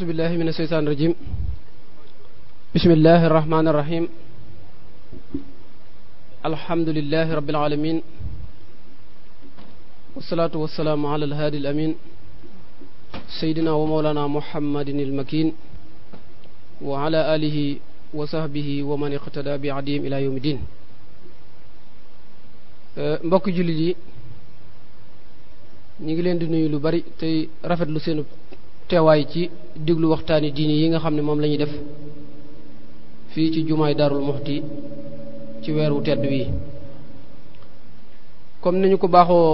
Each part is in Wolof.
أعوذ بالله من الشيطان الرجيم بسم الله الرحمن الرحيم الحمد لله رب العالمين والصلاة والسلام على الهادي الأمين سيدنا ومولانا محمد المكين وعلى آله وصحبه ومن اقتدى بعديم إلى يوم الدين mbokk jullit yi ñu ngi leen di nuyu lu bari tey rafetlu seenu teewaay ci diglu waxtaani diine yi nga xam ne moom lañuy def fii ci jumaay Daarul Muxti ci weer wu tedd wi comme ni ñu ko baaxoo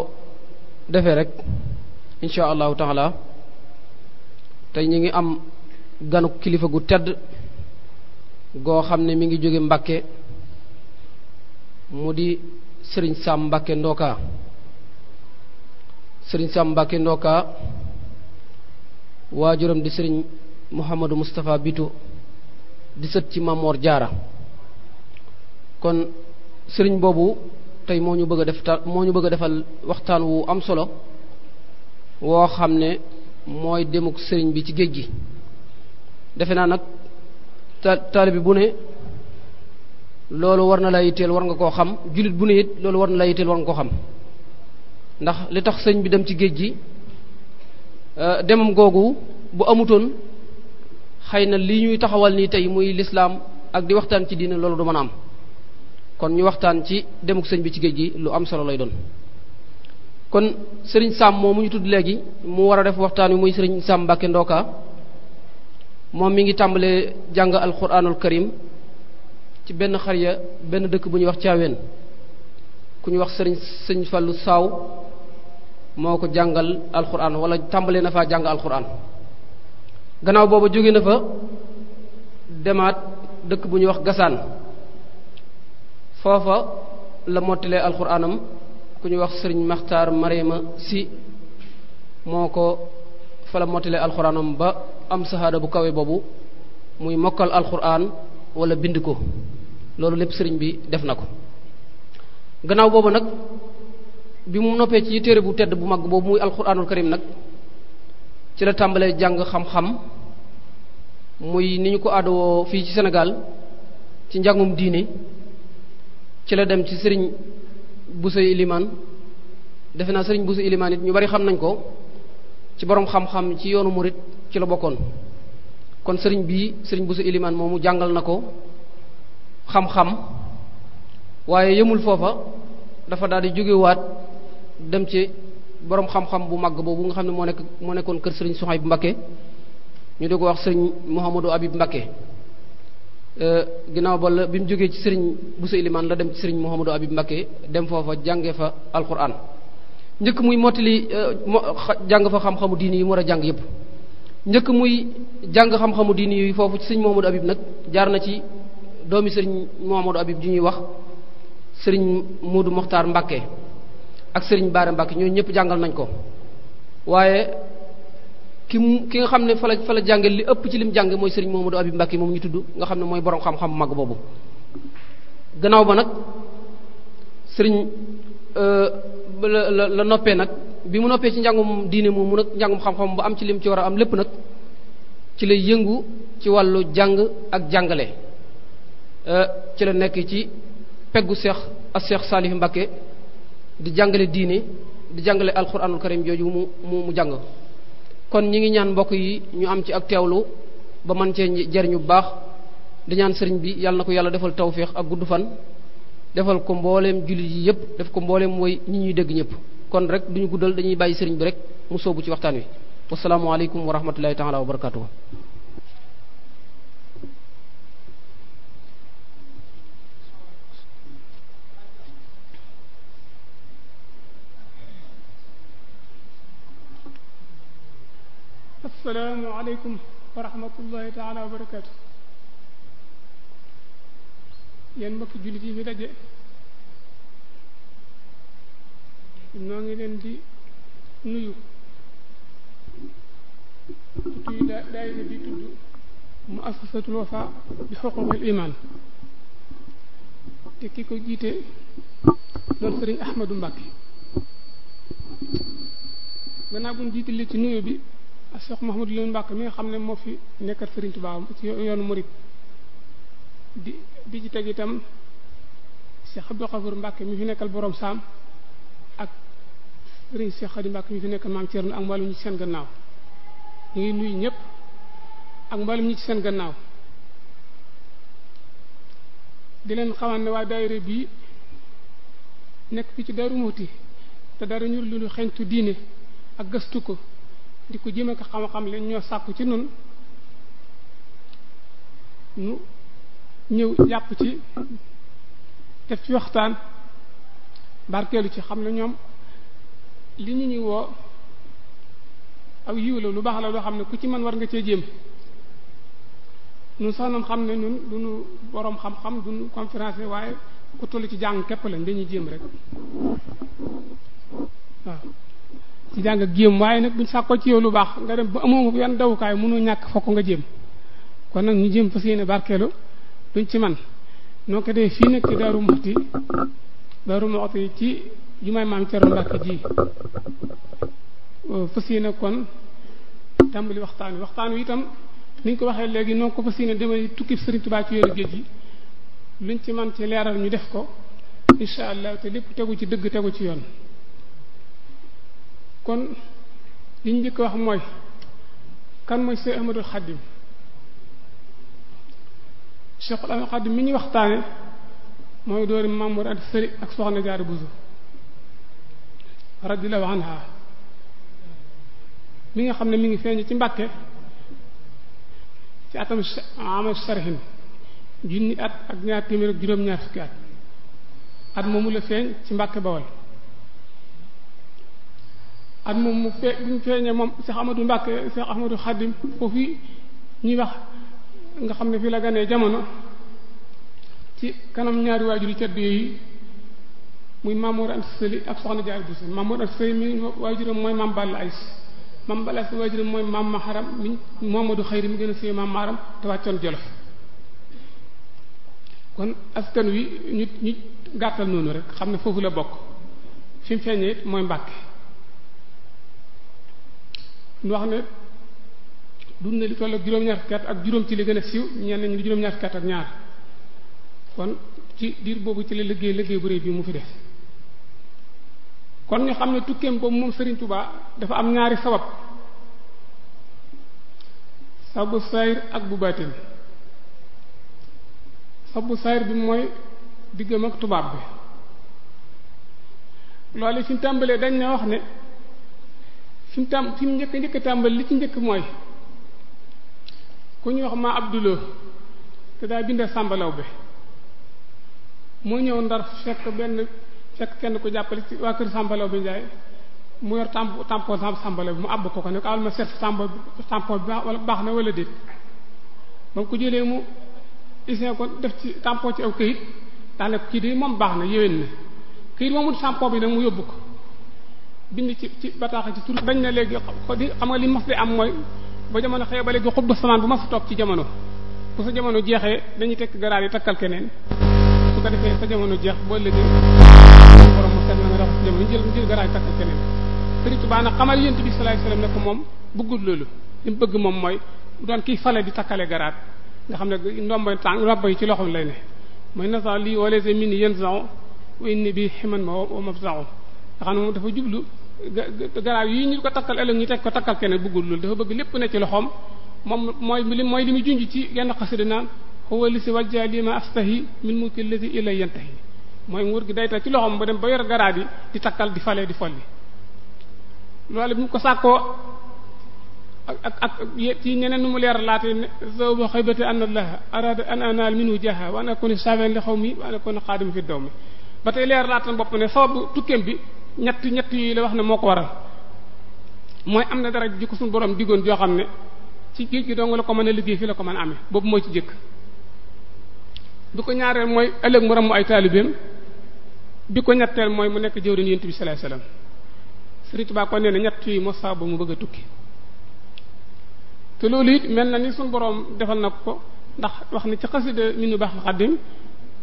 defe rek incha allahu taala tey ñu ngi am ganu kilifa gu tedd goo xam ne mi ngi jóge Mbàkke mu di Sëriñ Sam Mbàkke Ndoka Sëriñ Sam Mbàkke Ndoka waa waajuram di sëriñ Mouhamadou Moustapha bito di sët ci Mamor Jaara kon sëriñ boobu tey moo ñu bëgg a def ta moo ñu bëgg a defal waxtaan wu am solo woo xam ne mooy demuk sëriñ bi ci géej gi defe naa nag ta taalibi bu ne loolu war na la yitteel war nga koo xam jullit bu ne it loolu war na la yitteel war nga koo xam ndax li tax sëriñ bi dem ci géej gi Euh, demam googu bu amutoon xëy na li ñuy taxawal nii tey muy lislaam ak di waxtaan ci diine loolu du mën am kon ñu waxtaan ci demuk sëñ bi ci géej gi lu am solo lay doon kon sëriñ Sam mu ñu tudd léegi mu war a def waxtaan wi muy sëriñ Sam Mbàkke Ndoka moom mi ngi tàmbalee jàng alquranul karim ci benn xarya benn dëkk bu ñuy wax caaween ku ñu wax sëriñ sëñ Fallu Saaw moo ko jàngal alxuraan wala tàmbali na faa jàng alxuraan gannaaw boobu jóge na fa demaat dëkk bu ñuy wax gasaan foofa la mottalee alxuraanam ku ñuy wax sëriñ maxtaar mariama si moo ko fa la mottalee alxuraanam ba am sahaada bu kawee boobu muy mokkal alxuraan wala bind ko loolu lépp sëriñ bi def na ko gannaaw boobu nag bi mu noppee ci téere bu tedd bu mag boobu muy alquranul karim nag ci la tàmbalee jàng xam-xam muy ni ñu ko aadoo fii ci Sénégal ci njàngum diine ci la dem ci sëriñ Bousso Ilimaan defe naa sëriñ Bousso Ilimaan it ñu bari xam nañ ko ci boroom xam-xam ci yoonu murit ci la bokkoon kon sëriñ bii sëriñ Bousso Ilimaan moomu jàngal na ko xam-xam waaye yemul foofa dafa daal di jógewaat dem ci boroom xam-xam bu mag boobu nga xam ne moo nekk moo nekkoon kër sëriñ bu Mbakke ñu di ko wax sëriñ Mouhamadou Habib Mbakke euh, ginnaaw ba la bi mu jógee ci sëriñ bu Bousso Ilimaan la dem ci sëriñ Mouhamadou Habib Mbakke dem foofa jànge fa alquran njëkk muy mottali euh, jàng fa xam-xamu diini yi war a jàng yépp njëkk muy jàng xam-xamu diini foofu ci sëriñ Mouhamadou Habib nag jaar na ci doomi sëriñ Mouhamadou Habib di ñuy wax sëriñ Moodu Moxtaar Mbakke ak Serigne Bara Mbacke ñoo ñëpp jàngal nañ ko waaye ki mu ki nga xam ne fa la fa la jànge li ëpp ci lim jàng mooy Serigne Momadou Abi Mbacke moom ñu tudd nga xam ne mooy borom xam-xam mag boobu. gannaaw ba nag Serigne euh, la la la noppee nag bi mu noppee ci njàngum diine moomu nag njàngum xam-xam bu am ci lim ci war a am lépp nag ci la yëngu ci wàllu jàng ak jàngale euh, ci la nekk ci peggu seex ak seex Salih Mbacke. di jàngale diine di jàngale alquranul karim jooju mu mu jàng kon ñi ngi ñaan mbokk yi ñu am ci ak teewlu ba man cee jariñu bu baax di ñaan sëriñ bi yàlla na ko yàlla defal tawféex ak gudd fan defal ko mbooleem jullit yi yépp def ko mbooleem mooy ñi ñuy dégg ñëpp kon rek duñu guddal dañuy bàyyi sëriñ bi rek mu soobu ci waxtaan wi wasalaamualeykum wa rahmatullahi taala wa barakatuhu assalaamu aleykum wa rahmatullahi taala wa barakaatu yéen mbokki jullit yi fi daje noo ngi leen di nuyu tuuti daayira bi tudd muassasatul wafa bi xuquqil iman te ki ko jiite doon sëriñ Ahmadou Mbacke gannaaw bu jiite li nuyu bi Cheikh Mouhamadou Lamine mi nga xam ne moo fi nekkat Serigne Touba ci yoonu Mouride di di ci teg itam Cheikh Abdou Khafour Mbacke mi fi nekkal boroom saam ak Serigne Cheikh Khady Mbacke mi fi nekkal maam Thierno ak mboolem ñi ci seen gannaaw ñu ngi nuyu ñëpp ak mboolem ñi ci seen gannaaw di leen xamal ne waa daayira bii nekk fi ci Daaru Muuti te dara ñu lu xentu diine ak gëstu ko. di ko jëme ko xam-xam leen ñoo sàkku ci nun nu ñëw jàpp ci def ci waxtaan barkeelu ci xam na ñoom li ñu ñu woo aw yiw la lu baax la loo xam ne ku ci man war nga cee jéem nun sax noonu xam ne nun du ñu boroom xam-xam du ñu conférence waaye ku tollu ci jàng képp lañ dañuy jéem rek waaw di jàng ak jéem waaye nag buñ sàkkoo ci yow lu baax nga dem ba amoo yan dawukaay mënoo ñàkk fokk nga jëm kon nag ñu jéem fas yéene barkeelu luñ ci man noo ko dee fii nag ci Daaru Muxti Daaru ci jumaay maam Cerno Mbàkke ji fas yéene kon tàmbali waxtaan wi waxtaan wi itam niñ ko waxee léegi noo ko fas yéene demee tukki Sëriñ Tuubaa ci yoonu géej gi luñ ci man ci leeral ñu def ko incha allah te lépp tegu ci dëgg tegu ci yoon kon liñ njëkk wax mooy kan mooy Cheikh Ahmadul Xadim Cheikhul Ahmadul Xadim mi ñu waxtaane mooy doori Mamour Anta Sali ak Soxna Jaara Buso radiyallahu anha mi nga xam ne mi ngi feeñ ci Mbàkke ci atam amal sarhin junni at ak ñaar téeméer ak juróom-ñaar fukki at at moomu la feeñ ci Mbàkke Bawol at moom mu fee bu ñu moom Cheikh Ahmadou Mbacke Cheikh Ahmadou Khadim foofu ñuy wax nga xam ne fii la ganee jamono ci kanam ñaari waajur yi tedd yooyu muy Mamour Anta Sali ak Soxna Jaara Buso Mamour Anta Sali mi waajuram mooy Mam Balla Ays Mam Balla Ays waajuram mooy Mam Maharam mi Momadou Xayri mi gën a sëy Mam Maharam te wàccoon Jolof kon askan wi ñu ñu gàttal noonu rek xam ne foofu la bokk fi mu feeñee mooy Mbacke ñu wax ne dund na li toll ak juróom-ñaar fukki at ak juróom ci li gën a siiw ñenn ñi di juróom-ñaar fukki ak ñaar kon ci diir boobu ci la liggéey liggéey bu rëy bi mu fi def kon ñu xam ne tukkeem boobu moom Serigne Touba dafa am ñaari sabab sabu sayir ak bu baatin sabu sayir bi mooy diggam ak tubaab bi loolu fi ñu tàmbalee dañ na wax ne fi mu tàmm fi njëkk njëkk tàmbali li ci njëkk mooy ku ñu wax ma abduloo te daa bind sàmbalaw bi moo ñëw ndar fekk benn fekk kenn ku jàppale ci waa kër sàmbalaw bi njaay mu yor tam tampon sàmbalaw bi mu àbb ko ko ne ko amal ma seet sàmba bi wala baax na wala déet ba mu jëlee mu isin ko def ci tampon ci aw këyit daal ne kii de moom baax na yéwén na këyit moomut tampon bi nag mu yóbbu ko bind ci ci bataaxal ci tur dañ ne léegi xam nga li mos di am mooy ba jamono xëy ba léegi xub samaan bu ma sa toog ci jamono bu sa jamono jeexee dañuy tekk garaar yi takkal keneen su ko defee sa jamono jeex boo léegi borom mu set na nga raxas jamono ñu jël ñu jël garaar yi takkal keneen Sëriñ Tuubaa nag xamal yent bi sallallahu alayhi ne moom bëggul loolu li bëgg moom mooy bu doon kiy fale di takkale garaat nga xam ne ndomboy tànk ndomboy ci loxoom lay ne mooy nasa lii wala se min yénn sao wa inni bi ma wa mab nga xam ne moom dafa jublu garaaw yi ñu ko takkal ëllëg ñu teg ko takkal keneen bëggul loolu dafa bëgg lépp ne ci loxoom moom mooy li mooy li mu junj ci genn xasida naan xuwa li si wajja li ma astahi min mulki lati ilay yantahi mooy nguur gi day ta ci loxoom ba dem ba yor garaaw yi di takkal di fale di folli loolu bi mu ko sàkkoo ak ak ak ci ñeneen nu mu leer laate zawba xaybati an allah arada an anal minhu jaha wa an akuna safen li xaw mi wa an akuna xaadim fi mi ba tey leer laatan bopp ne sababu tukkeem bi ñett ñett yi la wax ne moo ko waral mooy am na dara ji ko suñu borom diggoon joo xam ne ci géej gi dong la ko mën a liggéey fii la ko man a amee boobu mooy ci jëkk bi ko ñaareel mooy ëllëg mu ramm ay taalibeem bi ko ñetteel mooy mu nekk jëwriñ yonent bi sa alayhi wasallam Sëriñ Tuubaa ko nee na ñett yi moo saab mu bëgg a tukki te loolu it mel na ni suñu boroom defal na ko ndax wax na ci xasida ñu ñu baax xaddim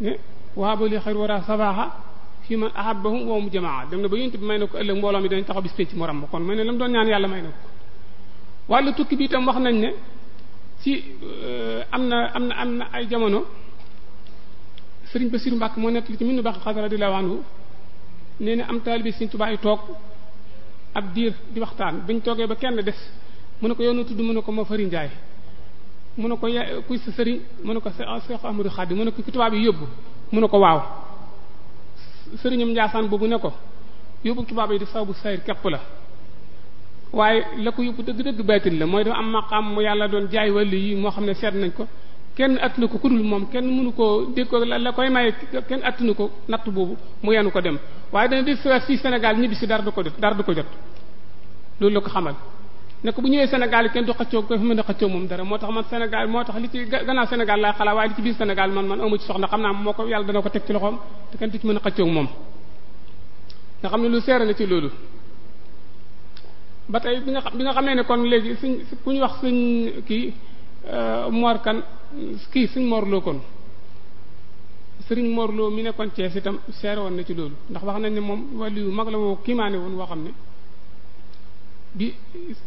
ne waa ba li xër war a sabaaxa fi man ahabbahum wa hum jamaa dem na ba yonent bi may na ko ëllëg mbooloo mi dañ taxaw bis pénc mu ram kon may ne la mu doon ñaan yàlla may na ko wàllu tukki bi itam wax nañ ne ci euh, am na am na am na ay jamono Sëriñ Basiru Mbàkke moo nekk li ci mën nu baax xadra radiyallahu anhu nee na am taalibe Sëriñ Tuubaa yi toog ab diir di waxtaan bañ toogee ba kenn des mu ne ko yow tudd mu ne ko ma fari Njaay mu ne ko ya kuy sa sëriñ mu ne ko Seex Ahmadu Xaadim mu ne ko ki tubaab yi yóbbu mu ne ko waaw sëriñum Njaasaan boobu ne ko yóbbu tubaab yi di bu sayr kepp la waaye la ko yóbbu dëgg-dëgg baatin la mooy dafa am maqaam mu yàlla doon jaay wàllu yi moo xam ne seet nañ ko kenn attanu ko kudul moom kenn mënu koo dégg ko la koy maye kenn attanu ko natt boobu mu yenu ko dem waaye dana di siwaat fii Sénégal ñibbi si dara du ko jot dara du ko jot loolu la ko xamal nekk bu ñëwee Sénégal yi kenn du xëccoo ko fi mën a xëccoo moom dara moo tax man Sénégal moo tax li ci gannaaw Sénégal laa xalaat waaye li ci biir Sénégal man man amu ci soxna xam naa ko yàlla dana ko teg ci loxoom te kenn du ci moom xam ne lu seere la ci loolu tey bi nga xam bi nga xamee ne kon léegi suñ ku ñu wax kii euh, Mor kan kii suñ Mor Lo kon sëriñ Mor Lo mi nekkoon itam seere woon na ci loolu ndax wax nañ ne moom wàllu yu mag la woo kiimaane woon woo xam ne bi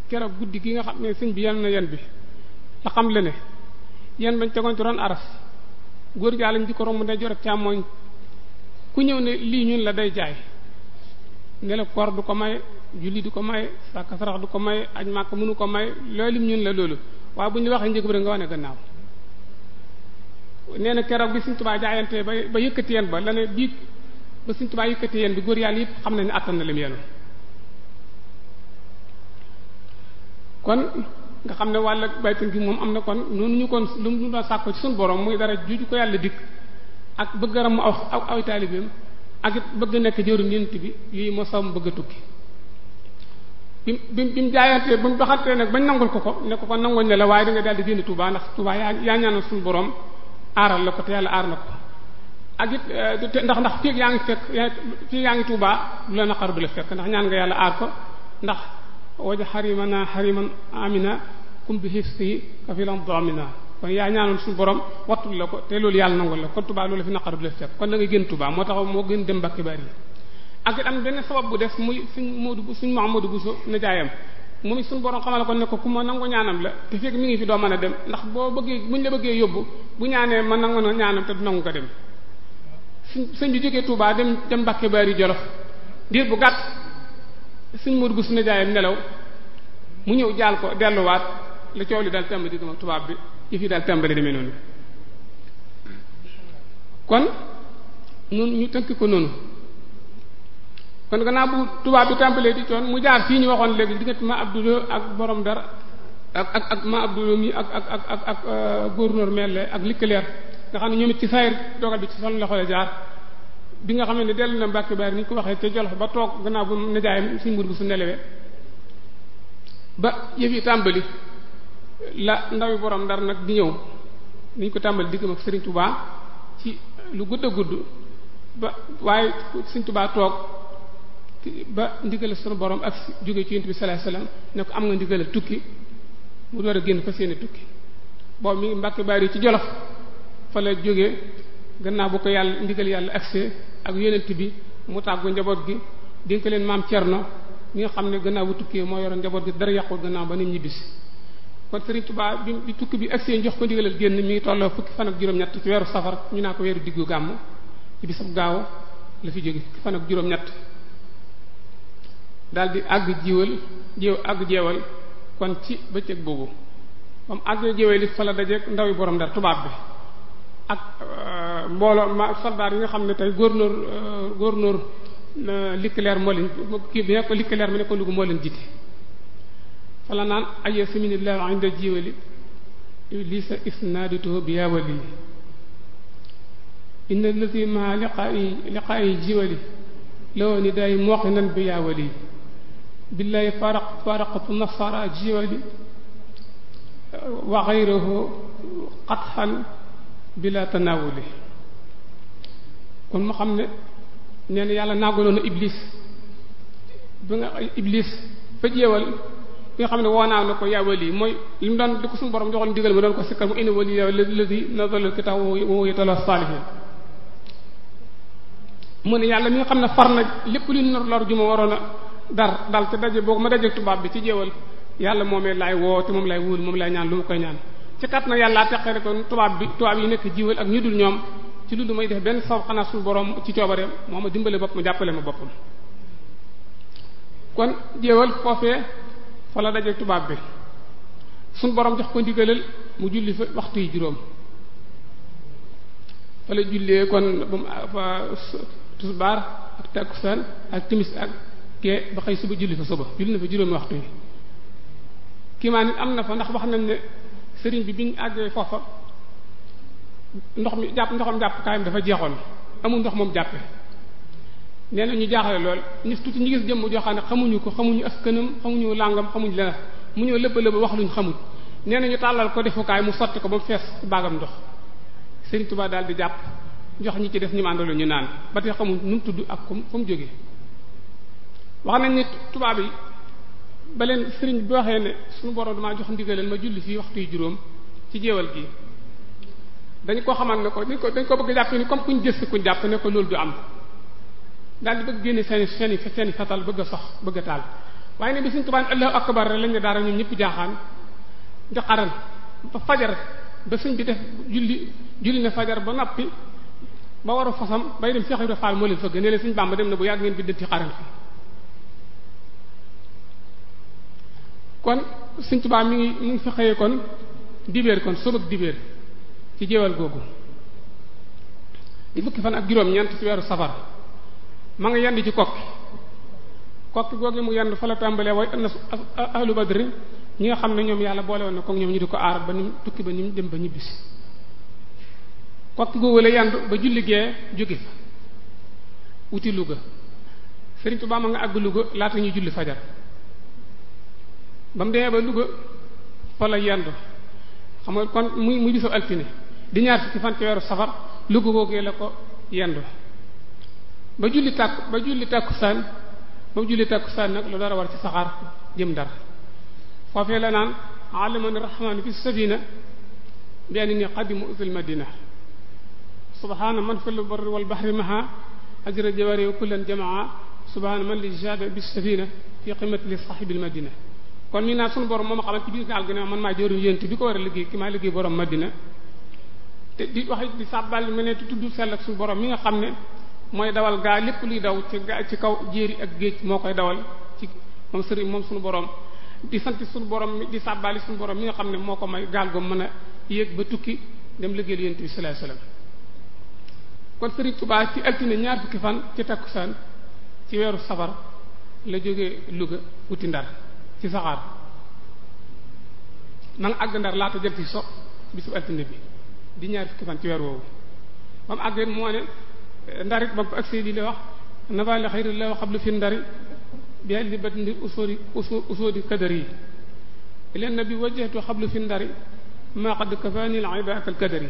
keroog guddi gi nga xam ne sëñ bi yan na yan bi la xam le ne yan bañ tegoon ci ron aras góor gi àllañ di ko romb ndey jorek càmmooñ ku ñëw ne lii ñun la day jaay ne la koor du ko may julli du ko may sàkk sarax du ko may aj màkk mënu ko may loolu ñun la loolu waaye bu ñu waxee njëg bi rek nga wane gannaaw nee na keroog bi suñ tubaa jaayante ba ba yëkkati yeen ba la ne bii ba suñ tubaa yëkkati yeen bi góor ne yëpp xam ne attan na lim yenu kon nga xam ne wàll baytan gi moom am na kon noonu ñu kon lu mu doon sàkko ci suñu borom muy dara juju ko yàlla dikk ak bëgg ram aw aw taalibeem ak it bëgg nekk jëwriñ yent bi lii moo sam bëgg a tukki bi bi mu jaayantee bu mu doxantee bañ nangul ko ko ne ko ko nanguñ la waaye da nga daal di génn Touba ndax Touba yaa suñu borom aaral la ko te yàlla ak it euh, ndax ndax fii yaa ngi fekk fii yaa ngi tuubaa lu na naqar du la fekk ndax ñaan nga yàlla aar ko ndax waj xarimana xariman amina kum bi xifsi ka filan domina kon yaa ñaanoon suñu borom wattul la ko te loolu yàlla nangol la ko Tuubaa loolu fi naqaru du la fekk kon da ngay gën moo tax moo gën dem Mbàkke Bari ak it am benn sabab bu def muy suñ Moodu bu suñ Mahamadou Bousso nijaayam moom suñu borom xamal ko ne ko ku ma nangu ñaanam la te fekk mi ngi fi doo mën a dem ndax boo bëggee buñ la bëggee yóbbu bu ñaanee ma nangu na ñaanam te du nangu ko dem suñ sëñ bi jógee Tuubaa dem dem Mbàkke Bari Jolof diir bu sëñ Modou Bousso nijaayam nelaw mu ñëw jaal ko delluwaat la coow li daal tàmbali dama tubaab bi yëf yi daal tàmbali demee noonu kon ñun ñu tënk ko noonu kon gannaaw bu tubaab bi tàmbalee di coon mu jaar fii ñu waxoon léegi diggante ma Abdoulou ak boroom dara ak ak ma Abdoulou mi ak ak ak ak ak euh, gouverneur Melle ak Likeleer nga xam ne ñoom ci sayr dogal bi ci son loxo jaar bi nga xam ne dellu na baar Baari ni ko waxee ca Jolof ba toog gannaaw bu nijaayam si mbur bu su nelewee ba yëf yi tàmbali la ndawi borom ndar nag di ñëw niñ ko tàmbali diggam ak Sëriñ Tuubaa ci lu gudd a gudd ba waaye Sëriñ Tuubaa toog ba ndigal sunu borom ak jóge ci yonent bi sallallahu alayhi ne ko am nga ndigal tukki mu door a génn fa seeni tukki boobu mi ngi Mbàkke Baari ci Jolof fa la jóge gannaaw bu ko yàlla ndigal yàlla accès ak yonent bi mu tàggoo njaboot gi dénk leen maam Cerno ñi nga xam ne gannaaw bu tukkee moo yoroon njaboot gi dara yàqul gannaaw ba nit ñi bis kon Serigne Touba bi tukki bi accès jox ko ndigalal génn mi ngi tolloo fukki fan ak juróom-ñett ci weeru naa ko weeru diggu gàmm ci bisab gaaw la fi jóge fukki fan ak juróom-ñett daal di àgg jiwal jiw àgg jeewal kon ci bëccëg boobu ba mu àggee jéewal it fa la dajeeg ndaw yi borom Ndar tubaab bi ak euh, mbooloo ma soldat yi nga xam ne tey gouverneur euh, gouverneur Leclerc moo leen bi ne ko Leclerc mu ne ko Louga moo leen jiite fa la naan aye siminillah inda jiwali lii sa isnaadituhu liqaayi liqaayi jiwali loo ni day muqinan bi yaawali billahi faraq faraqtu nasara jiwali wa xayruhu qatxan bila tanaawuli kon mu xam ne nee yàlla naagaloon na iblis bi nga iblis fa jeewal bi nga xam ne woonaa na ko yaa wali mooy li mu doon li ko suñu borom joxoon digal mu doon ko sikkal mu indi wali yow ladi nazalal ki tax wooyu tala saalihin mu ne yàlla mi xam ne far na lépp lu nor lor ju ma waroon a dar dal te daje boobu ma daje tubaab bi ci jeewal yàlla moomee laay woo te moom laay wóolu moom laay ñaan lu ma koy ñaan ci kat na yàllaa teqale ko tubaab bi tubaab yi nekk jiwal ak ñu dul ñoom ci lu may def benn saw xanaa suñu borom ci coobareem moo ma dimbale bopp ma jàppale ma boppam kon jéewal foofee fa la daje tubaab bi suñu borom jox ko ndigalal mu julli fa waxtu yi juróom fa la jullee kon ba mu fa tisbaar ak takkusaan ak timis ak kee ba xëy suba julli fa suba julli na fa juróomi waxtu yi kiimaa nit am na fa ndax wax nañ ne sëriñ bi biñ àggee foofa ndox mi jàpp ndoxam jàpp kaayam dafa jeexoon amul ndox moom jàppe nee na ñu jaaxale lool ñis tuuti ñu gis jëmm joo xam ne xamuñu ko xamuñu askanam xamuñu làngam xamuñu la mu ñëw lëba lëba wax luñ xamul nee na ñu tàllal ko defukaay mu sotti ko ba mu fees baagam ndox sëriñ Tuubaa daal di jàpp jox ñi ci def ñu màndalu ñu naan ba tey xamuñ nu mu tudd ak kum fu mu jógee wax nañ ni tubaab yi ba leen sëriñ bi waxee ne suñu borom damaa jox leen ma julli fii waxtu yu juróom ci jéewal gi dañ koo xamal ne ko dañ ko dañ ko bëgg jàpp ni comme kuñ gëstu kuñ jàpp ne ko loolu du am daal di bëgg génne seeni seeni seeni fetal bëgg sox bëgg a taal waaye ne bi suñ tubaan allahu akbar rek lañ ne daara ñoom ñëpp jaaxaan di xaran ba fajar ba suñ bi def julli julli na fajar ba noppi ba war a fasam bay dem Cheikh Ibrahima Fall moo leen fëgg ne leen suñ Bàmba dem bu yàgg ngeen biddanti xaran fi kon Sëriñ Tuubaa mi ngi mi ngi fi xëyee kon dibéer kon sobëg dibéer ci jéewal googu di fukki fan ak juróom-ñeent ci weeru safar ma nga yend ci kokki kokki googu mu yend fa la tàmbalee am na ñi nga xam ne ñoom yàlla boole na ko ñoom ñu di ko aar ba tukki ba ni dem ba ñibbisi kokki googu ba julli gee jóge fa wuti Louga Sëriñ Tuubaa ma nga àgg Louga laata ñuy julli fajar ba mu demee ba Louga fa la yendu xam nga kon muy muy bisu altine di ñaar fukki fan weeru safar Louga googee la ko yendu ba julli tàkk ba julli tàkkusaan ba julli tàkkusaan nag lu dara war ci saxaar jëm dara foofee la naan alamani rahmani fi safina bi anni qadimu fil madina subhana man fil barri wal bahri maha ajra jawari kullan jamaa subhana man li jada bis safina fi qimati li sahibil madina kon ñu naan sunu borom moo ma xamal ci biir gaal gi ne man maa jëriñ yéen bi ko war a liggéey ki maa liggéey borom Madina te di wax di sàbbal mu ne tudd sell ak suñu borom mi nga xam ne mooy dawal gaa lépp luy daw ci ci kaw jéeri ak géej moo koy dawal ci moom sëriñ moom suñu borom di sant suñu borom mi di sàbbali suñu borom mi nga xam ne moo ko may gaal go mën a yéeg ba tukki dem liggéeyal yéen bi sallallahu alayhi kon sëriñ subaa ci altine ñaar fukki fan ci takkusaan ci weeru safar la jóge Louga wuti Ndar ci saxaar na nga àgg ndar laata jël ci so bisu altine bi di ñaar fukki fan ci weer woowu ba mu àggee moo ne eh, ndar it ba mu agsee wax nafaale xëyri la xablu fi ndari bi li bat ndi usóori usóori kadar yi leen na bi wajjatu xablu fi ndari maa qad kafaani al ibaat al kadar yi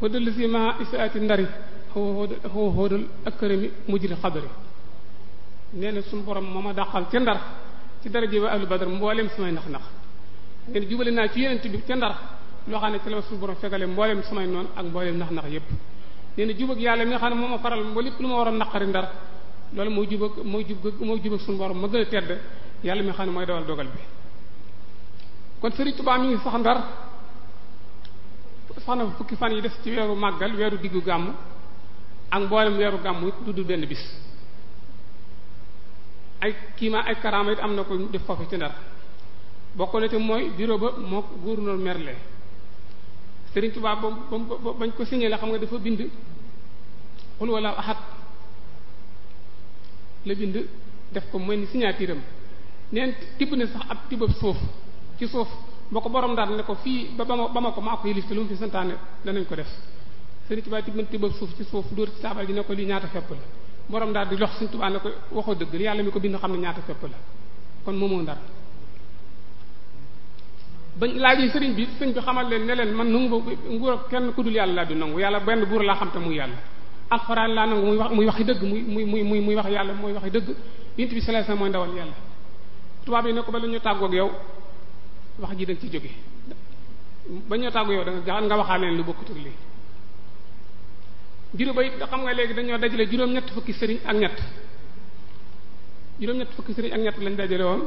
ko dëll si ma isaati ndari xaw xaw xóodal ak kërami mujj di xadari nee na moo ma dàqal ca ndar ci daraje waa ahlu badar mbooleem samay ndax nax leen jubale naa ci yenente bi ca ndar loo xam ne ci la ma suñu borom fegale mbooleem samay noonu ak mbooleem nax-nax yépp nee na jubag yàlla mi nga xam ne moo faral ba lépp lu ma war a naqari ndar loolu mooy jubag mooy jub mooy jubag suñu borom ma gën a yàlla mi nga mooy dawal dogal bi kon Serigne Touba mi ngi sax ndar sax na fukki fan yi def ci weeru màggal weeru diggu gàmm ak mboolem weeru gàmm it dudd benn bis ay kiima ay karaama it am na ko def ko fi ci ndar bokk na te mooy bureau ba moo góor gouverneur Merle Serigne Touba ba bañ ko signé la xam nga dafa bind wala axat la bind def ko mooy ni signature am neen ne sax ab tibbab suuf ci suuf boo ko ne ko fii ba ba ma ba ma ko maa ko yilif te lu mu fi santaane danañ ko def Serigne Touba tibb na tibbab suuf ci suuf dóor ci saabal ji ne ko lii ñaata fepp la borom daal di lox suñ tubaa ne ko waxoo dëgg li yàlla mi ko bind xam ne ñaata fépp la kon moomoo ndar bañ laajee sëriñ bi sëriñ bi xamal leen ne leen man nangu nguur kenn ku dul yàlla laa du nangu yàlla benn buur laa xam te muy yàlla alxuraan laa nangu muy wax muy waxi dëgg muy muy muy muy muy wax yàlla muy waxi dëgg yint bi sallallahu alayhi wasallam mooy ndawal yàlla tubaab yi ne ko ba la ñu tàggoog yow wax ji da ci jóge ba ñu tàggu yow da nga waxaa leen lu bokkut lii juróba it da xam nga léegi dañoo dajale juróom-ñett fukki sëriñ ak ñett juróom-ñett fukki sëriñ ak ñett lañ dajale woon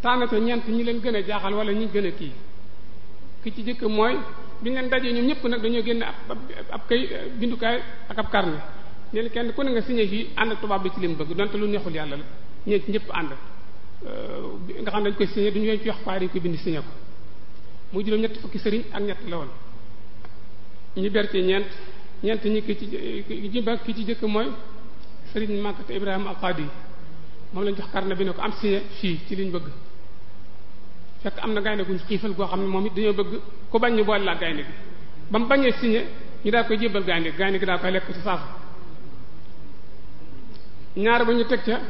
tànn ñeent ñi leen gën a jaaxal wala ñi gën a kii ki ci jëkk mooy bi ngeen dajee ñoom ñëpp nag dañoo génne ab ab bindukaay ak ab carnet ne kenn ku ne nga signé fii ànd tubaab bi ci li mu bëgg donte lu neexul yàlla la ñeent ñëpp ànd nga xam dañ koy signé duñu leen ci wax faari ko bind signé ko muy juróom-ñett fukki sëriñ ak ñett la woon ñu ñeent ñeent ñi ki ci ji ba ki ci jëkk mooy sëriñ Mankata Ibrahima Alqaadi moom lañ jox na bi ne ko am signé fii ci liñ bëgg fekk am na gaynde guñ xiifal goo xam ne moom it dañoo bëgg ku bañ ñu boole laa gaynde gi ba mu bañee signé ñu daal koy jébbal gaynde gi gaynde gi daal koy lekk ci saafu ñaar ñu teg ca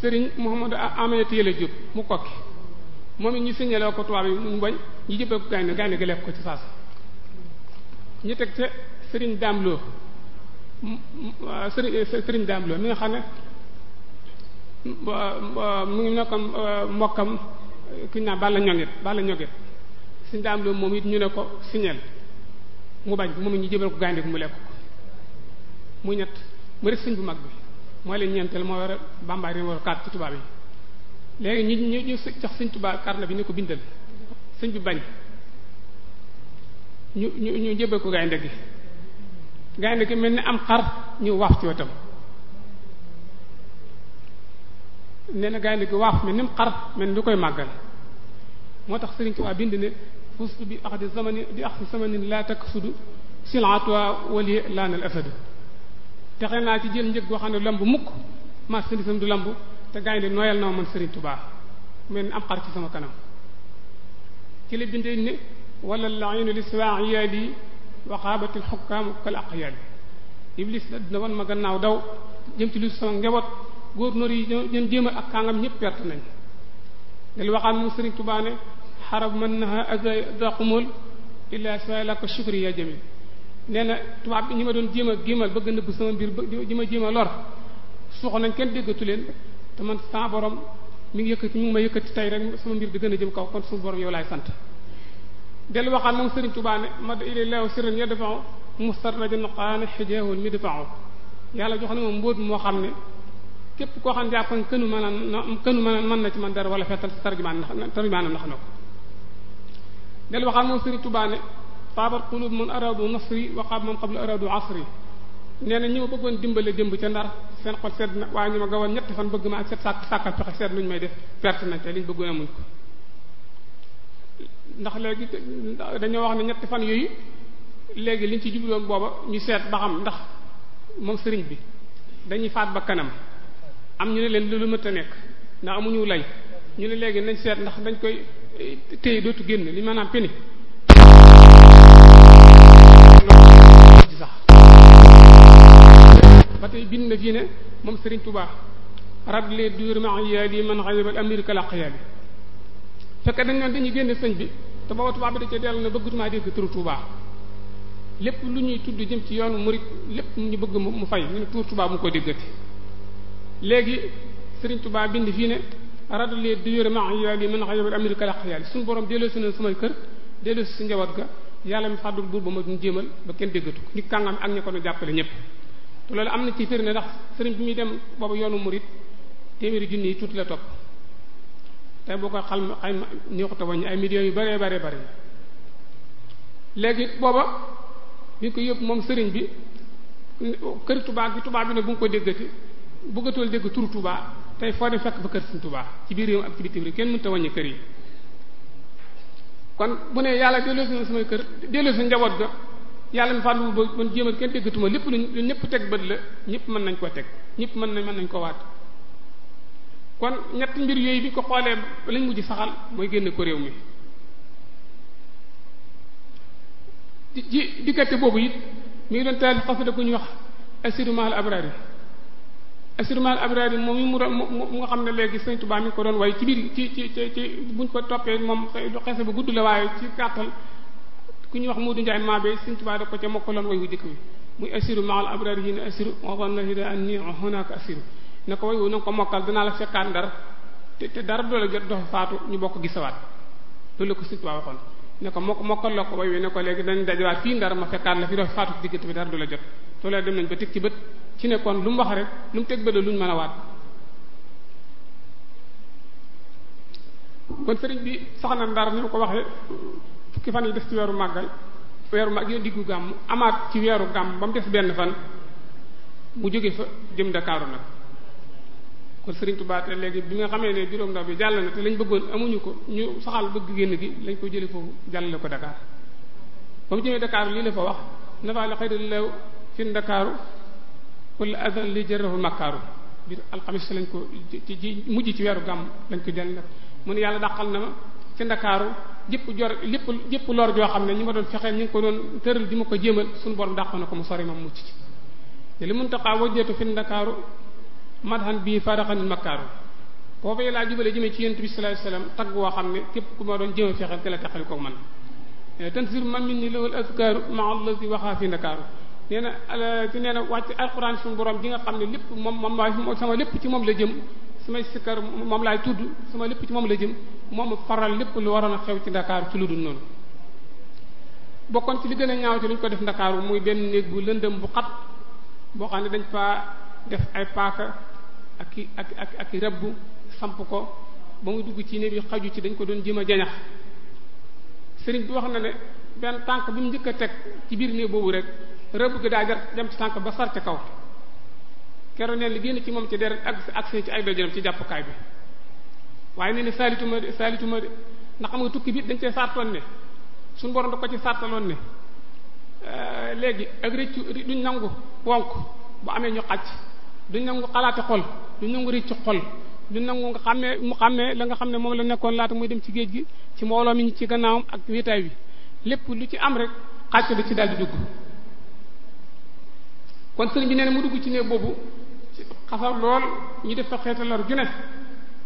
sëriñ Mouhamadou Amina Tiyele ñu signé loo ko tubaab yi mu bañ ko ci saafu ñu teg ca Serigne Dame Lo Serigne euh, Serigne Dame Lo nga xam ne mu ngi nekkam euh, mbokkam euh, ku ñu naan Balla Ñoŋet Balla Ñoŋet Serigne Dame Lo moom it ñu ne ko signal mu bañ moom it ñu jëbal ko gaynde mu lekk ko muy ñett mu des sëñ bu mag bi mooy leen ñeenteel moo war a bambaay war a kaat ci tubaab yi léegi ñu ñu ñu jox sëñ tubaab karne bi ni ko bindal sëñ bi bañ ñu ñu ñu jëbal ko gaynde gi gaynde ki mel ni am xar ñu waaf ci wetam nee na gaynde ki waaf mel ni xar mel ni koy màggal moo tax Sëriñ Tuubaa bind ne fustu bi axdi zamani bi axdi zamani laa takk sudu silaatwa wali laanal asadu texe naa ci jël njëg goo xam ne lamb mukk ma sëriñ du lamb te gaynde nooyal na ma man Sëriñ Tuubaa mel ni am xar ci sama kanam ci la bindee ne wala lainu li siwaan yaali waqaabatil xukkaamu kal aqyaali iblis da dina wan ma gannaaw daw jëm ci lu sama njaboot gouverneur yi ñoom jéem ak kàngam ñëpp perte nañ li waxaan moom Serigne Touba ne xarab man naa azaqumul illa sala ko shukri ya jamil na tubaab bi ñi ma doon jéem a gémmal bëgg nëbb sama mbir ma jéem a lor nañ kenn déggatu leen te man sa borom mi ngi yëkkati mi ngi ma yëkkati tey rek sama mbir di gën a jëm kaw kon suñu borom yow laay sant dellu waxaat moom Serigne Touba ne mad ilillahu sirran yadfa'u mustarrajun qaani xijahul midfa'u yàlla jox na moom mbóot moo xam ne képp koo xam ne jàpp nga kënu mën na kënu mën mën na ci man dara wala fettal tarjumaan tarjumaanam ndax na ko dellu waxaat moom Serigne Touba ne taabat qulub man aradu nasri wa qaab man qabla aradu asri nee na ñi ma bëggoon dimbale jëmb ca ndar seen xol sedd na waaye ñu ma gawoon ñetti fan bëgg ma ak set sàkk sàkkal pexe sedd nuñu may def perte na te liñ bëggoon ndax léegi dañoo wax ne ñetti fan yooyu léegi liñ ci jubloon booba ñu seet ba xam ndax moom sëriñ bi dañuy faat ba kanam am ñu ne leen lu lu mënta nekk ndax amuñu lay ñu ne léegi nañ seet ndax dañ koy eh, téye dootu génn li man maanaam peni ba tey bind na fii ne moom sëriñ tubaa rab lee duur ma yaali man xaybal amir kala xayaali fekk dañ noon dañuy génne sëñ bi te booba tubaab bi da cee dellu ne bëggutumaa dégg turu Tuubaa lépp lu ñuy tudd jëm ci yoonu murit lépp ñu bëgg mu fay ñu ne tur Tuubaa mu ko déggati léegi Sëriñ Tuubaa bind fii ne rado lee di yore ma yàlla yi mën na xa yobal am lika laq yàlla suñu borom samay kër delloo si si ga yàlla mi fàddul ba ma duñ jéemal ba kenn déggatu ko ni kàngam ak ko jàppale ñëpp loolu am na ci firnde ndax sëriñ bi muy dem boobu yoonu murit téeméeri junni yi tuuti la topp te bu ko xal xay neexuta wañ ay millions yu bare bare bare léegi booba bi ko yëpp moom sëriñ bi kër Touba gi Touba bi ne bu nga ko déggati bëggatul dégg tur Touba tey foo dem fekk fa kër Sëriñ Touba ci biir réew ak ci bitim réew kenn mënut a wàññi kër yi kon bu ne yàlla delloo si samay kër delloo si njaboot ga yàlla mi fàllu ba man jéem a kenn déggatuma lépp lu ñëpp teg bët la ñëpp mën nañ koo teg ñëpp mën nañ mën nañ ko waat kon ñett mbir yooyu bi ko xoolee lañ mujj saxal mooy génne ko réew mi ci diggante boobu yi mi ngi doon taal xasida ku ñuy wax asirumaal abrari asirumaal abrari moom mi mu mu nga xam ne léegi Sëriñ Tuubaa mi ko doon way ci biir ci ci ci buñ ko toppee moom xese bu gudd la waaye ci gàttal ku ñuy wax Moodu Njaay Maabe Sëriñ Tuubaa ko ca mokkaloon way wu jëkk bi muy asirumaal abrari yi ne asiru waxoon na hida an ni ne ko na ko mokkal danaa la fekkaat ndar te te dara doo la jot ñu bokk gisawaat loolu la ne ko mokk mokkal la ko ne ko léegi dañ dajawaat fii ndar ma fi dox faatu diggante bi dara doo la jot loolu dem nañ ba ci bët ci ne lu mu wax rek teg bët luñ mën a waat bi sax na ndar ko waxee fukki fan yi des ci weeru màggal weeru mag yo diggu gàmm amaat ci weeru gàmm ba mu des benn fan mu jóge fa jëm Ndakaaru nag kon Serigne Touba te léegi bi nga xamee ne biroom ndaw bi jàll na te lañ bëggoon amuñu ko ñu saxal bëgg génn gi lañ ko jëlee foofu jàllale ko Dakar ba mu jëmee Dakar lii la fa wax nafaala xëy na fi Dakar wala azal li jërëfu makkaaru biir alxamis lañ ko ci ci mujj ci weeru gàmm lañ ko jël nag mu ne yàlla dàqal na ma fi Dakar jëpp jor lépp jëpp lor joo xam ne ñu ma doon fexeel ñu ngi ko doon tëral di ma ko jéemal suñu borom dàq na ko mu sori ma mucc ci te li mun taxaa wajjeetu fi Dakar madhan bii faraxanil makkaaru foofu yi laa jubale jëmee ci yonent bi sallallahu alayhi wasallam tagg woo xam ne képp ku ma doon jëme fexel te la teqali koog man eh, tansir man min ni lawal azkaaru maallasi waxaa fi ndakaaru nee na ci nee na wàcc alquran suñu borom ji nga xam ne lépp moom moom laay sama lépp ci moom la jëm samay sikkar moom laay tudd su ma lépp ci moom la jëm moom faral lépp lu waroon a xew ci ndakaaru ci lu dul noonu bokkoon ci li gën a ñaaw ci lu ko def ndakaaru muy benn néeg bu lëndëm bu xat boo xam ne dañ fa def ay paaka ak i ak ak ak rebb samp ko ba mu dugg ci néeg xaju ci dañ ko doon jéem a jañax sëriñ bi wax na ne benn tànk bu mu njëkk a teg ci biir néeg boobu rek rëbb gi daa jar dem ci tànk ba sar kaw keroog neen li génn ci moom ci deret ak ci ay dojanam ci jàppukaay bi waaye nee na saalituma de saalituma de ndax xam nga tukki bi dañ cee sartoon ne suñu borom da ko ci sartaloon ne léegi ak rëccu duñ nangu wonk bu amee ñu xàcc duñ nangu xalaate xol duñ nangu rëcc xol du nangu nga xàmmee mu xàmmee la nga xam ne moom la nekkoon laata muy dem ci géej gi ci mbooloo mi ci gannaawam ak wéetaay bi lépp lu ci am rek xàcc da ci daldi dugg kon ci néeg boobu xasaw lool ñu def fa xeeta lor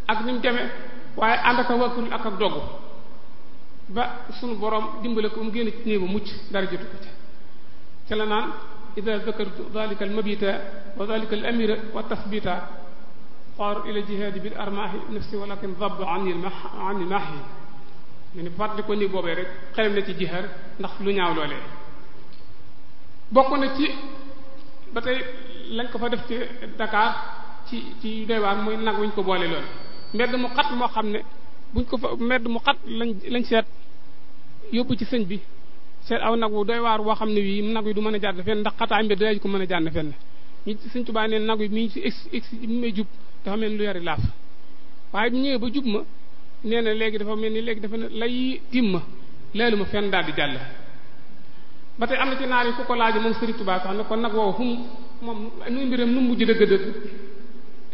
ak ni mu demee waaye ànd ak a wàkkul ak ak dogg ba sunu borom dimbale ko mu génn ci néegu mucc dara jotu ko ca ca la naan ida zakartu dalika al mabita wa dalika al amira wa tasbita xaaru ila jihaadi bil armaahi nafsi walakin dabba anil maahi mu ne fàttali ko nii boobee rek xelam na ci jihaar ndax lu ñaaw loolee bokk na ci ba tey lañ ko fa def ci Dakar ci ci doy waar muy nag wuñ ko boole lool mbedd mu xat moo xam ne buñ ko fa mbedd mu xat lañ lañ seet yóbbu ci sëñ bi seet aw nag wu doy waar woo xam ne wii nag wi du mën a jàdd fenn ndax xataay mbedd dañu ko mën a jàdd fenn ñi ci Sëriñ Tuubaa nag yi mi ngi ci ex ex bi may jub dafa mel ni lu yori laaf waaye bu ñëwee ba jub ma nee na léegi dafa mel ni léegi dafa lay tim ma leelu ma fenn daal di jàll ba tey am na ci naar yi ku ko laaj moom Sëriñ Tuubaa sax ne kon nag woowu fu mu moom nu mbiram nu mujj dëgg-dëgg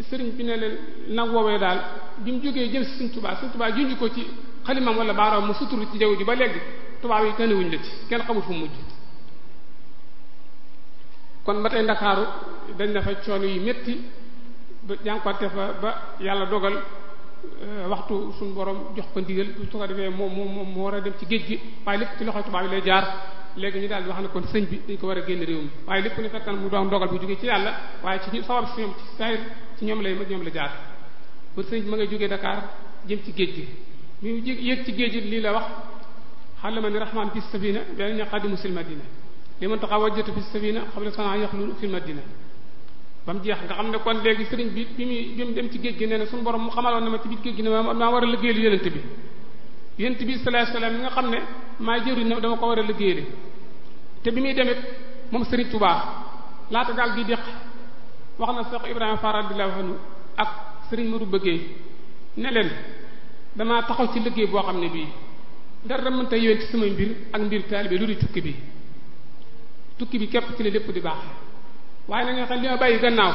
sëriñ bi ne leen nag woowee daal bi mu jógee jëm si Sëriñ Tuubaa tubaa Tuubaa ji ko ci xalimam wala baaraam mu suturu ci jaww ji ba léegi tubaab yi tënewuñ la ci kenn xamul mujj kon ba tey ndakaaru dañ na fa coono yu métti ba jànkuwante fa ba yàlla dogal euh, waxtu suñu borom jox ko ndigal su ko defee moom moom moo war a dem ci géej gi waaye lépp ci loxo tubaab yi lay jaar léegi ñu daal di wax ne kon sëñ bi dañ ko war a génn réew mi waaye lépp ne fekkan mu doon dogal bu jógee ci yàlla waaye ci sabab si ñoom ci saayir ci ñoom lay ñoom la jaar pour sëñ bi ma ngay jógee Dakar jëm ci géej gi mu yéeg ci géej gi lii la wax xalama ni rahman bis sabina benn ñaqadi musil madina li man taxaw wajjatu fi sabina xam ne sanaa yaxlu fi madina ba jeex nga xam ne kon léegi sëriñ bi bi muy bi mu dem ci géej gi nee na suñu borom mu xamaloon na ma ci biir géej gi ne ma maa war a liggéeyal yonent bi yonent bi sallallahu alayhi wasallam nga xam ne maa jëriñ na dama ko war a liggéeyal te bi muy demit moom sëriñ Tuubaa laata gaal gi deq wax na Seex Ibrahima Faar radiyallahu anhu ak sëriñ Madu Bëggee ne leen damaa taxaw ci liggéey boo xam ne bii dara mënta yéwén ci sama mbir ak mbir taalibe lu di bi tukki bi képp ci la lépp di baax waaye na nga xam li ma bàyyi gannaaw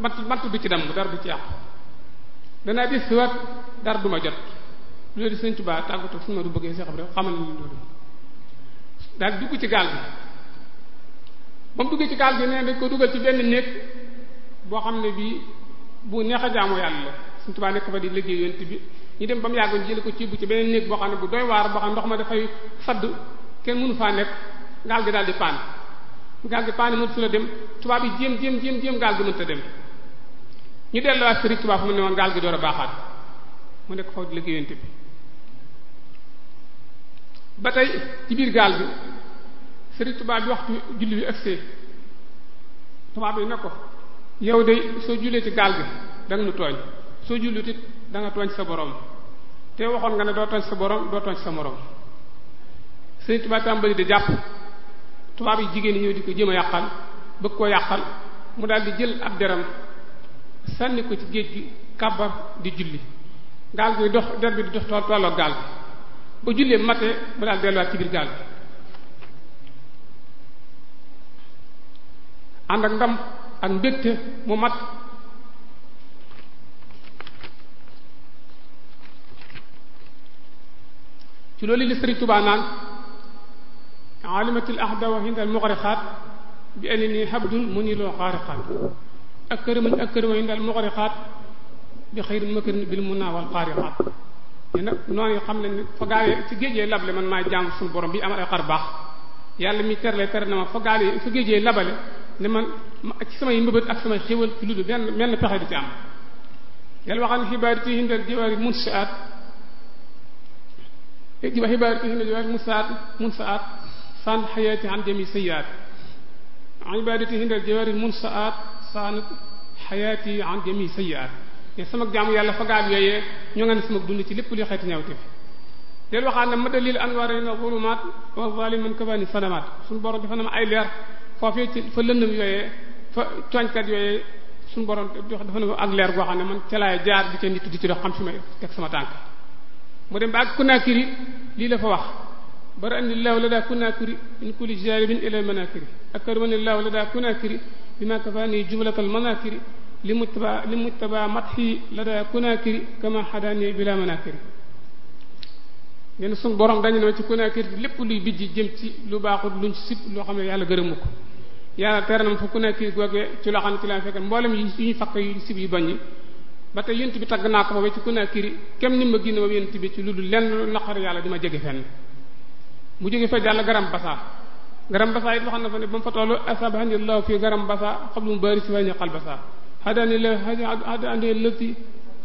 matt matt du ci damm dara du ci yàqu danaa des si waat dara du ma jot loolu sëñ Tuubaa tàggatu suñu ma du bëggee si xam rek xamal nañu loolu daal dugg ci gaal bi ba mu duggee ci gaal bi nee dañ ko dugal ci benn néeg boo xam ne bii bu neex a jaamu yàlla la suñu Tuubaa nekk fa di liggéey yonent bi ñu dem ba mu yàgg ñu ko ci bu ci beneen néeg boo xam ne bu doy waar boo xam ndox ma dafay fadd kenn mënu faa nekk gaal gi daal gaal gi paani su la dem tubaab yi jéem jéem jéem jéem gaal gi mënut a dem ñu delluwaat sëriñ tubaab mu ne woon gaal gi door a baaxaat mu nekk foofu di liggéeyante bi ba tey ci biir gaal gi sëriñ tubaab bi waxtu julli bi agsee tubaab yi ne ko yow de soo jullee ci gaal gi da nu tooñ soo jullit it da tooñ sa boroom te waxoon nga ne doo tooñ sa borom doo tooñ sa morom sëriñ tubaab tàmbali di jàpp tubaab yi jigéen ñëw di ko jëm a yàqal bëgg koo yàqal mu daldi jël ab deram sànni ko ci géej gi kàbbar di julli gaal gi dox der bi di dox tool tolloo gaal bi ba jullee matee mu daal delluwaat ci biir gaal bi ànd ak ndam ak mbégte mu mat ci loolu li Sëriñ naan alimatul ahda wa hindal mughriqat bi anni habdun munilul ghariqat akramun akramu hindal mughriqat bi xayril makrin bil munna wal qariqat ñu nag noonu xam ne fa gaawee ci géejee labale man maay jaamu suñu borom bi amal ay xar baax yàlla mi terle ter na ma fa gaawee fa géejee labale ne man ci samay mbëbët ak samay xéwal ci lu benn mel pexe du ci am yàlla waxal xibaariti hindal jiwaari munsaat jiwa xibaariti hindal jiwaari munsaat munsaat san xayaati an jami sayiat an ibadati hindal sa aat san xayaati an jami sayiat te sama jaamu yàlla fagaat yooyee ñoo nga sama dund ci lépp li xeeti ñawte fi del waxaat ne ma dalil anwaare na zulumaat wa zaliman kabani sanamaat suñu borom dafa nam ay leer foofee ci fa lëndëm yooyee fa cooñkat yooyee suñu borom dafa nam ak leer goo xam ne man ca jaar di ca nit di ci dox xam fi may teg sama tànk mu dem ba ak Conakry lii la fa wax برأني الله لدى كناكري من كل جانب إلى المناكر أكرمني الله لدى كناكري بما كفاني جملة المناكر لمتبع, لمتبع مدحي لدى كناكري كما حداني بلا مناكر leen suñ borom dañu ne ci Conakry lépp luy bijji jëm ci lu baaxul luñ sib loo xam ne yàlla gërëmu ko yàlla tere na ma fu Conakry googee ci loo xam ne ci laa fekk mboolem yi ñu fakk yu sib yu bañ yi ba tey yent bi tagg naa ko fa ci Conakry kem ni a ma yent bi ci lu du lenn naqar yàlla di ma jege fenn mu jóge fa jàll garam basaa garam basaa it waxam na fa ne ba mu fa tollu asabanillahu fi garam basaa xablu mu bari si fa ñaqal basaa hadani lati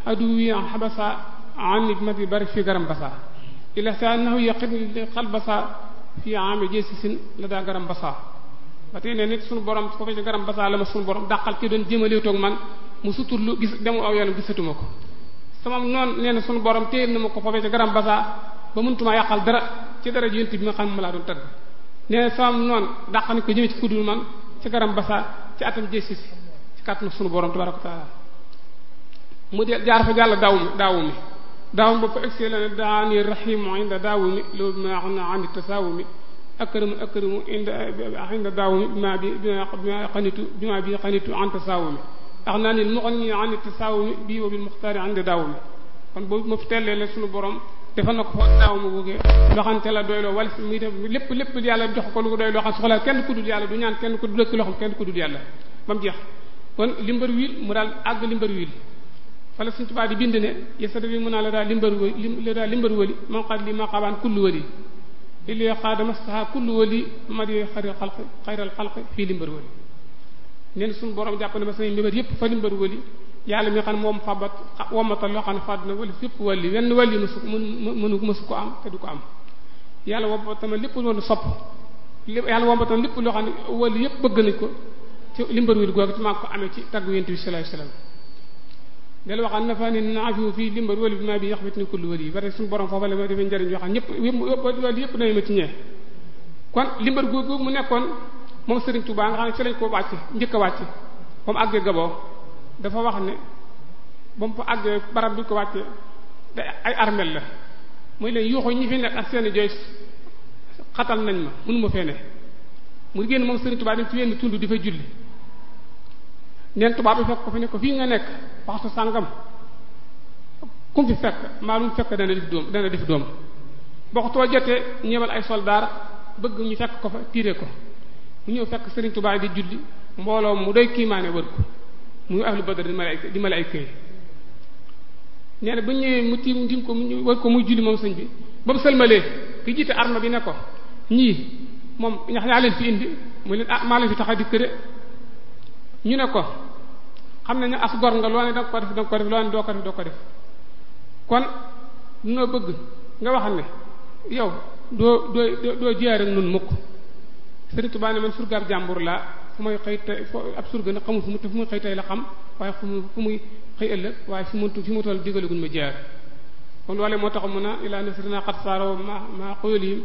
aduwi habasa an ibmati bari fi garam basaa ila sa annahu yaqin xal basaa fi aami jeesi sin la daa garam basaa ba tey ne sunu borom foofu ci garam basaa la ma sunu borom dàqal ki doon jéemalee toog man mu suturlu gis demu aw yoonam ko sama noon nee sunu borom téyel na ma ko ba mënutuma yàqal ci dara yonent bi ma xam ne ma laa doon tagg nee na sama noonu dàq nañ ko jëmee ci kuddul man ci garam basa ci atam jëssi si ci kàttanu sunu borom tabaraka taala mu de jaar fa jàll daaw mi daawu mi daaw mi bopp egsi la ne daani rahimu inda daawu mi loolu bi ma xam na andi tasaawu mi akramu akramu inda inda daawu mi bima bi bima xanitu bima bi xanitu an tasaawu mi ax naa ni mu xon ñi an tasaawu mi bii wa bil muxtaari an daawu kon boobu ma fi tellee la sunu borom defal na ko fa naaw mu buggee loxante la doyloo wala muy def lépp lépp yàlla jox ko lu ko doy loo xam soxla kenn ku dul yàlla du ñaan kenn ku dul ci loxam kenn ku dul yàlla ba mu jeex kon limbar wiil mu daal àgg limbar wiil fala suñ tubaab di bind ne yesada bi mun naa la daal limbar wali la daal limbar wali man xaat li ma xaabaan kullu wali illee xaadama saha kullu wali ma di xari xalq xayral xalq fii limbar wali nee na suñu borom jàpp ne ma samay mébét yépp fa limbar wali yàlla mi xam moom fabat womatal loo xam ne fàdd na wali fépp wàlli wenn wàlli mësu mënu mësu ko am du ko am yàlla womatal ma lépp loolu sopp lépp loo xam ne wàlli yépp bëgg nañ ko ci limbar wil googu ci maa ko amee ci tagg yent bi sallallahu alayhi wasallam delu waxaan nafa ni naafiu fii limbar wali bi maa bi yax yi bare suñu borom foofu la ma defee njëriñ yoo xam ñëpp wàlli yépp nañu ma ci kon limbar googu mu nekkoon moom Serigne Touba nga xam ne ci lañ ko wàcc njëkk a wàcc moom àggee gaboo dafa wax ne ba mu fa àggee barab bi ko wàccee te ay armel la muy leen yuuxu ñi fi nekk ak seeni jooy xatal nañ ma mënuma fene mu génn moom Sëriñ Tuubaa dem ci wenn tund di fa tubaab bi fekk ko fi ne ko fii nga nekk waxtu sàngam kum fi fekk mu fekk dana def doom dana def doom too jotee ñëwal ay soldaar bëgg ñu fekk ko fa tiire ko mu ñëw fekk Sëriñ Tuubaa di julli mbooloo mu doy kiimaane wër ko muy ahlu badar di malaayka di malaayka yi nee na ba ñëwee mu tiim tiim ko mu war ko muy julli moom sëñ bi ba mu sëlmalee ki jiite arme bi ne ko ñii moom ñax naa leen fi indi mu leen ah maa fi tax a dikk de ñu ne ko xam nañu as gor nga loo ne danga ko def danga ko def loo ne doo ko def noo bëgg nga wax ne yow doo doo doo jiyaar ak nun mukk Sëriñ Tuubaa ne man surgaab jàmbur laa fu may xëy tey ab surga nag xamul fu mu fu muy xëy tey la xam waaye fu mu fu muy xëy ëllëg waaye fu mu fi mu toll digalaguñ ma jaar kon moo tax mu ma ma quyulihim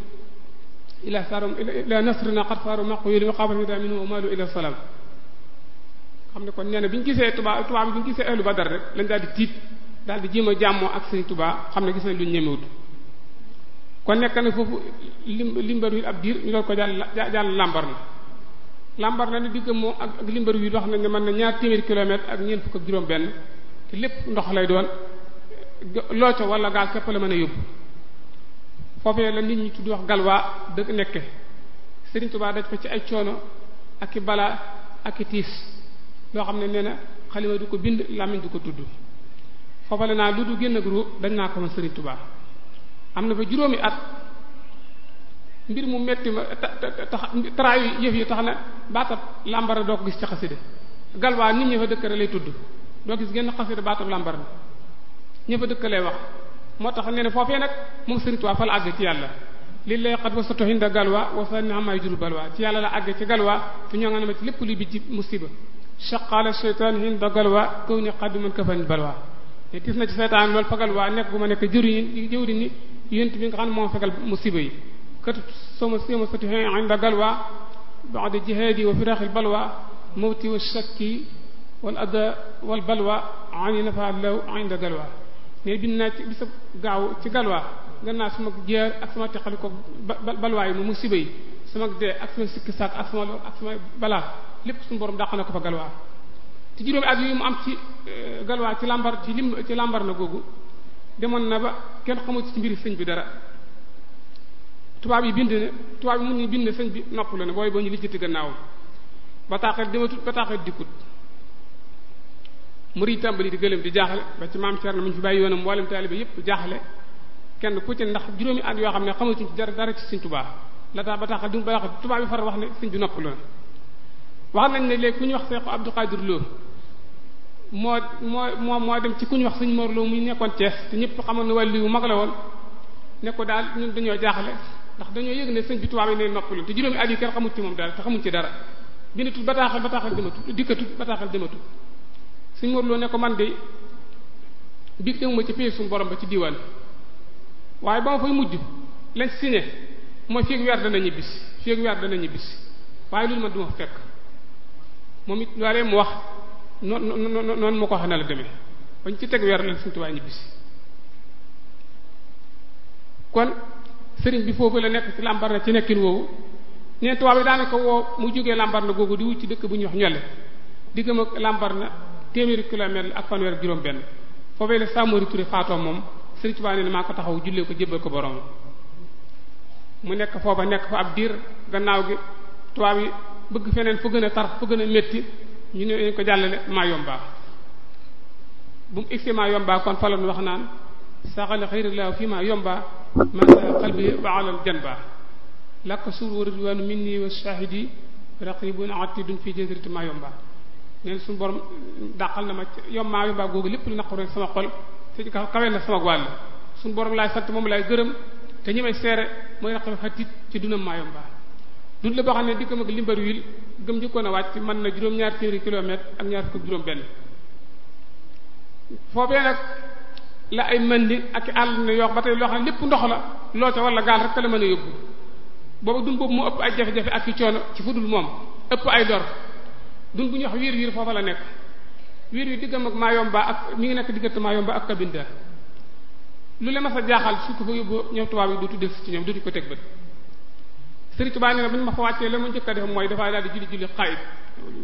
ilaa saaro ilaa nasrina qad saaro ma quyulihim xaaba fida minhu xam ne kon nee na bi ñu gisee tuba tuba bi ñu gisee ahlu badar rek lañ daal di tiit daal di jéem a jàmmoo ak sëñ tuba xam ne gis nañ luñ ñemewut kon nekk na foofu lim limbar wi ab diir ñu doon ko jàll jàll lambar na lambar na ni digg moom ak ak limbar wi wax nañ ne mën na ñaar téeméer kilomètre ak ñeent fukk ak juróom-benn te lépp ndox lay doon loo ca wala gaal képp la mën a yóbbu foofee la nit ñi tudd wax galwaa dëkk nekke Serigne Touba daj fa ci ay coono ak i balaa ak i tiis loo xam ne nee na xalima du ko bind làmmiñ du ko tudd foofale naa lu du génn ak ruub dañ naa ko ma Serigne Touba am na fa juróomi at. mbir mu metti ma tax taraayu yëf yi tax na baatab lambara doo ko gis ci xasida galwaa nit ñi fa dëkk lay tudd doo gis genn xasida baatab lambara ñi dëkk dëkkalee wax moo tax nee na foofee nag moom Sëriñ Tuubaa fa la àgg ci yàlla lillahi qad wasatu hinda galwa wasani amay juru balwa ci yàlla la àgg ci galwaa te ñoo nga ne ma ci lépp luy bijji musiba shaqala sheytaan hinda galwa kaw ni xadduman kafani balwa te tis na ci seytaan loolu fa galwaa nekk gu ma nekk jëriñ jëwriñ ni ne moom fegal musiba soma soma satihin inda galwa ba'da jihadi wa firaax albalwa mawti wa shakki wal adda wal balwa ani nafa law inda galwa ne bind naa ci bisab gaaw ci galwa gannaaw sama jeer ak sama teqali ko balwaay mu musiba yi sama dee ak sama sikki saak ak sama lor ak sama balaa lépp suñu borom dàq na ko fa galwa ci juróomi at yooyu mu am ci euh, galwa ci lambar ci lim ci lambar na googu demoon na ba kenn xamul ci mbiri sëñ bi dara tubaab yi bind na tubaab yi mun ñu bind sëñ bi nopp noppalu ne booy boo ñu lijjati gannaawam bataaxal dematut di dikkut muri tàmbali di gëlëm di jaaxle ba ci maam Cerno mu ñu fi bàyyi yoonam mboolem taalibe yëpp jaaxle kenn ku ci ndax juróomi ànd yoo xam ne xamatuñ ci dara ci sëñ Tuubaa la tax bataaxal du bataaxal tubaab yi faral wax ne sëñ bi noppalu na wax nañ ne léegi ku ñu wax Seexu Abdou Khadir Lo moo moo moo moo dem ci ku ñu wax sëñ Mor Lo muy nekkoon Cees ñëpp xamoon ne wàllu yu mag la woon ne daal dañoo jaaxle ndax dañoo yëg ne sëñ bi tubaab yi ne noppalu te juróomi at kenn ci moom dara te xamuñ ci dara bindatul bataaxal bataaxal dematu dikkatul bataaxal dematu sëñ Mor Lo ne ko man de dig demuma ci pays suñu borom ba ci diwaan waaye ba ma fay mujj lañ signé mooy fii ak weer dana ñibbisi fii weer dana ñibbisi waaye loolu man du ma fekk moom it loolee mu wax noon noonu ma ko wax na la demee bañ ci teg weer lañ suñu tubaab ñibbisi kon sëriñ bi foofu la nekk ci làmbar na ci nekkin woowu ñeen tubaab yi daanaka woo mu jógee làmbar na googu di wut ci dëkk bu ñuy wax ñole diggam ak làmbar na téeméeri kilomètre ak fanweer ak juróom benn foofee la Samori Touré faatoo moom sëriñ Tuubaa nee na maa ko taxaw jullee ko jébbal ko borom mu nekk foofa nekk fa ab diir gannaaw gi tubaab yi bëgg feneen fu gën a tar fu gën a métti ñu ne dañ ko jàllale maa yombaa bu mu egsee maa yombaa kon faloon wax maanaam qalbi wa alal janba lakk suur wa ridwaanu minni wa shahidi raqibun atidun fii jazirati ma yomba neen suñ borom dàqal na ma yom maa yomba googu lépp lu naqaree sama xol te kawee na sama wàll suñu borom laay sant moom laay gërëm te ñi may seere mooy naqare xatit ci dunam maa yomba dund la boo xam ne di ko mag limbaruil gëm njëkkoon a wàcc man na juróom-ñaar téeméeri kilomètre ak ñaar fukk juróom benn foofee nag la ay mandi ak àll na yoo ba tey loo xam ne lépp ndox la loo ca wala gaal rek la mën a yóbbu boobu dun boobu moo ëpp ay jafe-jafe ak yi coono ci fudul moom ëpp ay lor dun bu ñuy wax wiir wiir foofa la nekk wiir wiir diggam ak Mayomba ak mi ngi nekk diggante Mayomba ak Kabinda lu le ma sa jaaxal su ko fa yóbbu ñoom tubaab yi dootu def ci ñoom dootu ko teg bët Sëriñ Tuubaa nee na ñu ma ko wàccee la ma jëkk a def mooy dafay daal di julli julli xayit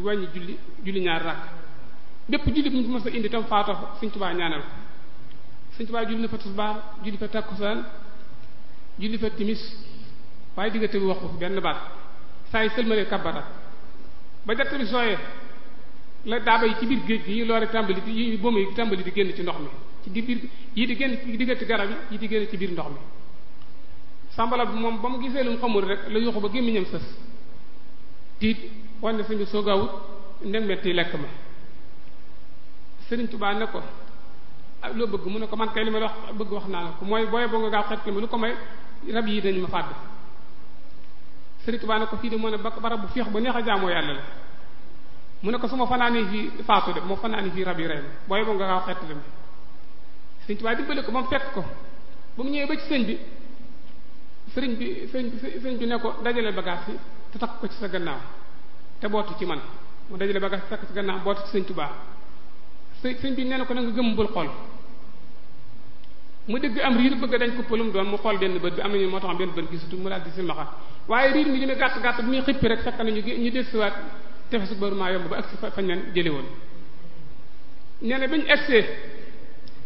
wàññi julli julli ñaar rakk bépp julli bu ñu indi tam faatoo Sëriñ Tuubaa ñaanal ko Sëriñ Tuubaa julli fa tisbaar julli fa takkusaan julli fa timis waaye diggante bi wax ko fi benn baat saa yi sëlmale kabbara ba jant bi sooyee la daaba yi ci biir géej gi yi loore tàmbali yi boom yi tàmbali génn ci ndox mi ci di biir yi di génn ci diggante garab yi yi di génn ci biir ndox mi sambala bi moom ba mu gisee lu mu xamul rek la yuuxu ba gémmiñam sës tiit wanne sañu soo gaawut ndeg metti lekk ma Sëriñ Tuubaa ne ko loo bëgg mu ne ko man kay li ma wax bëgg wax naa la ko mooy booy boo nga gaaw xet li lu ko may rab yi dañ ma fàdd Sëriñ Tuubaa ne ko fii de moo ne ba barab bu féex ba neex a jaamoo yàlla la mu ne ko su ma fanaanee fii faatu de moo fanaanee fii rab yi rey ma booy boo nga gaaw xet li ma Sëriñ Tuubaa ko ba mu ko ba mu ñëwee ba ci sëñ bi sëriñ bi sëriñ bi ne ko dajale bagage yi te ko ci sa gannaaw te bootu ci man mu dajale bagage yi takk ci gannaaw bootu ci sëñ Tuubaa sëriñ bi nee na ko na nga gëm bul xool mu dégg am riir bëgg dañ ko pëlum doon mu xool benn bët bi am nañu moo tax benn bët gisatu mu daal di silmaxa waaye riir mi ñu ne gàtt gàtt bu muy xippi rek fekk nañu ñu dellusiwaat tefesu bër maa yomb ba agsi fañ leen jële woon nee na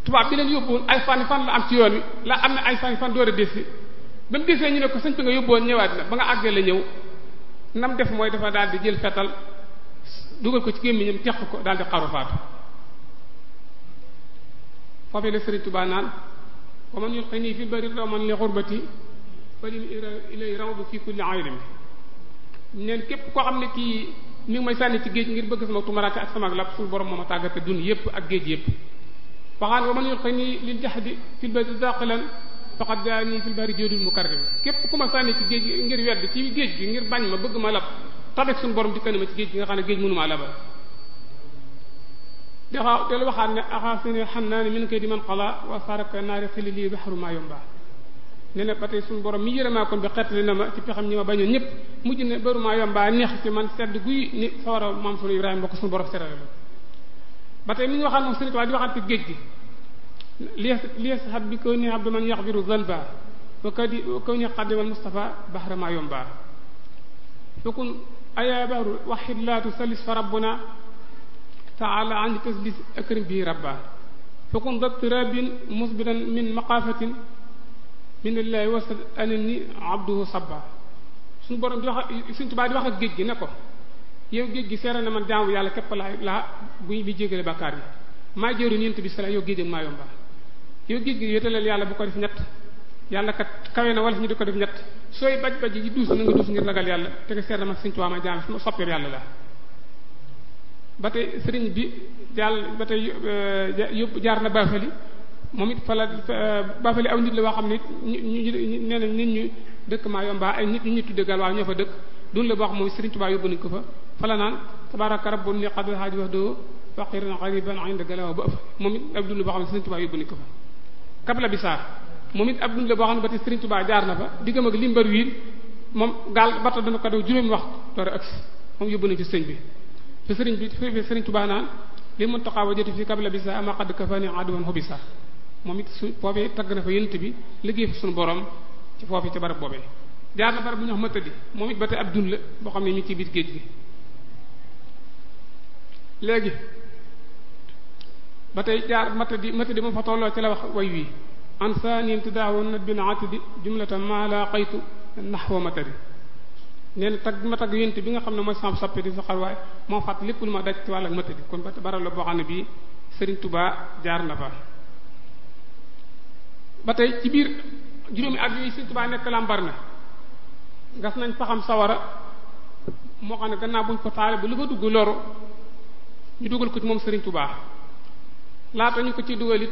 tubaab bi leen yóbbuwoon ay fan fan la am ci yoon wi la am na ay fan fan door a desi ba ñu ne ko sëñ bi nga yóbbuwoon ñëwaat na ba nga àggee la ñëw nam def mooy dafa daal di jël fetal dugal ko ci gémmiñam teq ko daal di xaru faatu foofu la Sëriñ Tuubaa naan wa man yulqini fi bari rawman li xurbati falin ilay rawdu fi kulli ayrin neen képp koo xam ne kii mi ngi may sànni ci géej ngir bëgg sama tumaraake ak sama lap sul borom mooma tàggate dun yépp ak géej yépp waxaan wa man yulqini lil jahdi fil bari daqilan faqad daani fil bari mu joodul mukarrim képp ku ma sànni ci géej ngir wedd ci géej gi ngir bañ ma bëgg ma lap tabek suñu borom di ma ci géej gi nga xam ne géej mënu maa labal dafa dellu waxaat ne axaasini xannaani min kay di man xala wa saraka naari xili lii baxaru maa yomba ne na ba tey suñu borom mi yërëmaa kon bi xettali na ma ci pexam ñi ma bañoon ñëpp mujj ne bëru maa yomba neex ci man sedd guy ni sawar a maam sunu Ibrahima ba ko suñu borom serale ba tey mi ngi waxaat moom sëriñ Tuubaa di waxaat ci géej gi li lies xat bi kow abdu man yaxbiru zanba wa kadi kow ni xaddimal Mustafa baxara maa yomba fukun aya baxru waxid laatu taala an kasbi akrim bi rabba fa kun dabtirabin musbiran min maqafatin minallaahi wasad anani abduhu sabba suñu borom di wax suñu tubaab di wax géej gi ne ko yow géej gi seera na man jaamu yàlla képp laa laa bu bi jégale bàkkaar yi maa jëru nent bi sala yow géej ak maa yomba yow géej gi yétalal yàlla bu ko def ñett yàlla kat kawe na wala ñu di ko def ñett sooy baj baj yi duus na nga duus ngir ragal yàlla te seera na man suñu tubaab ma jaam la ba tey sëriñ bi jàll ba tey eh, jaar na baafali moom it fa la baafali aw nit la woo xam ne ñu ñu nee nit ñu dëkk maa yomba ay nit ñu ñu tudde gal waaw ñoo fa dëkk dun la boo xam mooy sëriñ Tuubaa yóbbu nañ ko fa fala naan tabaraka rabbun ni qadal haaji wax doo faqiran ghariban inda galawa ba ëpp moom it ab dund boo xam ne sëriñ Tuubaa yóbbu nañ ko fa kabla bi saar moom it ab dund la boo xam ne ba tey sëriñ Tuubaa jaar na fa diggam ak limbar wiin moom gaal bato dana ko daw juróomi waxtu door agsi moom yóbbu nañ fi bi fi sëriñ bi fi sëriñ Tuubaa naan li mun taxaa wajatu fi kabla bi sa ama xadd kafani aduwan xobi sa moom it su foofee tagg na fa yent bi liggéey fa suñu borom ci foofu ci barab boobee jaar na barab bu ñu wax matadi moom it ba tey ab dun la boo xam ne ñu ci biir géej gi léegi ba tey jaar di matadi moom fa tolloo ci la wax way wii an saani imtidaahu nat bil ma la qaytu nee tag bi ma tag yént bi nga xam ne mooy sama soppe di saxar waay moo fàtt lépp lu ma daj ci wàllak ma tëddi kon ba baral la boo xam ne bii Serigne tubaa jaar na fa ba tey ci biir juróomi at yooyu Serigne Touba nekk lambar na gas nañ paxam sawara moo xam ne gannaaw buñ ko taale ba lu fa dugg loru ñu dugal ko ci moom Serigne Touba laata ñu ko ci dugal it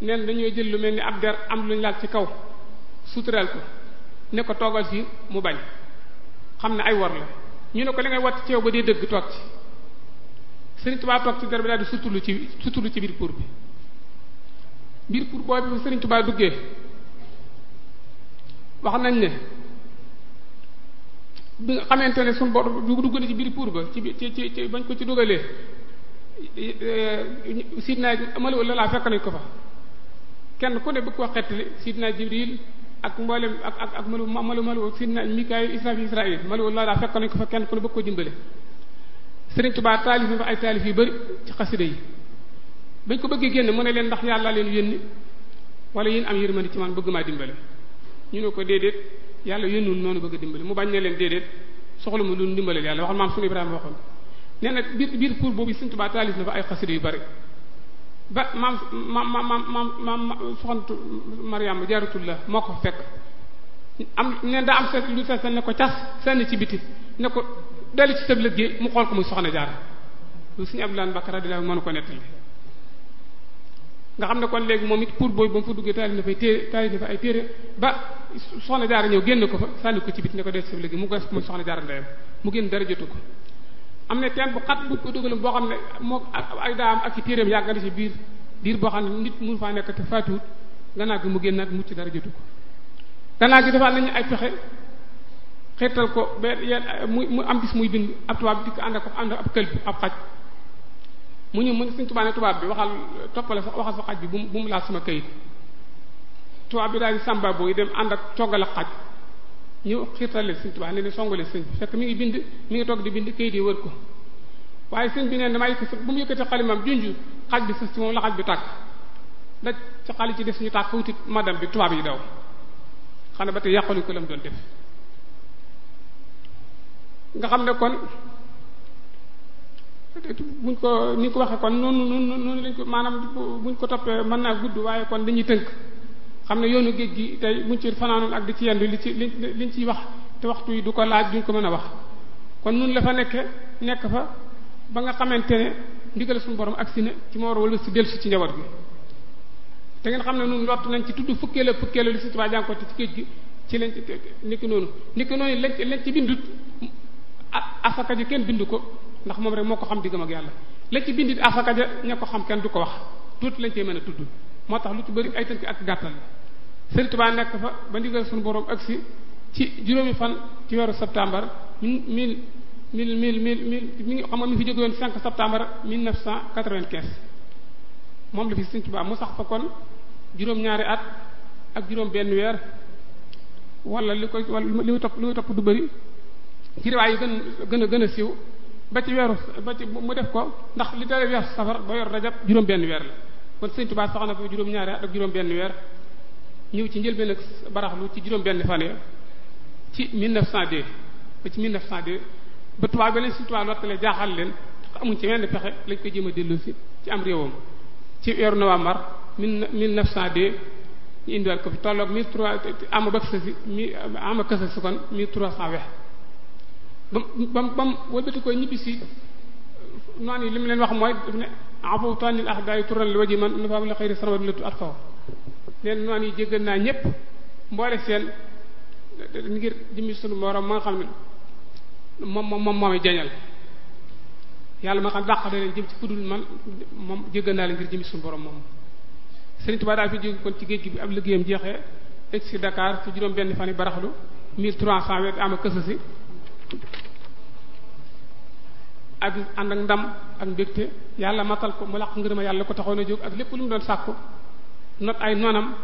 neen dañuy jël lu mel ni ab der am lu ñu laal ci kaw sutural ko ne ko toogal mu bañ xam ne ay wor la ñu ne ko li ngay watt ci yow ba dee dëgg toog ci Sëriñ Tuubaa toog ci garab daal sutulu ci sutulu ci biir pour bi biir pour boobu bi Sëriñ Tuubaa duggee wax nañ ne bi nga xamante ne suñu borom bu dugg na ci biir pour ba ci ci ci bañ ko ci dugalee Sidna Amaliou la laa fekk nañ ko fa kenn ku ne bëgg ko xettali Sidna Jibril ak mboolem ak ak ak malu malu malu sidna Mikaayil Israfil laa daa fekk nañ ko fa kenn ku bëgg ko dimbale Sëriñ Tuubaa taalif na fa ay taalif yu bëri ci xasida yi bañ ko bëggee génn mu ne leen ndax yàlla leen yónni wala yéen am yërmande ci man bëgg maa dimbale ñu ne ko déedéet yàlla yónniwul noonu bëgg dimbale mu bañ ne leen déedéet soxla mu lu dimbaleel yàlla waxoon maam suñu Ibrahima waxoon nee biir biir pour boobu Sëriñ Tuubaa taalif na fa ay xasida yu bëri ba maam maam maam maam maam soxantu Mariama Jaaratullaah moo ko fekk am ne daa am seen lu fees ne ko cas seen ci biti ne ko dellu ci sëb liggéey mu xool ko muy soxna jaara lu suñu Abdoulaye Bakar radiyallahu anhu mënu ko nettali nga xam ne kon léegi moom it pour booy ba mu fa duggee taali na fay téere taali na fa ay téere ba soxna jaara ñëw génn ko fa sànni ko ci biti ne ko dellu ci sëb liggéey mu gas muy soxna jaara ndeyam mu génn dara jotu ko am na teen bu xat bu dugalum boo xam ne moo ay daam ak ci téeréem yàgg na ci biir diir boo xam ne nit mu faa nekk te faatuwut gannaaw gi mu génnaat mucc dara jotu ko gannaaw gi defal nañu ay pexe xetal ko ba mu mu am bis muy bind ab tubaab bi dikk ànd ak ànd ab kël bi ab xaj mu ñu mu suñ tubaab ne tubaab bi waxal toppale sax waxal sa xaj bi bu mu laal sama kayit tubaab bi daal di sàmba booy dem ànd ak coggal ak xaj ñëw xiirtal leen sëñ Tuubaa ne leen songale sëñ bi fekk mi ngi bind mi ngi toog di bind kayit yi wër ko waaye sëñ bi neen damaa yëkkati bu mu yëkkati xalimam junj xaj bi sës ci moom la bi tàkk daj ci xali ci des ñu tàkk wuti madam bi tubaab yi daw xam ba tey yàqaluñ ko lam doon def nga xam ne kon buñ ko ni ñu ko waxee kon noonu noonu noonu lañ ko buñ ko toppee mën naa gudd waaye kon dañuy tënk xam ne yoonu géej gi tey buñ ci fanaanoon ak di ci yendu li ci liñ ciy wax te waxtu yi du ko laaj duñ ko mën a wax kon nun la fa nekke nekk fa ba nga xamante ne ndigal suñu borom ak si ne ci ma war wala si dellu si ci njaboot gi te xam ne nun lott nañ ci tudd fukkeelu fukkeelu li si tubaab jàng ko ci géej gi ci lañ niki noonu niki noonu lañ ci bindut asaka ji kenn bind ko ndax moom rek moo ko xam diggam ak yàlla lañ ci bindit asaka ja ña ko xam kenn du ko wax tuuti lañ cee mën a tudd moo tax lu ci bëri ay tënk ak gàttal la Sëriñ Tuubaa nekk fa ba ndigal suñu borom agsi ci juróomi fan ci weeru septembre mille mille mille mille mille mi ngi xam nga mi fi jóge woon 5 septembre 1995 moom la fi Sëriñ Tuubaa mu sax fa kon juróom-ñaari at ak juróom-benn weer wala li koy wala li muy topp li du bëri ci riwaay yi gën gën a gën a siiw ba ci weeru ba ci mu def ko ndax li dalee safar ba yor rajab juróom-benn weer la kon Sëriñ Tuubaa sax na fa juróom-ñaari at ak juróom-benn weer. ñëw ci njëlbeen ak baraxlu ci juróom-benn fan ya ci 1902 ba ci 1902 ba tubaab bi leen si tubaab lottale jaaxal leen amuñ ci wenn pexe lañ koy jéem a dellu si ci am réewam ci weeru novembre 1902 ko fi tolloog ba kësa si mi ama kësa si kon 1300 wex ba bam bam wëlbati ko ñibbi si noonu yi li mu leen wax mooy daf ne abu tanil ahdayi turan li nu faam xëy ri sanawat lëtu at faw neen noon yi jéggal naa ñépp mboole seen ngir jëmmi sunu borom ma xam ne moom moom moom mooy jañal yàlla ma xam dàq na leen man moom jéggal naa leen ngir jëmmi sunu moom Sëriñ Tuubaa daal fi jóge kon ci géej gi bi am liggéeyam jeexee egg si dakaar ci juróom benn fan yi baraxlu mille trois cent wet ama ak ànd ndam ak mbégte yàlla matal ko mu laq ma yàlla ko taxoon a jóg ak lépp lu mu doon sàkku not ay nonam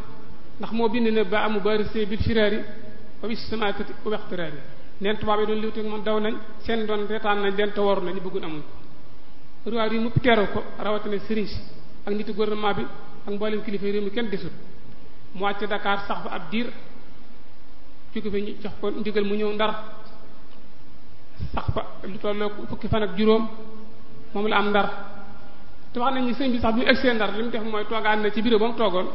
ndax moo bind ne ba amu barisee bil firaari wa bis samaakati waxtiraari neen tubaab yi doon liwteek moom daw nañ seen doon reetaan nañ leen te waru nañu bëggun amuñ ruwaar yi mupp teeru ko rawatina sëriñ si ak niti gouvernement bi ak mboolem kilifa réew mu kenn desul mu wàcc dakaar sax fa ab diir jóge fa ñu jox ko ndigal mu ñëw ndar sax fa lu tollook fukki fan ak juróom moom la am ndar te wax nañ ni sëñ bi sax bi mu egg ndar li mu def mooy toogaan na ci bureau ba mu toogoon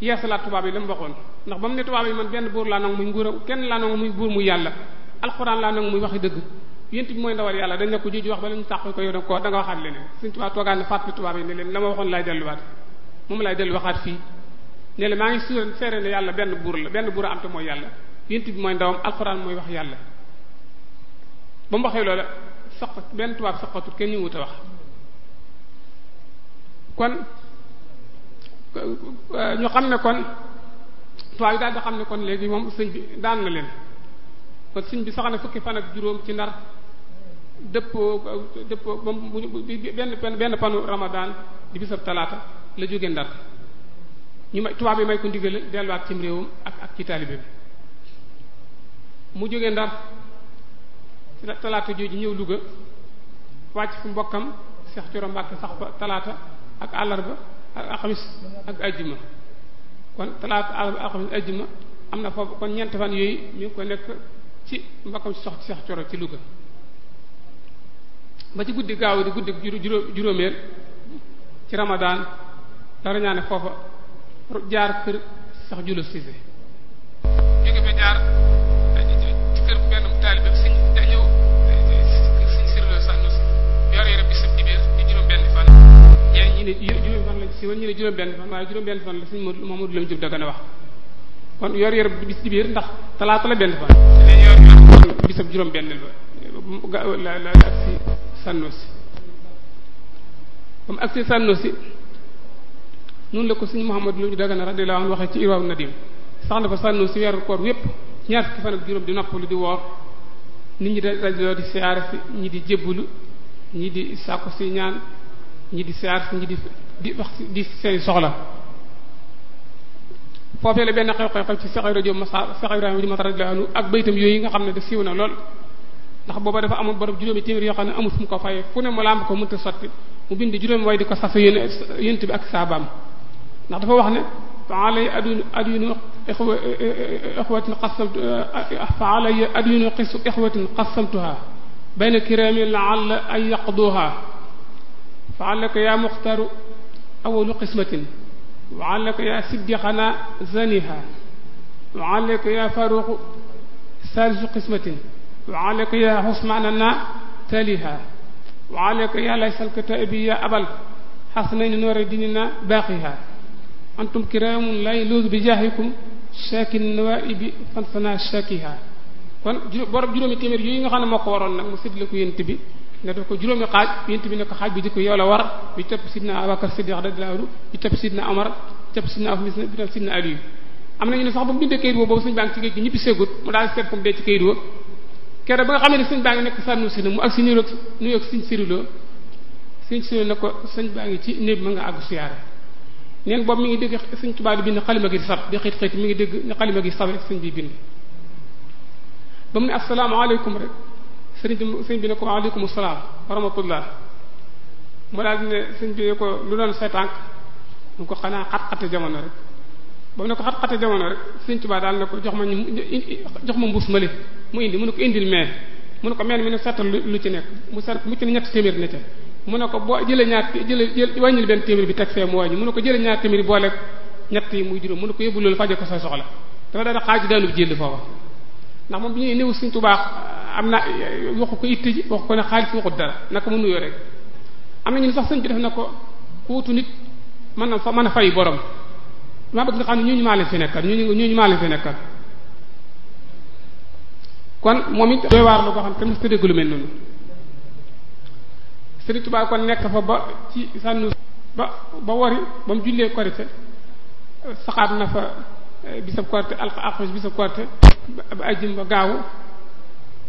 yeesalaat tubaab yi la waxoon ndax ba mu ne tubaab yi man benn buur laa nangu muy kenn laa nangu muy buur muy yàlla alxuraan laa nangu muy waxi dëgg yént bi mooy ndawal yàlla dañ la ko yow da ko da nga waxaat leneen sëñ tubaab toogaan na fàttali tubaab yi ne leen la waxaat fii maa ngi suuré yàlla benn buur la benn buur a am te mooy yàlla yént bi mooy ndawam alxuraan mooy wax yàlla ba mu waxee loola saq benn tubaab saqatul kenn ñu wut a wax kon ñu xam ne kon tubaab yi daal xam ne kon léegi moom sëñ bi daan na leen kon sëñ bi sax na fukki fan ak juróom ci ndar dëppoo dëppoo moom talaata la jóge ñu may tubaab yi may ko cim réewam ak ak ci mu jóge ndar talaata jooju ñëw Louga wàcc fu mbokkam Cheikh Thioro Mbacke sax fa talaata ak àllarba ak alxamis ak ajjuma kon talaata àllarba alxamis ajjuma am na foofu kon ñeenti fan yooyu mi ngi ko nekk ci mbokkam ci sox ci Coro ci Louga ba ci guddi gaaw di guddi juróomeel ci Ramadan dara ñaane foofa jaar kër sax jullo sise jóge fa jaar ci wala ñu ne juróom-benn fan waaye juróom-benn fan la suñu Mamadou Lam Diop daga ne yor yor bis ci biir ndax talaata la benn fan dañ yor yor bisab juróom-benneel ba la la agsi sànnoosi comme agsi sànnoosi noonu la ko suñu Mamadou Lam Diop daga ne radiyallahu anhu waxee ci di noppalu nit ñi da dajloo di siyaare si ñi di jébbulu ñi di sàkku si ñaan ñi di siyaare si ñi di di wax di seen soxla foofee la benn xew-xew ma ci Cheikh Ibrahima Cheikh Ibrahima Moussa radiyallahu anhu ak baytam yooyu nga xam ne da siiw na lool ndax booba dafa amoon borom juróomi téeméer yoo xam ne amul fu mu ko fayee fu ne mu ko mënta sotti mu bind juróomi way di ko saf yén yént bi ak saabaam ndax dafa wax ne faalay adun adunu ixwatin xasam faalay adunu xis ixwatin xasamtuha bayna kirami laalla an yaqduha faalaka yaa muxtaru awalu qismatin wa aleyka ya siddiqana zaniha wa aleyka ya faruqu salisu qismatin wa aleyka ya husmanana taliha wa aleyka ya laysalka taabi ya abal xasanayni noore dinina baaqiha antum kiraamun lay loolu bi jaahikum shaki nawaibi fansana shakiha kon borom juróomi téeméer yooyu nga xam ne moo ko waroon nag mu séddale ko yént bi nga def ko juróomi xaaj yent bi ne ko xaaj bi jëkk yow la war bi topp sidna Abubakar sidna Omar bi topp sidna Usman bi topp sidna Ali am nañu ne sax ba mu bindee kayit woo boobu sëñ ci géej gi ñëpp segut mu daal seet comme dee ci kayit wa keroog ba nga xamee ne sëñ baa ngi nekk sànnu na mu ne ko sëñ baa ngi ci néeg ma nga àgg neen boobu mi ngi dégg sëñ Tuubaa di bind xalima gi di sab di xit xit mi ngi dégg ne xalima gi sab rek sëñ bi bind ba rek sëriñ bi bi ne ko waaleykum salaam wa rahmatullah mu daal di ne sëriñ bi ne ko lu doon say tànk mu ko xanaa xat-xati jamono rek ba mu ne ko xat-xati jamono rek sëriñ Tuubaa daal ne ko jox ma jox ma mbuus mali mu indi mu ne ko indil mee mu ne ko mel mi ne seetal lu ci nekk mu seet mu ci ne ñetti téeméer mu ne ko boo jëlee ñaar jël wàññil benn téeméer bi teg fee mu wàññi mu ne ko jële ñaar téeméer yi boole ñett yi muy juróom mu ne ko yóbbu loolu faje ko say soxla dafa daal xaaju daanub jël foofa ndax moom bi ñuy néew Sëriñ Tuubaa am na waxu ko itte ji waxu ko ne xaalis waxut dara naka mu nuyoo rek am na ñu sax sëñ bi def na ko kuutu nit mën na fa mën a fay borom ma bëgg nga xam ne ñu maa leen fi nekkal ñooñu ñooñu maa kon moom it doy waar lu ko xam te mos tëddee lu mel noonu Sëriñ Tuubaa kon nekk fa ba ci sànnu ba ba wari ba mu jullee korite saxaat na fa eh, bisab korite alxames bisab korite ba ajjum ba gaawu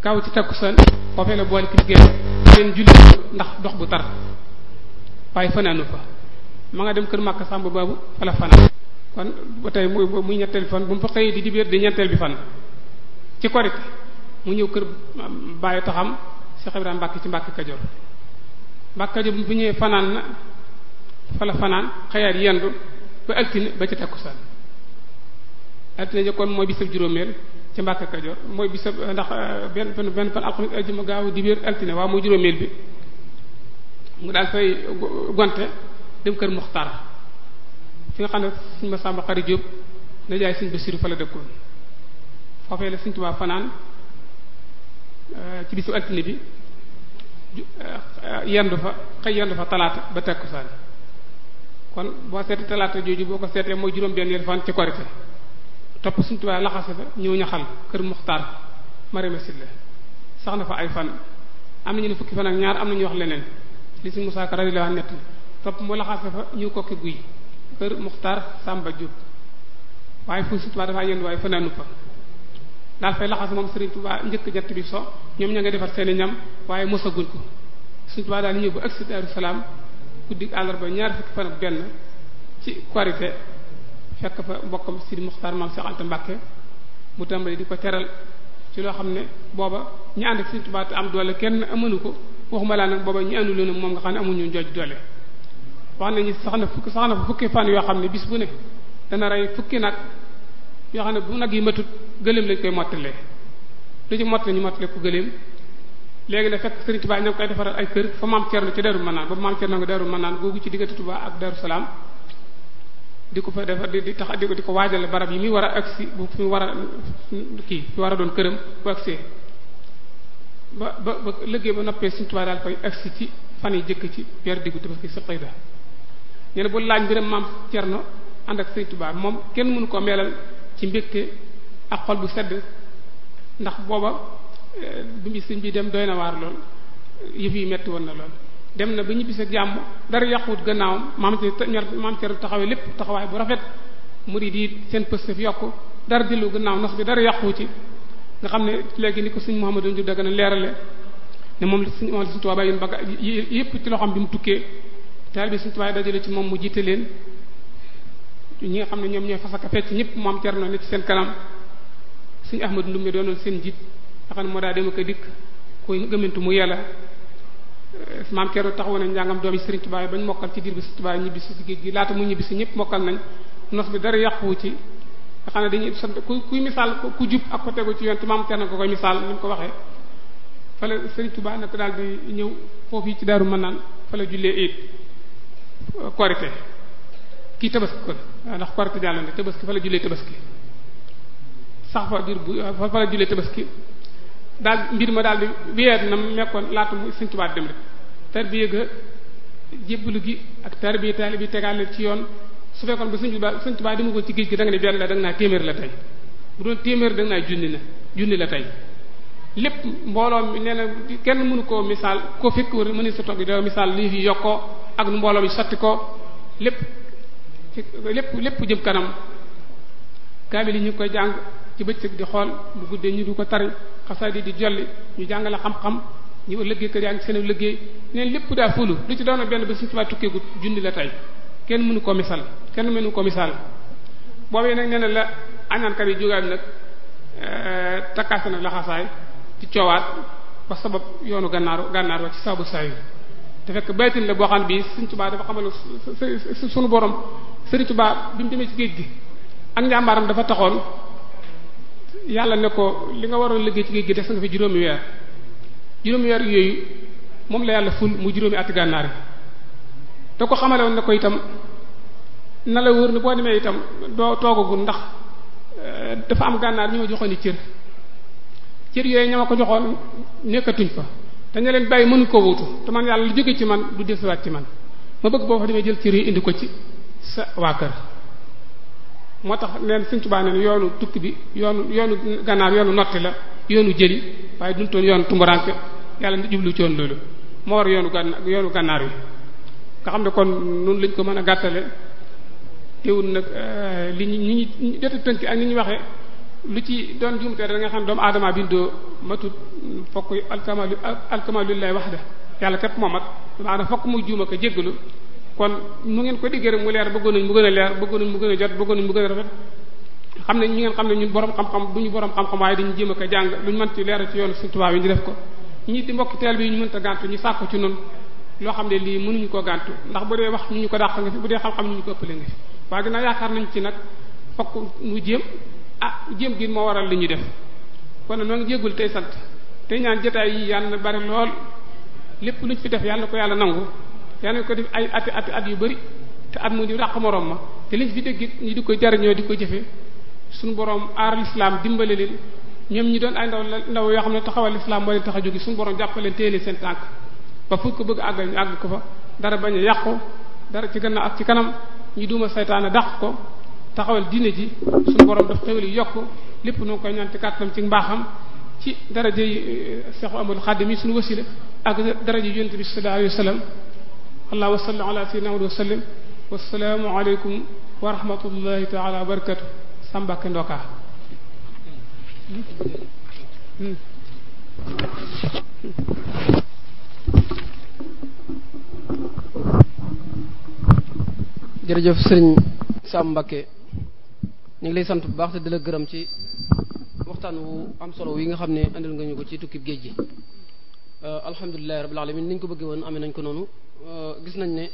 kaw ci takkusaan foofee la boole ki génn leen julli ndax dox bu tar waaye fanaanu fa ma nga dem kër Màkka Samba baabu wala fanaan kon ba tey muy muy ñetteel fan bu mu fa xëyee di dibéer di ñeenteel bi fan ci korite mu ñëw kër bàyyi taxam Cheikh Ibrahima Mbacke ci Mbacke Kajoor Mbacke Kajoor bu ñëwee fanaan na fa la fanaan xëyaat yendu ba altine ba ci takkusaan altine ja kon mooy bisab juróomeel ci Mbàkke Kajoor mooy bisa ndax euh, benn benn benn fan alxamis euh, gaaw dibéer altine waaw mooy juróomeel bi mu daal fay gonte dem kër Muxtaar fi nga xam ne suñu Masamba Xari Jóob na jaay suñ Basiru fa la dëkkoon foofee la suñ fanaan euh, ci bisu altine bi yendu fa xëy yendu fa talaata ba tekkusaan kon boo seetee talaata jooju boo ko seetee mooy juróom benn fan ci korite topp suñ tubaay laxase fa ñëw ñaxal kër muxtaar ma silla sax na fa ay fan am nañu ne fukki fan ak ñaar am nañu wax leneen li si Musaa Ka la anhu nett topp mu laxase fa ñëw kokki guy kër muxtaar sàmba jóob waaye fu suñ tubaay dafaa yenn waaye a fa daal fay laxase moom Serigne Touba njëkk ñett bi so ñoom ña nga defar seeni ñam waaye mosaguñ ko suñ tubaay daal ñëw ba agsi Daaru Salaam guddi àllarba ñaar fukki fan ak benn ci korité fekk fa mbokkam si Muxtaar maam Seex Anta Mbàkke mu tàmbali di ko teral ci loo xam ne booba ñu ànd ak Sëriñ te am doole kenn amanu ko waxuma laa nag booba ñu àndu leen moom nga xam ne amuñu jooj doole wax nañu sax na fukki sax na fukki fan yoo xam ne bis bu ne dana rey nag yoo xam ne bu nag yi matut gëléem lañ koy mottalee lu ci mottale ñu mottale ku gëléem léegi nag fekk Sëriñ Tuubaa ci Daaru Manaan ba maam Cerno nga Daaru Manaan googu ci diggante Tuubaa ak Daaru Salaam di ko fa defar di di tax di ko di ko waajale barab yi muy war a agsi bu fi war a kii fi war a doon këram bu agsee ba ba ba liggéey ba noppee Sëriñ Tuubaa daal koy agsi ci fan yi jëkk ci weer diggu Tabaski sa xëy da ñu ne bu laaj mbiram maam Cerno ànd ak Sëriñ Tuubaa moom kenn mënu ko meelal ci mbégte ak xol bu sedd ndax booba eh, bi sëñ bi dem doy na waar lool yëf yi metti woon na lool dem na ba ñibbisi ak jàmm dara yàquwut gannaawam maam ci maam ci taxawee lépp taxawaay bu rafet mu murid yi seen pëstëf yokk dara dellu gannaaw nos bi dara yàquwu ci nga xam ne léegi ni ko suñ Muhammadu Ndiour dëgg na leerale ne moom suñ amal suñ tubaab yi baga yëpp ci loxoom bi mu tukkee taal bi suñ tubaab yi dajale ci moom mu jiite leen ñi nga xam ne ñoom ñooy fasaka fecc ñëpp moom cerno ne ci seen kanam suñ Ahmadu Ndumbe doonoon seen jiit nga xam ne moo daa dem ko dikk ko gëmantu mu yella maam Thierno taxawoon nañ njàngam doomi Serigne Touba yi bañ mokkal ci diir bi Serigne Touba ñibbisi ci géej gi laata mu ñibbisi ñëpp mokkal nañ nos bi dara yàquwu ci nga xam ne dañuy sant ku kuy misaal ku jub ak ko tegu ci yoon ci maam Thierno ko koy misaal ni mu ko waxee fale Serigne Touba nag daal di ñëw foofu yi ci Daaru Manaan fale jullee it korite kii tabaski ko ndax korite jàll na tabaski fale jullee tabaski sax fa diir bu fale jullee daal mbir ma daal di weer na mu nekkoon laata mu sëñ Tuubaa dem rek tarbiya ga jébbalu gi ak tarbiya taali bi tegaal na ci yoon su fekkoon ba sëñ Tuubaa sëñ Tuubaa dama ko ci géej gi da nga ne benn la da nga naa téeméer la tey bu doon téeméer da nga naa junni na junni la tey lépp mbooloo mi nee na kenn mënu koo misaal koo fekk wër mënu sa togg da misaal lii fi yokkoo ak nu mbooloo mi sotti ko lépp lépp lépp jëm kanam kaamil yi ñu ngi koy jàng ci bëccëg di xool bu guddee ñu du ko tari xasaay di jolli ñu jàngale xam-xam ñu liggéey kër yaa ngi seen liggéey neen lépp daa fóolu lu ci doona benn ba suñu tubaab tukkeegut junni la tey kenn mënu ko misaal kenn mënu ko misaal boobee nag nee na la añaankat yi jógaat nag eh, takkaase na laxasaay ci ba yoonu gànnaaru gànnaar wa ci saabu saayu te fekk baytin la boo xam bii Sëriñ Tuubaa dafa xamal sunu borom Sëriñ Tuubaa bi mu demee ci géej gi ak njàmbaaram dafa taxoon yàlla ne ko li nga waroon liggéey ci géej gi def nga fi juróomi weer juróomi weer yooyu moom la yàlla ful mu juróomi at gànnaar te ko xamale woon ne ko itam na la wóor ni demee itam doo toogagul ndax euh, dafa am gànnaar ñu ma joxoon i cër cër yooyu ña ko joxoon nekkatuñ fa te ña leen bàyyi mënu ko wuutu te man yàlla lu jóge ci man du desiwaat ci man ma bëgg boo fa demee jël cër yi indi ko ci sa waa kër moo tax leen Sëriñ Tuubaa ne yoonu tukki bi yoonu yoonu gannaar yoonu notti la yoonu jëli waaye toon yoonu tumburanke yàlla na lu coon loolu moo war yoonu ganna yoonu gànnaar yi nga xam ne kon noonu lañ ko mën a gàttale teewul nag euh, li ñu ñu jot a tënk ak ni ñu waxee lu ci doon jumtee da nga xam ne doomu aadama bindoo matut fokk alkamalu wax wahda yàlla képp moo mat doomu aadama fokk muy juuma ko jéggalu kon mu ngeen ko diggee rek mu leer bëggoon nañ mu gën a leer bëggoon nañ mu gën a jot bëggoon nañ mu gën a rafet xam ne ñu ngeen xam ne ñun borom xam-xam ñu borom xam-xam waaye dañu jéem a ko jàng luñ mën ci leer ci yoonu Sëriñ Tuubaa yi ñu def ko ñi di mbokki teel ñu mënta gàntu ñu sàkku ci xam ne lii mënuñu koo gàntu ndax bu dee wax ñu ñu ko dàq nga fi bu dee xam ko ëppale nga fi waaye ginnaaw ci nag fokk mu jéem ah jéem gi moo waral li ñu def kon noo ngi jéggul tey sant tey ñaan jotaay yi yàlla na bari lool lépp luñ fi def yàlla ko yàlla nangu yàlla ko def ay at at at yu bari te at mu di dàq moroom ma te liñ fi dégg ñi di ko jariñoo di ko jëfee suñu borom aar l'islam dimbale leen ñoom ñi doon ay ndaw ndaw yoo xam ne taxawal l'islam moo leen tax a jóge suñu borom jàppale téye seen tànk ba fu ko bëgg àggal ñu ko fa dara bañ a yàqu dara ci gannaaw ak ci kanam ñu duma saytaane dàq ko taxawal diine ji suñu yokk lépp nu ngi koy ñaan ci kàttanam ci mbaaxam ci daraje yi eh, Seexu Amadu Xaadim yi suñu wasila ak daraje yonent bi sallallahu alayhi wasallam allahumma salli ala sayyidina Muhammad wa sallim wassalaamu aleykum wa rahmatullahi taala wa barakatu ndoka jërëjëf sëriñ sa Mbacké ñu ngi lay sant bu baax te di la gërëm ci waxtaan wu am solo yi nga xam ne andal nga ñu ko ci tukki géej gi Euh, alhamdulilahi rabbil alamin niñ ko bëggee woon amee nañ ko noonu euh, gis nañ ne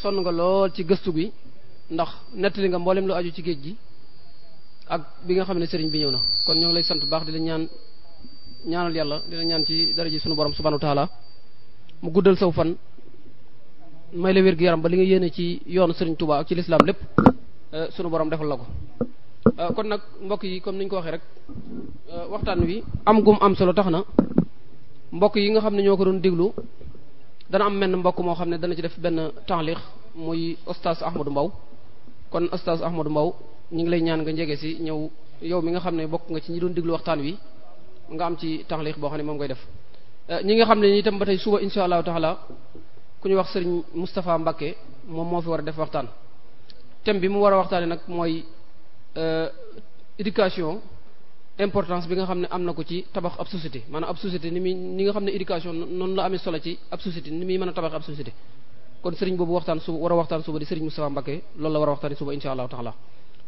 sonn nga lool ci gëstu bi ndax nettali nga mboolem lu aju ci géej gi ak bi nga xam ne sëriñ bi ñëw na kon ñoo lay sant bu baax di la ñaan ñaanal yàlla di la ñaan ci ji sunu borom subhanahu wa taala mu guddal sëw fan may la wér gu yaram ba li nga yéene ci yoonu sëriñ Touba ak ci lislaam lépp euh, sunu borom defal la ko kon nag mbokk yi comme niñ ko waxee rek waxtaan wi am gum am solo tax na mbokk yi nga xam ne ñoo ko doon déglu dana am menn mbokk moo xam ne dana ci def benn taxliq muy oustaz Ahmadou Mbaw kon oustaz Ahmadou Mbaw ñu ngi lay ñaan nga njege si ñëw yow mi nga xam ne bokk nga ci ñi doon déglu waxtaan wi nga am ci taxliq boo xam ne moom koy def euh, ñi nga xam ne ñi itam ba tey suba insha allahu la ku ñu wax sëriñ mustafa Mbakke moom moo fi war a def waxtaan thème bi mu war a waxtaane nag mooy euh, éducation importance bi nga xam ne am na ko ci tabax ab société maanaam ab société ni muy ni nga xam ne éducation noonu la amee solo ci ab société ni muy mën a tabax ab société kon sëriñ boobu waxtaan suba war a waxtaan suba di sëriñ Moustapha Mbacké loolu la war a waxtaan suba insha allahu taala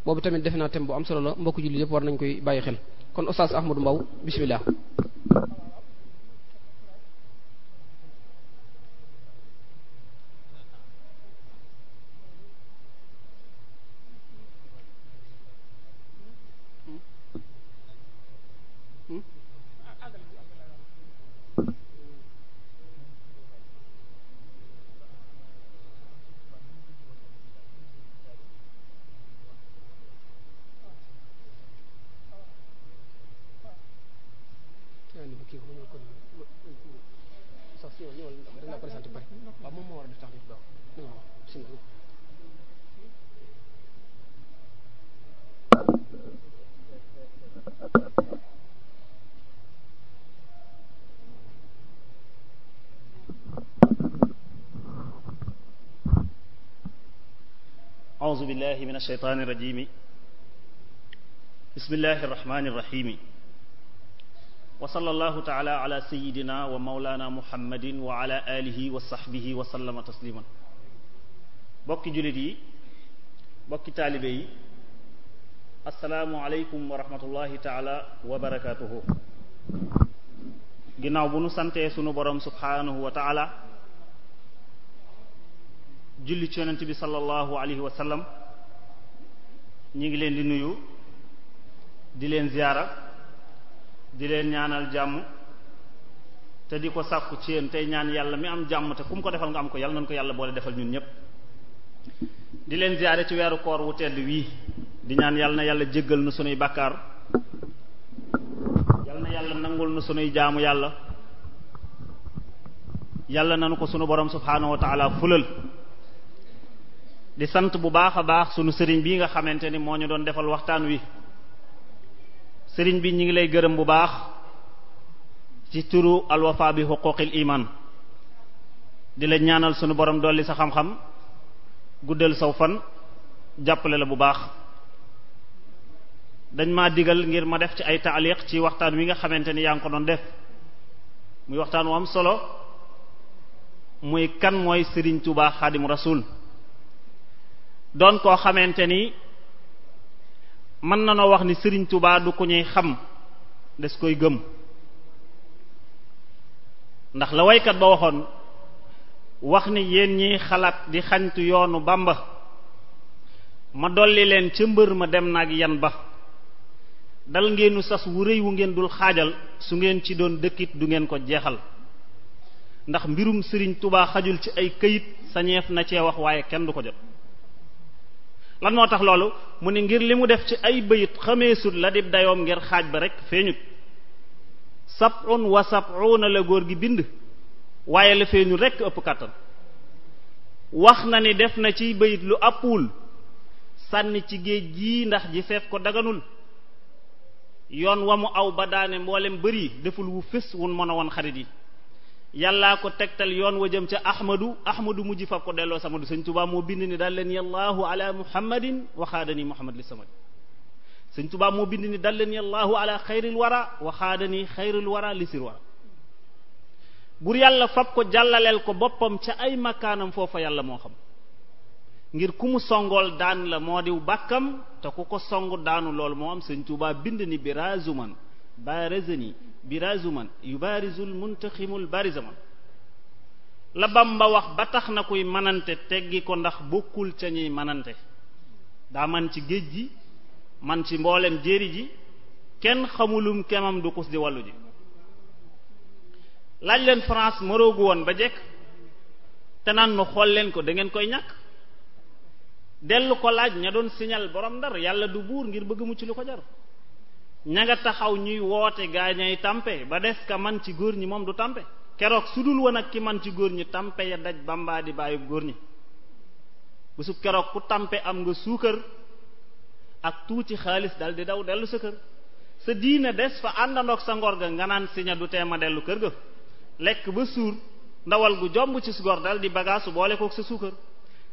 boobu tamit defe naa thème bu am solo la mbokku jullit yëpp war nañ koy bàyyi xel kon oustaz Ahmadou Mbaw bismillah billahi min alsheytaan irrajimi bismillahi irrahmani irrahimi wa sala allahu taala ala sayidina wa maulana muhammadin wa ala alihi wa sahbihi wa sallama tasliman bokki jullit yi bokki taalibe yi asalaamu aleykum wa rahmatullahi taala wa barakatuhu ginnaaw bu nu santee sunu borom subhanahu wa taala julli ci yonent bi sallallahu alayhi wa sallam ñi ngi leen di nuyu di leen ziyaara di leen ñaanal jàmm te di ko sàkku ci yéen tey ñaan yàlla mi am jàmm te ku ko defal nga am ko yàlla nañu ko yàlla boole defal ñun ñépp di leen ziyaare ci weeru koor wu tedd wii di ñaan yàlla na yàlla jéggal nu sunuy bàkkaar yàlla na yàlla nangul nu sunuy jaamu yàlla yàlla nanu ko sunu borom subhaanahu wa fulal di sant bu baax a baax sunu sëriñ bi nga xamante ni moo ñu doon defal waxtaan wi sëriñ bi ñu ngi lay gërëm bu baax ci turu alwafa bi xuquqil iman di la ñaanal sunu borom dolli sa xam-xam guddal saw fan jàppale la bu baax dañ ma digal ngir ma def ci ay taaliq ci waxtaan wi nga xamante ni yaa ngi ko doon def muy waxtaan wu am solo muy kan mooy Serigne Touba Xaadimu Rasuul doon koo xamante ni mën na noo wax ni sëriñ tubaa du ko ñuy xam des koy gëm ndax la waykat ba waxoon wax ni yéen ñiy xalaat di xañtu yoonu Bàmba ma dolli leen ca mbër ma dem naag yan ba dal ngeenu sas wu rëy wu ngeen dul xaajal su ngeen ci doon dëkkit du ngeen ko jeexal ndax mbirum Serigne Touba xajul ci ay këyit sañeef na cee wax waaye kenn du ko jot lan moo tax loolu mu ne ngir li mu def ci ay xamee xameesut la dib dayoom ngir xaaj ba rek feeñut sab'un wa sab'una la góor gi bind waaye la feeñut rek ëpp kàttan wax na ni def na ci bayit lu àppuwul sànni ci géej gi ndax ji feef ko daganul yoon wa mu aw ba daane mboolem bëri deful wu fés wun mën a woon xarit yi yàllaa ko tegtal yoon wa jëm ca ahmadu ahmadu mujj fab ko delloo samadu sëñ tubaa moo bind ni dal leen yallaahu ala muhammadin waxaadani muhammad li samad sëñ tubaa moo bind ni dal leen yallaahu ala xayril wara waxaadani xayril wara li sir wara bur yàlla fab ko jàllaleel ko boppam ca ay makaanam foofa yàlla moo xam ngir ku mu songool daan la moo diw bàkkam te ku ko song daanu lool moo am sëñ tubaa bind ni bi razuman man birazuman yubarizul muntaximul barizaman la Bamba wax ba tax na kuy mënante teggi ko ndax bokkul ca ñuy manante daa man ci géej gi man ci mboolem jéri ji kenn xamulum kemam du kus di wàllu ji laaj leen France maroogu woon ba jekk te naan nu xool leen ko dangeen ngeen koy ñàkk dellu ko laaj ña doon signal borom ndar yàlla du buur ngir bëgg mucc lu ko jar ña nga taxaw ñuy woote gaa ñay tampe ba des ka man ci góor ñi moom du tampe keroog su dul woon ak ki man ci góor ñi tampe ya daj bambaa di bàyyub góor ñi bésub keroog ku tampe am nga suukar ak tuuti xaalis dal di daw dellu sa kër sa diina des fa àndandoog sa ngor ga nga naan siña du teem a dellu kër ga lekk ba suur ndawal gu jomb ci su gor dal di bagaasu boole kook sa suukar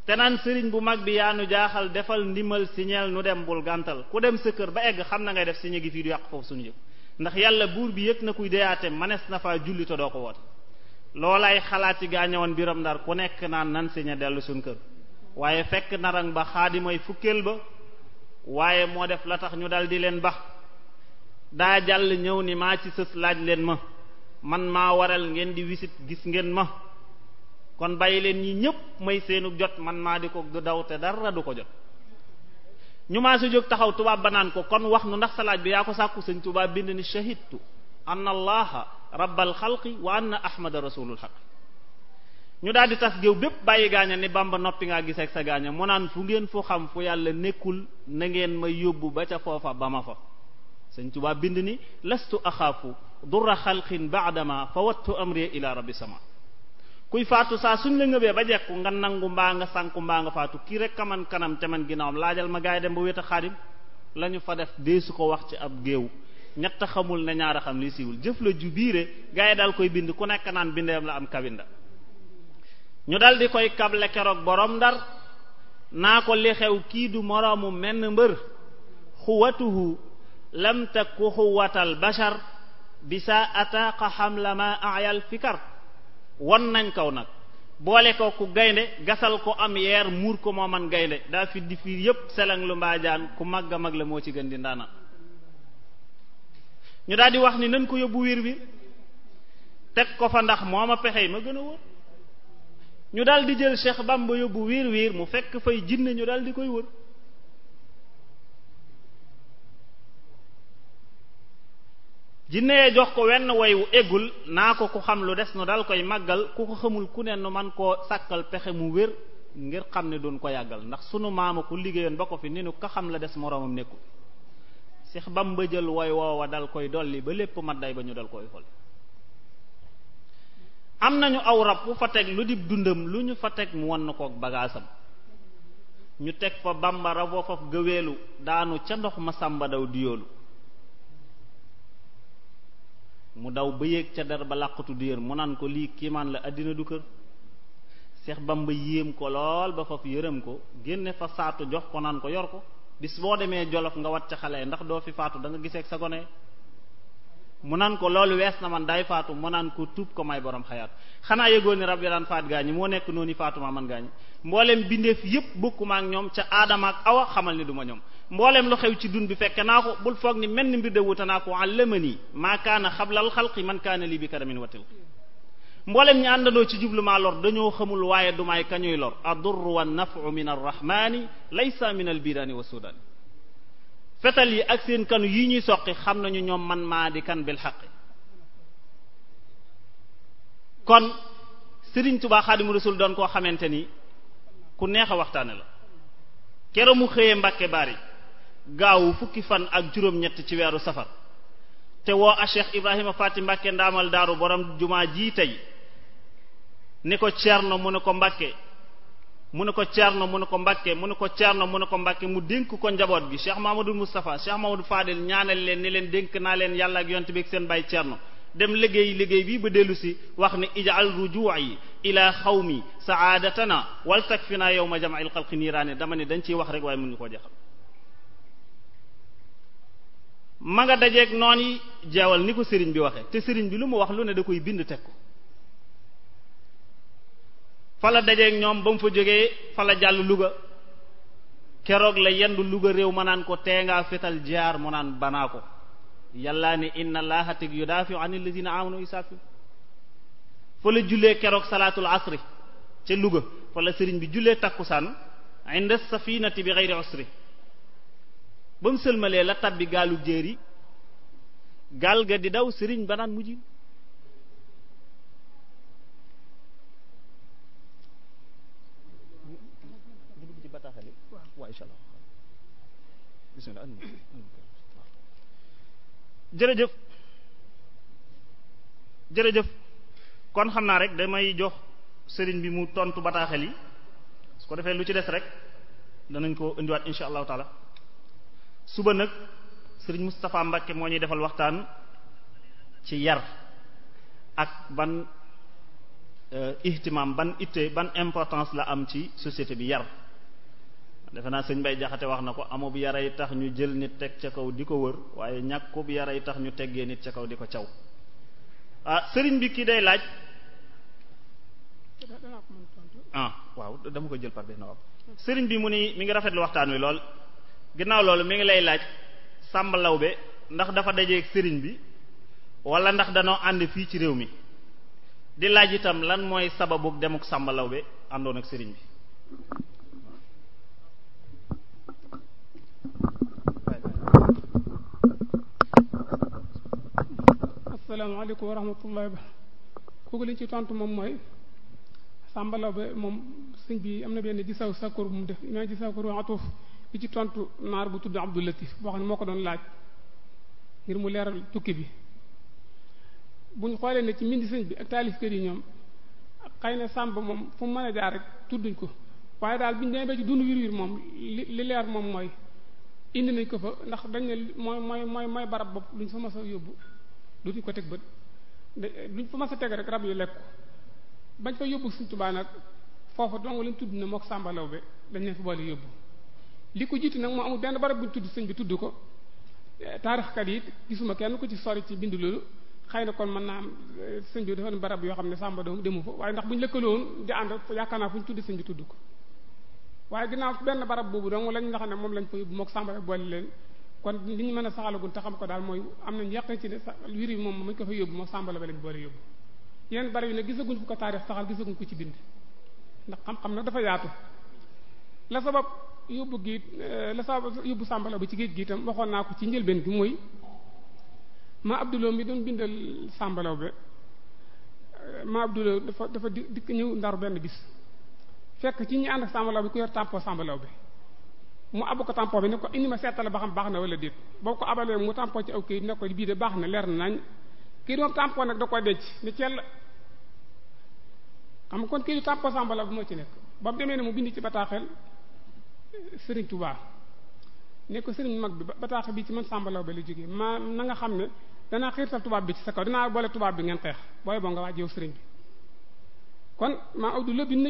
te naan sëriñ bu mag bi yaa nu jaaxal defal ndimal siñeel nu dem bul gàntal ku dem sa kër ba egg xam na ngay def siñe gi fii du yàq foofu suñu yëg ndax yàlla buur bi yëg na kuy deyaate manees na faa julli doo ko woote loolaay xalaat yi gaa biram ndar ku nekk naan nan siñe dellu suñu kër waaye fekk narang ba xaadimay fukkeel ba waaye moo def la tax ñu dal di leen ba daa jàll ñëw ni maa ci sës laaj leen ma man maa waral ngeen di wisit gis ngeen ma kon bàyyi leen ñi ñëpp may seenu jot man maa di ko du daw te dara du ko jot ñu maa si jóg taxaw tubaab ba naan ko kon wax nu ndax sa bi yaa ko sàkku sëñ tubaab bind ni shahidtu anna allaha rabbal xalqi wa anna ahmada rasulul xaq ñu daal di tas géew bépp bàyyi gaaña ni bamba noppi ngaa gis ak sa gaaña mu naan fu ngeen fu xam fu yàlla nekkul na ngeen ma yóbbu ba ca foofa ba ma fa sëñ tubaab bind ni lastu axaafu durra xalqin baadama fawattu amri ila rabbi sama kuy faatu saa suñ la ngëbee ba jekku nga nangu mbaa nga sànku mbaa nga faatu kii rek ka man kanam te man ginnaawam laajal ma gaay dem ba wet a xaadim la ñu fa def dee su ko wax ci ab géew ñett xamul ne ñaar a xam li siiwul jëf la ju biire gaay yi daal koy bind ku nekk naan bindeem la am kabinda ñu dal di koy kable keroog borom ndar naa ko li xew kii du moroomu menn mbër xuwatuhu lam takku xuwatal bashar bi saa ataaqa xam la ma ayal fikar won nañ kaw nag boole ko ku gaynde gasal ko am yeer muur ko moo man gaynde daa fi di fi yépp seleng lu mbaajaan ku mag a mag la moo ci gën di ndaana ñu daldi wax ni nañ ko yóbbu wiir bi teg ko fa ndax moo ma pexe ma gën a wóor ñu daal di jël Cheikh Bamba yóbbu wiir wiir mu fekk fay jinne ñu daal di koy wër jinne jox ko wenn woywu eggul naa ko ku xam lu des nu dal koy màggal ku ko xamul ku ne nu man koo sàkkal pexe mu wér ngir xam ne doon ko yàggal ndax sunu maama ku liggéeyoon ba ko fi ne nu ko xam la des moroomam nekkul Seex Bamba jël woy woowa dal koy dolli ba lépp mat day ba ñu dal koy xol am nañu aw rab wu fa teg lu dib dundam lu ñu fa teg mu wan kook bagaasam ñu teg fa Bamba boo faf gëweelu daanu ca ndox ma sàmba daw diyoolu mu daw ba yéeg ca der ba làqatu déer mu naan ko lii kiimaan la àddina du kër Seex Bamba yéem ko lool ba faf yërëm ko génne fa saatu jox ko naan ko yor ko bis boo demee jolof nga wat ca xale ndax doo fi faatu da nga giseeg sa gone mu naan ko loolu wees na man daay faatu mu naan ko tuub ko may borom xayaat xanaa yëgoon ni rab ya daan faat gaañi moo nekk noonu faatu ma man gaañi mboolem bindeef yépp bokkuma ak ñoom ca aadama awa xamal ni du ma ñoom mbooleem lu xew ci dun bi fekke naa ko bul foog ni mel ni mbir de wuute naa ko allamani maa kaana xablal xalqi man kaana lii bi karamin watil mboolem ñi àndandoo ci jublu maa lor dañoo xamul waaye dumay may kañuy lor addurru wa nafu min arrahmani laysa min albidaani wa sudaani fetal yi ak seen kanu yi ñuy soqi xam nañu ñoom man maa di kan bil xaqi kon Sëriñ Tuubaa Xaadimu Rasuul doon koo xamante ni ku neex a waxtaane la kero mu xëyee Mbàkke Bari gaawu fukki fan ak juróom-ñett ci weeru safar te woo a Cheikh Ibrahima Faty Mbacke ndaamal daaru borom jumaa jii tey ni ko Ceerno mu ne ko Mbacke mu ne ko Ceerno mu ne ko Mbacke mu ne ko Ceerno mu ne ko Mbacke mu dénk ko njaboot gi Cheikh Mamadou Moustapha Cheikh Mamadou Fadel ñaanal leen ni leen dénk naa leen yàlla ak yont bi ak seen bàyyi Ceerno dem liggéey liggéey bii ba dellu si wax ne ijaal rujuu'i ila xawmi saadatana wal takfina yawma jam'il xalqi niiraane dama ne dañ ciy wax rek waaye mënuñu koo jeexal ma nga dajeeg noon yi jeewal ni ko sëriñ bi waxe te sëriñ bi lu mu wax lu ne da koy bind teg ko fa la dajeeg ñoom ba mu fa jógee fa la jàll Louga keroog la yenn Louga réew ma naan ko tee ngaa fetal jaar mu naan banaa ko yàllaa ne inna allaha teg yudaafiu an alladina amanu isaafi fa la jullee keroog salaatul asri ca Louga fa la sëriñ bi jullee takkusaan inda safinati bi xeyri usri ba mu sëlmalee la tabbi gaalu jéer yi gaal ga di daw sëriñ ba naan mujj jërëjëf jërëjëf kon xam naa rek damay jox sëriñ bi mu tontu bataaxel yi su ko defee lu ci des rek danañ ko indiwaat insha allahu taala suba nag sëriñ Moustapha Mbacke moo ñuy defal waxtaan ci yar ak ban euh, ihtimam ban itte ban importance la am ci société bi yar defe naa sëñ Bay Jaxate wax na ko yara yi tax ñu jël nit teg ca kaw di ko wër waaye yara yi tax ñu teggee nit ca kaw di ko caw ah sëriñ bi kii day laaj ah waaw dama ko jël par benn waaw sëriñ bi mu ni mi ngi rafetlu waxtaan wi lool ginnaaw loolu mi ngi lay laaj Samba Lawbe ndax dafa dajeeg sëriñ bi walla ndax danoo ànd fii ci réew mi di laaj itam lan mooy sababu demuk Samba Lawbe àndoon ak sëriñ bi. asalaamaaleykum wa rahmatullahi ba kooku liñ ci tontu moom mooy Samba Lawbe moom sëñ bi am na benn gisaw sakkur bu mu def maa gisaw sakkur atuf bi ci tontu naar bu tudd Abdul Latif boo xam ne moo ko doon laaj ngir mu leeral tukki bi buñ xoolee ne ci mindi sëñ bi ak taalif kër yi ñoom xëy na sàmba moom fu mu mën a jaar rek tudduñ ko waaye daal biñu demee ba ci dund wir wir moom li leer moom mooy indi nañ ko fa ndax dañ ne mooy mooy mooy mooy barab bopp luñ fa mas a yóbbu duñ ko teg bët duñ fa mas a teg rek rab yu lekk bañ fa yóbbu Sëñ Tuubaa nag foofu dong lañ tudd na mook sàmbalaw be dañ leen fa boole yóbbu li ko jiitu nag moo amul benn barab bu tudd sëñ bi tudd ko taarixkat yi gisuma kenn ko ci sori ci bind loolu xëy na kon mën naa am euh, sëñ bi dafa barab yoo xam ne sàmba doom demu fa waaye ndax bu ñu lëkkaloo woon di ànd yaakaar naa fu ñu tudd sëñ bi tudd ko waaye ginnaaw boobu dong lañ nga xam ne moom lañ fa yóbbu mook sàmba boole leen kon li ñu mën a saxalagul ko daal mooy am nañ yàqee ci ne wiri moom muñ ko fa yóbbu moom sàmbala ba lañ boole yóbbu yeneen barab yi ko taarix saxal gisaguñ ko ci bind ndax xam-xam nag dafa yaatu la sabab yóbbu gi eh, la sa yóbbu sàmbalaw bi ci géej gi itam waxoon naa ko ci njëlbeen bi mooy ma abduloo mi doon bindal sàmbalaw bi eh, ma abduloo dafa dafa di dikk ñëw ndaru benn bis fekk ci ñi ànd sàmbalaw bi ku yor tàmpoo sàmbalaw bi mu abu ko tàmpoo bi ne ko indi ma seetale ba xam baax na wala déet boo ko abalee mu tàmpoo ci aw kayit ne ko bii de baax na leer na nañ kii moom tàmpoo nag da koy denc ne cell xam nga kon kii du tàmpoo sàmbalaw bi moo ci nekk ba demee ne mu bind ci bataaxel Serigne Touba ne ko Serigne mag bi bataax bi ci man sàmbalaw ba la jógee ma na nga xam ne danaa xiirtal tubaab bi ci sa kaw danaa boole tubaab bi ngeen xeex booy boo nga waaj yow Serigne bi. kon maa Abdou la bind na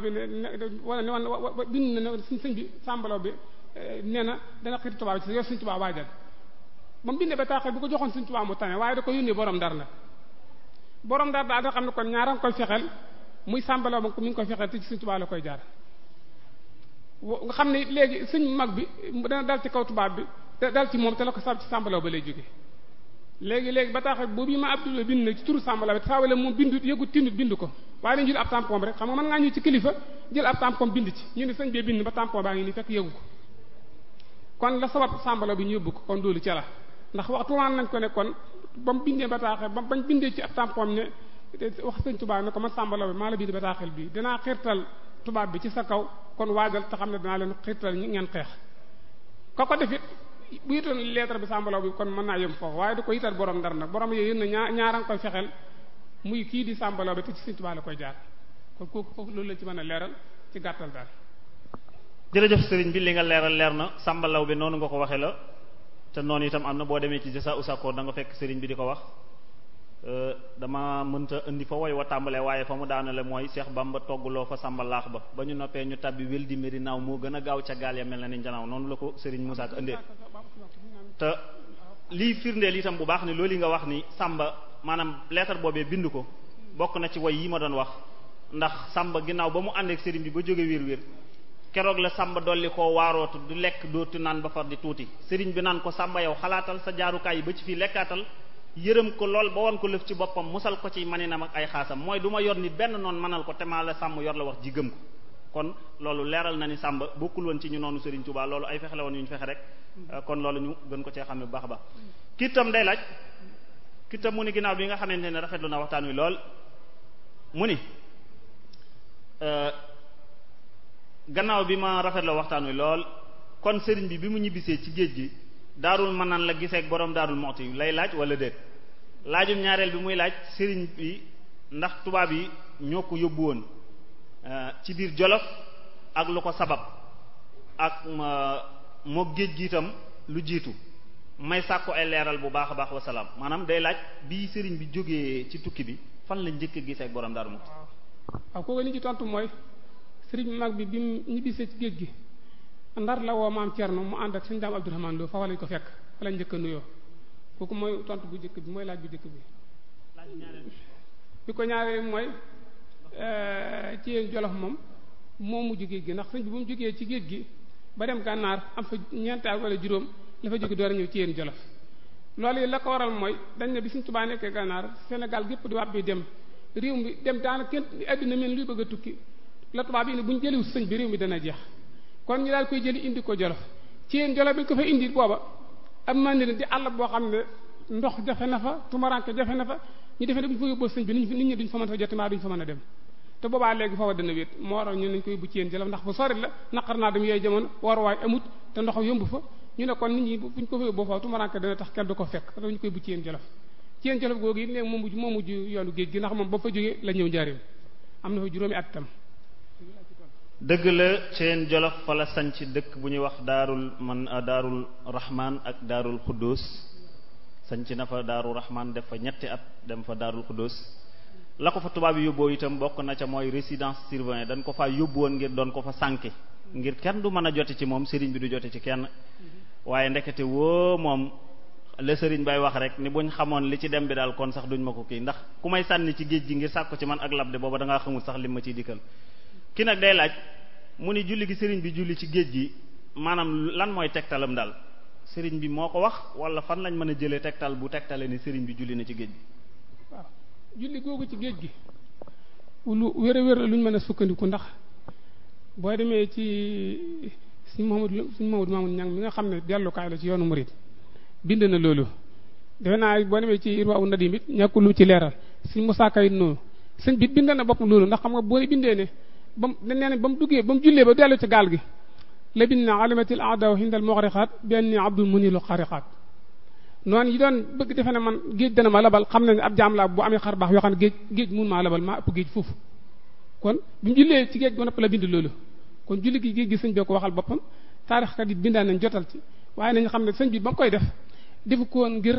bi ne ne woon bind na ne suñ sëñ bi sàmbalaw bi eh, nee na dana xiirtal tubaab bi ci yow Serigne Touba waajal ba mu bindee bataax bu ko joxoon Serigne Touba mu tane waaye da ko yónnee borom dara la borom dara daal nga xam ne kon ñaara nga koy fexeel muy sàmbalaw mu mi ngi koy fexeel te ci Serigne Touba nga xam ne léegi sëñ mag bi dana dal ci kaw tubaab bi te dal ci moom te la ko sab ci sàmbalaw ba lay jóge léegi léegi ba tax boobu yi ma Abdoulaye bind na ci turu sàmbalaw bi saawale moom bindu yëgu bind ko waaye dañu jël ab tampon rek xam nga mën ngaa ñëw ci kilifa jël ab tampon bind ci ñu ne sëñ ba tampon baa ngi nii fekk yëgu ko kon la sabab sàmbalaw bi ñu yóbbu ko kon doolu ci la waxtu waxtuwaan nañ ko nekkoon kon ba mu bindee bataaxel ba bañ bindee ci ab tampon ne wax sëñ tubaab ne ko man sàmbalaw bi maa la bind bataaxel bi dinaa xirtal tubaab bi ci sa kaw kon waajal te xam ne danaa leen xiirtal ñi ngeen xeex ka ko def it bu yitoon lettre bi sàmbalaw bi kon mën naa yem foofu waaye du ko yital borom ndar nag borom yooyu yéen ñaa ñaar nga koy fexeel muy kii di sàmbalaw bi te ci Sëriñ koy jaar kon kooku foofu loolu la ci mën a leeral ci gàttal daal. jërëjëf sëriñ bi li nga leeral leer na sàmbalaw bi noonu nga ko waxee la te noonu itam am na boo demee ci Jaza Usakoor da nga fekk sëriñ bi di ko wax. Euh, dama mënta indi fa woy wa tàmbalee waaye fa mu la mooy Seex Bamba toggloo fa sàmba laax ba ba ñu noppee ñu tabbi wel di méri naaw moo gën a gaaw ca gaal ya mel na ni njanaaw noonu la ko Serigne Moussa Ka indee te lii firndeel itam bu baax ne loolu yi nga wax ni sàmba maanaam leetar boobee bind ko bokk na ci woy yi ma doon wax ndax sàmba ginnaaw ba mu àndeek sëriñ bi ba jóge wér wér keroog la sàmba dolli ko waarootu du lekk dootu naan ba far di tuuti sëriñ bi naan ko sàmba yow xalaatal sa jaarukaay yi ba ci fii lekkaatal yërëm ko lool ba wan ko lëf ci boppam musal ko ci maninam ak ay xaasam mooy du ma yor ni benn noon manal ko te maa la sàmm yor la wax ji gëm ko kon loolu leeral na ni sàmba bokkul woon ci ñu noonu sëriñ Serigne Touba loolu ay fexe la woon yu ñu fexe rek mm-hmm. kon loolu ñu gën ko cee xam ne bu baax a baax kii itam day laaj kii itam mu ni ginnaaw bi nga xamante ne rafetlu na waxtaan wi lool mu ni euh, gannaaw bi ma rafetloo waxtaan wi lool kon Serigne bi bi mu ñibbisee ci géej gi daarul manaan la giseek borom daarul moxti lay laaj wala déet laajum ñaareel bi muy laaj sëriñ bi ndax tubaab yi ñoo ko yóbbu woon euh, ci biir jolof ak lu ko sabab ak moo géej gi itam lu jiitu may sàkku ay leeral bu baax a baax wasalaam maanaam day laaj bi sëriñ bi jógee ci tukki bi fan la njëkk a giseek borom daarul moxti waaw kooku li ci tontu mooy sëriñ mag bi bi mu ñibbisee ci géej gi ndar la woo maam Thierno mu ànd ak suñu daam Abdourahmane Lo foofa lañ ko fekk fa lañ njëkk nuyoo kooku mooy tontu bu njëkk bi mooy laaj bu njëkk bi. bi ko ñaaree mooy euh, ci jolof moom moom mu géej gi ndax sëñ bi bu mu jógee ci géej gi ba dem gànnaar am fa ñeenti at wala juróom la fa jóge door a ñëw ci yéen jolof. loolu yi la ko waral mooy dañ ne bi suñ Tuubaa nekkee gànnaar Sénégal gépp di wàb dem réew mi dem daanaka kenn adduna mel luy bëgg a tukki la tubaab ne bu ñu jëliw sëñ bi mi dana jeex kon ñi daal koy jëli indi ko jolof ci yéen jolof bi ko fa indi booba am mandiri di boo xam ne ndox jafe na fa tumaranke jafe na fa ñu defee ne ñu fa yóbboo sëñ bi nit ñi duñ fa mën fa jottimaa duñ mën a dem te boobaa léegi foofa dana wéet moo waral ñu nañ koy bu ci yéen jolof ndax bu sori la naqar naa dem yooyu jamono waruwaay amut te ndox yomb fa ñu ne kon nit ñi buñ ko fa yóbboo foofa tax kenn du ko fekk dafa ñu koy bu ci yéen jolof ci yéen jolof moo mujj moo mujj yoonu géej gi ndax moom ba fa jógee la ñëw njaarim am na fa juróomi at tam dëgg la ceen jolof fa la sanc dëkk bu ñuy wax daarul man euh, daarul rahman ak daarul xuddus sanc na fa daarul rahman def fa ñetti at dem fa daarul xuddus la ko fa tubaab yi yóbboo itam bokk na ca mooy résidence surveillée dañ ko faa yóbbu woon ngir doon ko fa sànki ngir kenn du mën a jote ci moom sëriñ bi du jote ci kenn waaye ndekete woo moom la sëriñ bay wax rek ni buñ xamoon li ci dem bi daal kon sax duñ ma ko kii ndax ku may sànni ci géej gi ngir sàkku ci man ak labde booba da ngaa xamul sax lim ma ciy dikkal ki nag day laaj mu ni julli gi sëriñ bi julli ci géej gi maanaam lan mooy tegtalam daal sëriñ bi moo ko wax wala fan lañ mën a jëlee tegtal bu tegtale ni sëriñ bi julli na ci géej gi julli googu ci géej gi lu wér a luñ mën a sukkandiku ndax boo demee ci suñ Mouhamadou suñ Mouhamadou nga xam ne dellukaay la ci yoonu murid bind na loolu defe naa boo demee ci Irwa u ci leeral suñ Moussa Ka it noonu sëñ bi bind na boppam loolu ndax xam nga booy bindee ne ba mu nee ba mu duggee ba mu jullee ba dellu gaal gi labin na alimatil aadaw hindal mughriqat bi anni abdul munilu xariqat noonu yi doon bëgg defe na man géej dana ma labal xam nañ ne ab jaam laa bu amee xar baax yoo xam ne géej géej mun maa labal maa ëpp géej foofu kon bi mu jullee ci géej ba nopp la bind loolu kon julli gi géej gi sëñ bi ko waxal boppam taarixkat yi bindaan nañ jotal ci waaye nañu xam ne sëñ bi ba mu koy def defu ko ngir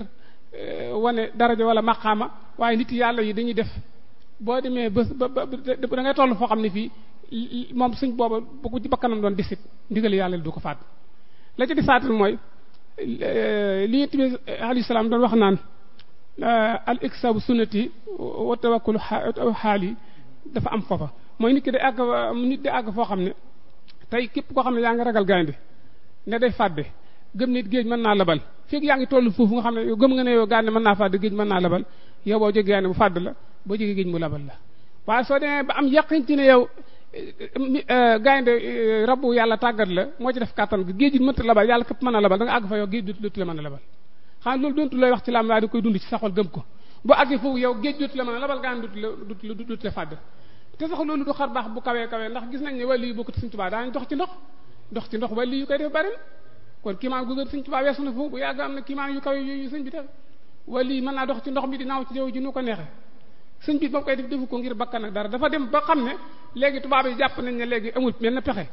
eh, wane daraja wala maqaama waaye nit yàlla yi dañuy def boo demee ba ba ba da ngay toll foo xam ne fii moom suñ booba bu ko ci bakkanam doon disit ndigal yàlla du ko faat la ci disaatal mooy eh, li yonent bi alayhi doon wax naan eh, al iksaabu sunnati wa tawakkulu xaali dafa am foofa mooy nit ki day àgg nit àgg foo xam ne tey képp koo xam ne yaa ngi ragal gaynde ne day fàdde gëm nit géej mën naa labal fekk yaa ngi toll foofu nga xam ne gëm nga ne yow mën naa fàdde géej mën naa labal yow boo jógee gaynde bu fàdd la boo jógee géej mu labal la waaye soo demee ba am yaqin ci ne yow euh, gaynde euh, rabu yàlla tàggat la moo ci def kàttan gi géej gi mënta labal yàlla képp mën a labal da nga àgg fa yow géej dootu la mën a labal xam koy dund sa xol gëm ko boo àggee foofu yow géej dootu la mën a labal gaan la dootu la te sax loolu du xar baax bu kawee kawee ndax gis nañ ne wàllu yu bokkut Sëriñ Tuubaa daañ dox ci ndox dox ci ndox wàllu yu koy def bari kon kiimaan gu gën Sëriñ Tuubaa weesu na foofu bu yàgg am na kiimaan yu kawe yooyu sëñ bi def wàllu mën naa dox ci ndox mi di naaw ci jaww ji nu ko neexee sëñ bi ba mu koy def defu ko ngir bakkan ak dara dafa dem ba xam ne léegi tubaab yi jàpp nañ ne léegi amul benn pexe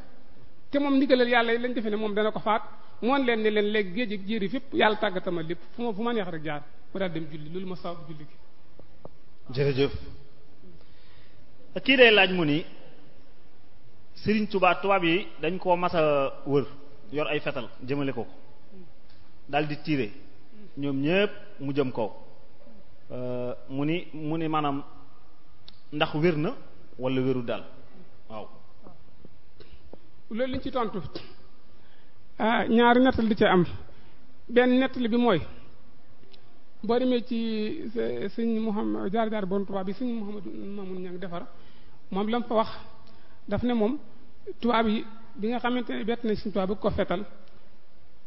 te moom ndigalal yàlla yi lañ defe ne moom dana ko faat moon leen ne leen léegi géej ak jéeri fépp yàlla tàggatama lépp fu ma fu ma neex rek jaar mu daal dem julli loolu ma saw julli gi jërëjëf kii day laaj mu ni sëriñ Touba tubaab yi dañ koo mas a wër yor ay fetal jëmale ko daal di tiire ñoom ñépp mu jëm kaw mu ni mu ni maanaam ndax wér na walla wéru daal waaw. loolu liñ ci tontu ah ñaari nettali di ci am benn nettali bi mooy boo demee ci sëñ Mouhamad jaar jaar bon tubaab bi sëñ Mouhamad Mamoun ñang defar moom la mu fa wax daf ne moom tubaab yi bi nga xamante ne bett na sëñ tubaab bi ko fetal.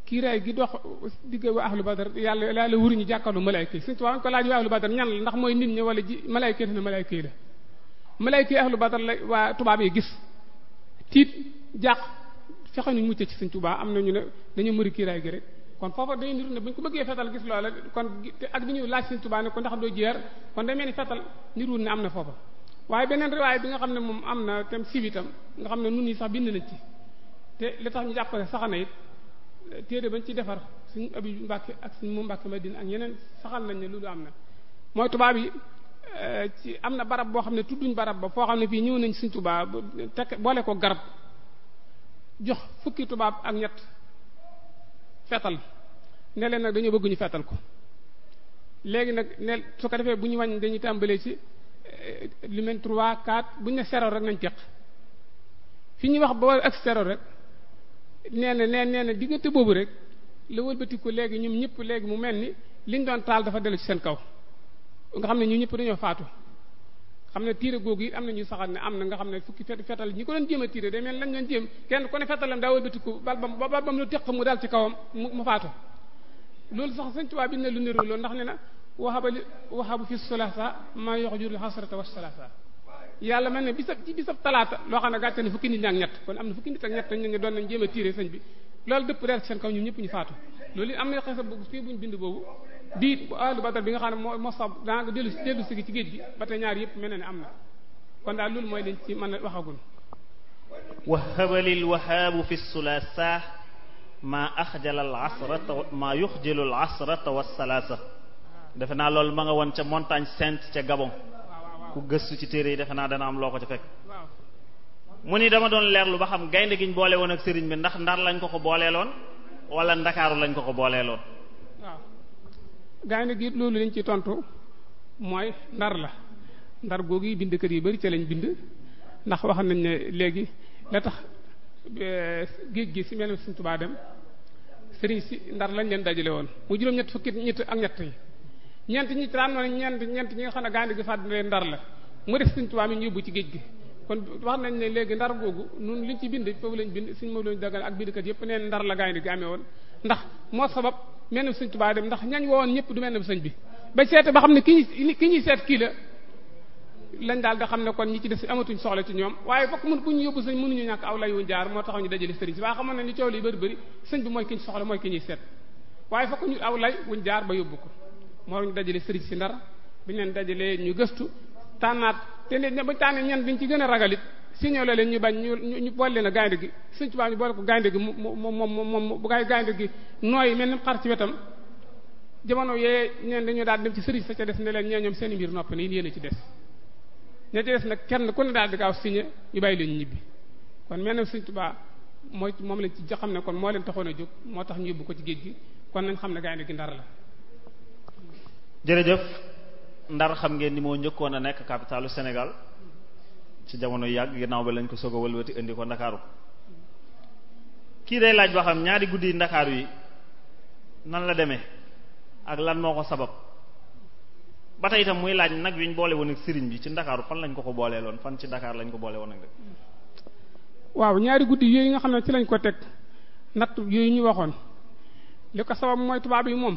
kiiraay gi dox digga waa ahlu badar yàlla yàlla wuri ñu jàkkaarlu malayka yi surtout waa ko laaj waa ahlu badar ñan ndax mooy nit ñi wala ji malayka yi ne malayka yi la malayka yi ahlu la waa tubaab yi gis tiit jàq fexe ñu mucc ci suñ Tuubaa am na ñu ne dañu muri kiiraay gi rek kon foofa dañu niru ne bu ñu ko bëggee fetal gis loola kon ak di ñu laaj Sëriñ Tuubaa ne kon ndax doo jeer kon day mel ni fetal niruwul ne am na foofa waaye ben riwaay bi nga xam ne moom am na tam siiw itam xam ne nun ñi sax bind nañ ci te li ñu jàpp ne sax téere bañ ci defar suñ abi Mbàkke ak suñ mu Mbàkke Madina ak yeneen saxal nañ ne loolu am na mooy tubaab yi euh, ci am na barab boo xam ne tudduñ barab ba foo xam ne fii ñëw nañ suñ tubaab tekk boole ko garab jox fukki tubaab ak ñett fetal ne leen nag dañoo bëgg ñu ko léegi nag su ko defee bu ñu wàññ dañuy tàmbalee ci euh, lu mel 3 4 bu ñu ne zéro rek nañ teq fi ñu wax ba ak zéro rek nee na nee nee na diggante boobu rek la wëlbatiku léegi ñoom ñëpp léegi mu mel ni liñ doon taal dafa dellu ci seen kaw nga xam ne ñu ñëpp dañoo faatu xam ne tiire googu it am na ñu saxaat ne am na nga xam ne fukki fet fetal ñi ko doon jéem a tiire day mel lañ doon jéem kenn ku ne fetalam daa wëlbatiku bal bam bal bam lu teq mu dal ci kawam mu faatu loolu sax sëñ Tuubaa bi ne lu niru loolu ndax ne na waxaba li waxabu fi solasa maa yox jurul xasrata wa solasa yàlla mel ne bisab ci bisab talaata loo xam ne gàcce na fukki nit ak ñett kon am na fukki nit ak ñett ñu ne doon nañ jéem a tiire sëñ bi loolu dëpp reer seen kaw ñun ñëpp ñu faatu loolu it am na xesa bu fii buñ bind boobu diit ahlu badar bi nga xam ne moo moo sab daanga dellu dellu sigi ci géej gi ba tey ñaar yëpp mel na ne am na kon daal loolu mooy lañ ci mën a waxagul wahaba lil wahaabu fi sulasa ma axjala al asrata ma yuxjilu al asrata wa salasa defe naa loolu ma nga woon ca montagne sainte ca Gabon ku gëstu ci téere yi defe naa dana am loo ko ci fekk mu ni dama doon leerlu ba xam gaynde gi boole woon ak sëriñ bi ndax ndar lañ ko ko booleeloon wala ndakaaru lañ ko ko booleeloon waaw gaynde gi loolu lañ ci tontu mooy ndar la ndar googu yi bind kër yi bari ca lañ bind ndax wax nañ ne léegi la tax euh, géej gi si mel ne Sëriñ Tuubaa dem sëriñ si ndar lañ leen dajale woon mu juróom ñett fukki ñett ak ñett yi ñeent ñi ci daan wala ñeent ñeent ñi nga xam ne gaynde gi fàdd leen ndar la mu def suñ tubaab yi ñu yóbbu ci géej gi kon wax nañ ne léegi ndar googu nun liñ ci bind foofu lañ bind suñ moom lañ dagal ak bindkat yëpp neen ndar la gaynde gi amee woon ndax moo sabab mel na suñ tubaab dem ndax ñañ wowoon ñëpp du mel na sëñ bi ba seete ba xam ne ki ñu ki ñuy seet kii la lañ daal nga xam ne kon ñi ci des amatuñ soxla ci ñoom waaye fokk mun bu ñu yóbbu sëñ mënuñu ñàkk aw layu jaar moo taxaw ñu dajale sëriñ si waaye xamoon na ni coow li bëri bëri mooy ki ñu soxla mooy ñu aw lay wuñ jaar ba yóbbu ko moo ñu dajale sëriñ si ndar bi ñu leen dajalee ñu gëstu tànnaat te ne ba tànnee ñan biñ ci gën a ragalit signalé leen ñu bañ ñu ñu boole leen a gaynde gi Sëriñ Tuubaa ñu boole ko gaynde gi mu mu mu mu bu gi nooy mel ni xar ci wetam jamono yee ñeen dañu daal dem ci sëriñ sa ca des ne leen ñee ñoom seen mbir noppi nii yéen a ci des ña ci des nag kenn ku ne daal di gaaw signé ñu bay leen ñibbi kon mel na Sëriñ Tuubaa mooy moom lañ ci xam ne kon moo leen taxoon a jóg moo tax ñu yóbbu ko ci géej gi kon nañ xam ne gaynde gi ndar la jërëjëf ndar xam ngeen ni moo njëkkoon a nekk capitalu Sénégal ci jamono yàgg naw ba lañ ko soog a wëlwati indi ko ndakaaru kii day laaj ba xam ñaari guddi ndakaaru yi nan la demee ak lan moo ko sabab ba tey itam muy laaj nag yuñ boole woon sëriñ bi ci ndakaaru fan lañ ko ko booleeloon fan ci Dakar lañ ko boole woon ak waaw ñaari guddi yooyu nga xam ne ci lañ ko teg natt yooyu ñu waxoon li ko sabab mooy tubaab yi moom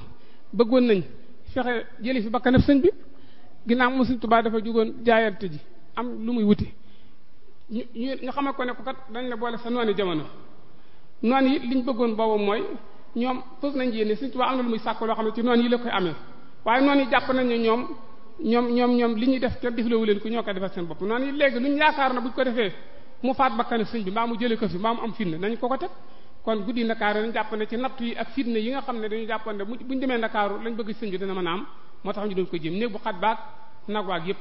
bëggoon nañ fexe jëli fi bakkana sëñ bi ginnaaw mu sëñ Tuubaa dafa jógoon jaayante ji am lu muy wuti ñu ñu xamal ko ne ko kat dañ la boole sa noonu jamono noonu yi liñ bëggoon boobu mooy ñoom fës nañ yéene sëñ Tuubaa am na lu muy sàkk loo xam ne ci noonu yi la koy amee waaye noonu yi jàpp nañ ne ñoom ñoom ñoom ñoom li ñu def te defloowu leen ku ñoo koy defee seen bopp noonu yi léegi luñ yaakaar na buñ ko defee mu faat bakkanab sëñ bi mbaa mu jëlee ko fi mbaa mu am fitna nañ ko ko teg kon guddi ndakaaru lañ jàpp ne ci nattu yi ak fitna yi nga xam ne dañu jàppoon ne buñu demee ndakaaru lañ bëgg sëñ bi dana a am moo tax ko jëm néeg bu xat baag nag waag yëpp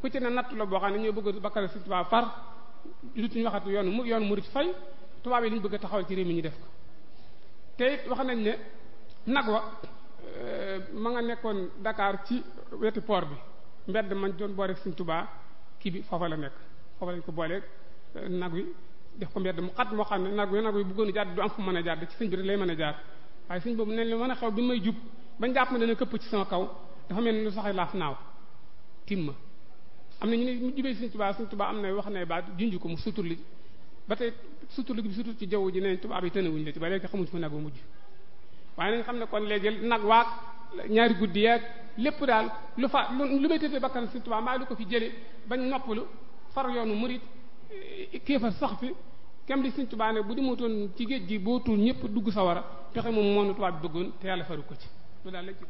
ku ci ne la boo xam ne ñoo bëgg bakkale si tubaab far lu tuñu waxat yoon mu yoon murit fay tubaab yi li ñu bëgg taxawal ci réew mi ñu def ko te wax nañ ne nag wa euh, ma nga nekkoon ndakaar ci wetu port bi mbedd man doon boole Sëriñ tubaa kii bi foofa la nekk foofa lañ ko boolee euh, nag wi def ko mbedd mu xat moo xam ne nag yo nag yu bëggoon a jàdd du am fu mën a ci sëñ bi rek lay mën a jaar waaye sëñ boobu neñ li mën a xew bi may jub bañ jàpp ma dana këpp ci sama kaw dafa mel ni lu saxe laaf naaw timma am na ñu ne mu jubee sëñ Tuubaa sëñ am na wax ne baat junj ko mu suturli ba tey suturli bi sutur ci jaww ji neen tubaab yi tënawuñ la ci ba léegi xamuñ fu nag ba mujj waaye xam ne kon léegi nag waag ñaari guddi yeeg lépp daal lu fa lu may tëddee bakkan sëñ Tuubaa maa lu ko fi jële bañ noppalu far yoonu murit eh, kéefal sax fi kem di Sëriñ Tuubaa ne bu demutoon ci géej gi boo tuul ñëpp dugg sa sawara pexe moom moo nu tubaab bi bëggoon te yàlla faru ko ci lu daal lañ ci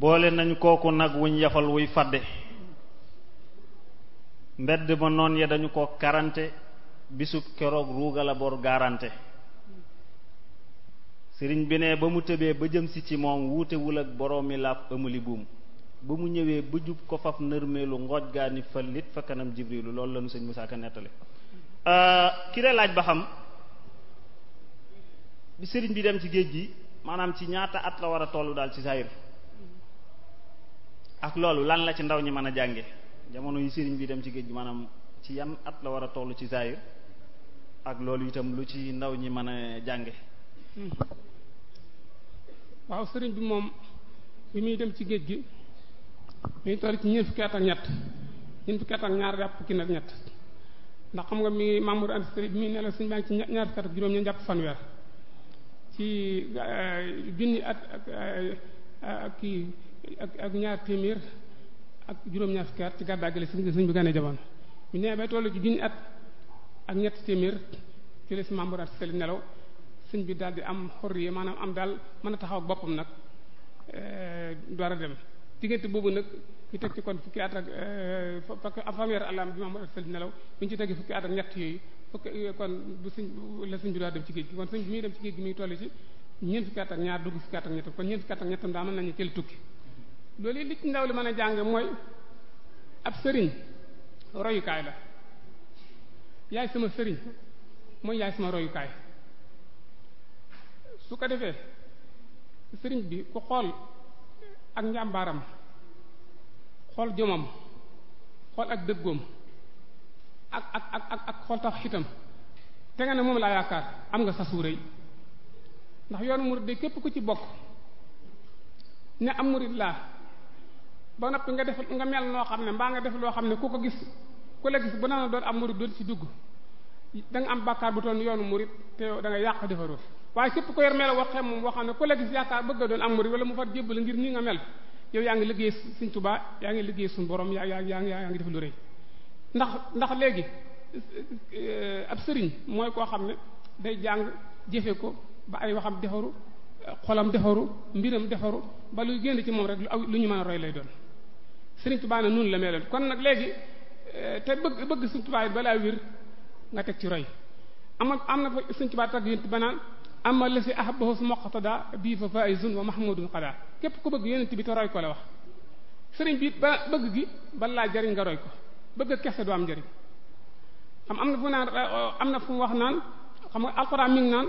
boole nañ kooku nag wuñ yafal wuy fadde mbedd ma noon ya dañu ko karante bisub keroog ruuga la bor gaarante sëriñ bi ne ba mu tëbee ba jëm si ci moom wuutewul ak boroomi làpp amuli buum ba mu ñëwee ba jub ko faf nërmeelu ngooj gaa ni fël lit fa kanam jibrilu loolu la nu sëñ Musaa Ka nettali Euh, ki de laaj ba xam bi sëriñ bi dem ci géej gi maanaam ci ñaata at la war a tollu daal ci saayir ak loolu lan la ci ndaw ñi mën a jànge jamono yi sëriñ bi dem ci géej gi maanaam ci yan at la war a toll ci saayir ak loolu itam lu ci ndaw ñi mën a jànge waaw sëriñ bi moom bi muy dem ci géej gi muy toll ci ñeent fukki at ak ñett ñeent fukki at ak ñaar yàpp fukki nag ñett ndax xam nga mi Mamour Anta Sali bi muy ne la suñu baa ngi ci ñaar fukki euh, at ak juróom ñu jàpp ak kii ak ñaar téeméer ak juróom-ñaar fukki at ci gàddaa gi suñ bi gane jamono bu ñu nee bay toll ci junni at ak ñett téeméer ci la si Mamour Anta nelaw suñ bi daal di am xorriye maanaam am daal mën a taxaw ak boppam nag euh, door a dem diggante boobu nag. ñu teg ci kon fukki at ak fak euh, fanweer àllaam bi Muhammad sal nelaw bi ñu ci tegee fukki at ak ñett yooyu fukki euh, kon bu sëñ la sëñ bi daa dem ci géej gi kon sëñ bi muy dem ci géej gi muy toll ci ñeent fukki at ak ñaar dugg fukki at ak ñett kon ñeent fukki at ak ñettam daa mën nañu cël tukki loolu li ci ndaw li mën a jàng mooy ab sëriñ royukaay la yaay sama sëriñ mooy yaay sama royukaay su ko defee sëriñ bi ku xool ak njàmbaaram xool jomam xool ak dëggoom ak ak ak ak ak xool tax xitam te nga ne moom laa yaakaar am nga sa suuréy ndax yoonu murid de képp ku ci bokk ne am murid laa ba noppi nga def nga mel noo xam ne mbaa nga def loo xam ne ku ko gis ku la gis bu na doon am murid doon ci dugg da nga am bàkkaar bu toon yoonu murit te yow da nga yàq defaroo waaye képp ko yor melo waxee moom woo xam ne ku la gis yaakaar bëgg a doon am murid wala mu far jébbal ngir nii nga mel yow yaa ngi liggéey Sëriñ Tuubaa yaa ngi liggéey suñ borom yaa yaa yaa yaa ngi def lu rëy ndax ndax léegi eh, ab sëriñ mooy koo xam ne day jàng jëfe ko ba ay waxam defaru xolam defaru mbiram defaru ba luy génn ci moom rek lu ñu ma a roy lay doon Sëriñ Tuubaa ne nun la meloon kon nag léegi eh, te bëgg bëgg Sëriñ Tuubaa yi balaa wir nga teg ci roy am am na fa Sëriñ Tuubaa tag yént banaan ama la si ahbahu su daa bii fa faizun wa mahmudun qada képp ku bëgg yonent bi te roy ko la wax sëriñ bi ba bëgg gi balaa jariñ nga roy ko bëgg kese doo am njariñ am am na fu naan am na fu mu wax naan xam nga alxuraan mi ngi naan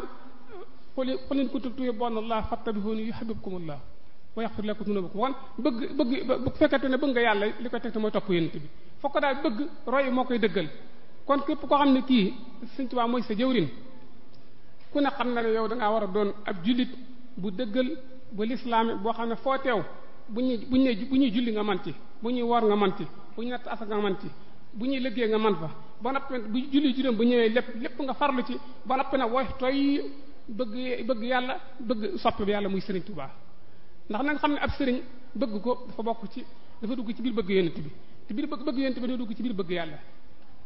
qul qul in kuntum tuhibbuna allah fattabi'uni yuhibbukum allah wa yaghfir lakum ko kon bëgg bëgg fekkete ne bëgg nga yàlla li koy teg te mooy topp yonent bi fokk daal bëgg roy moo koy dëggal kon képp koo xam ne kii Sëriñ Tuubaa mooy sa jëwrin ku ne xam na ne yow da ngaa war a doon ab jullit bu dëggal bu lislaami boo xam ne foo teew bu ñuy bu ñuy bu ñuy julli nga man ci bu ñuy woor nga man ci bu ñuy natt asa nga man ci bu ñuy liggéey nga man fa ba noppi bu julli juróom bu ñëwee lépp lépp nga farlu ci ba noppi nag woy tooy bëgg bëgg yàlla bëgg sopp bi yàlla muy sëriñ Tuubaa ndax na nga xam ne ab sëriñ bëgg ko dafa bokk ci dafa dugg ci biir bëgg yonent bi te biir bëgg bëgg yonent bi dafa dugg ci biir bëgg yàlla